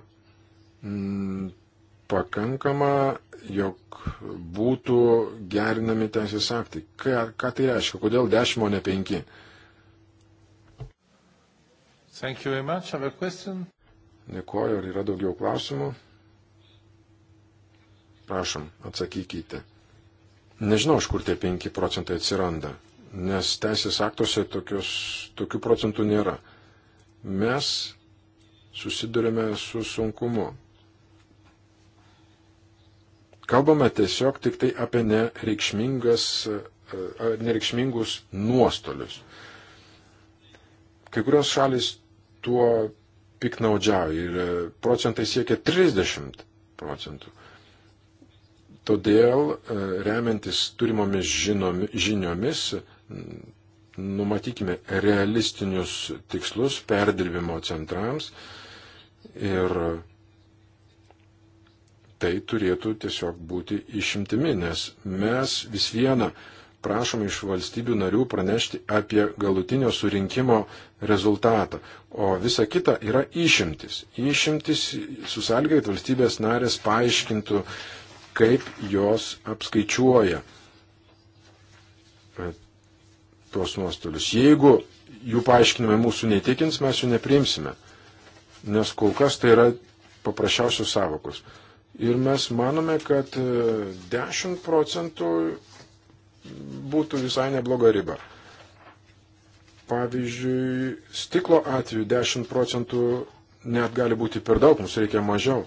mm, pakankama, jog būtų gerinami teisės aktai. Ką, ką tai reiškia? Kodėl 10, o ne 5? Dėkuoju, ar yra daugiau klausimų? Prašom, atsakykite. Nežinau, iš kur tie 5 procentai atsiranda, nes teisės aktuose tokios, tokių procentų nėra. Mes susidurime su sunkumu. Kalbame tiesiog tik tai apie nereikšmingus nuostolius. Kai kurios šalis tuo piknaudžiauja ir e, procentai siekia 30 procentų. Todėl, e, remiantis turimomis žiniomis, numatykime realistinius tikslus perdirbimo centrams Ir tai turėtų tiesiog būti išimtimi, nes mes vis vieną prašome iš valstybių narių pranešti apie galutinio surinkimo rezultatą, o visa kita yra išimtis. Išimtis susalgiai, kad valstybės narės paaiškintų, kaip jos apskaičiuoja tuos nuostolius. Jeigu jų paaiškinimai mūsų netikins, mes jų nepriimsime nes kol kas tai yra paprasčiausios savokos. Ir mes manome, kad 10 e, procentų būtų visai nebloga riba. Pavyzdžiui, stiklo atveju 10 procentų net gali būti per daug, mums reikia mažiau.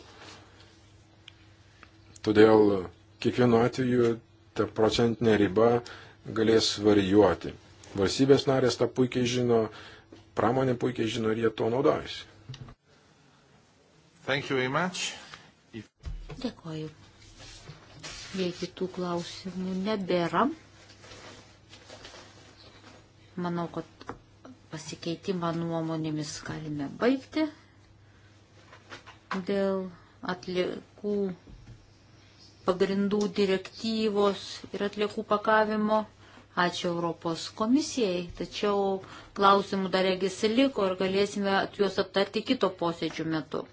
Todėl kiekvienu atveju ta procentinė riba galės varijuoti. Valstybės narės tą puikiai žino, pramonė puikiai žino ir jie to naudojasi. Thank you very much. If... Dėkoju. Jei kitų klausimų nebėra, manau, kad pasikeitimą nuomonėmis galime baigti dėl atliekų pagrindų direktyvos ir atliekų pakavimo. Ačiū Europos komisijai, tačiau klausimų dar regis liko ir galėsime juos aptarti kito posėdžių metu.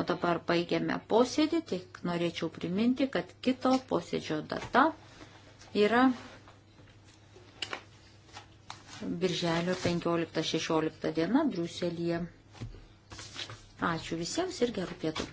O dabar baigiame posėdį, tik norėčiau priminti, kad kito posėdžio data yra Birželio 15-16 diena Briuselėje. Ačiū visiems ir gerų pietų.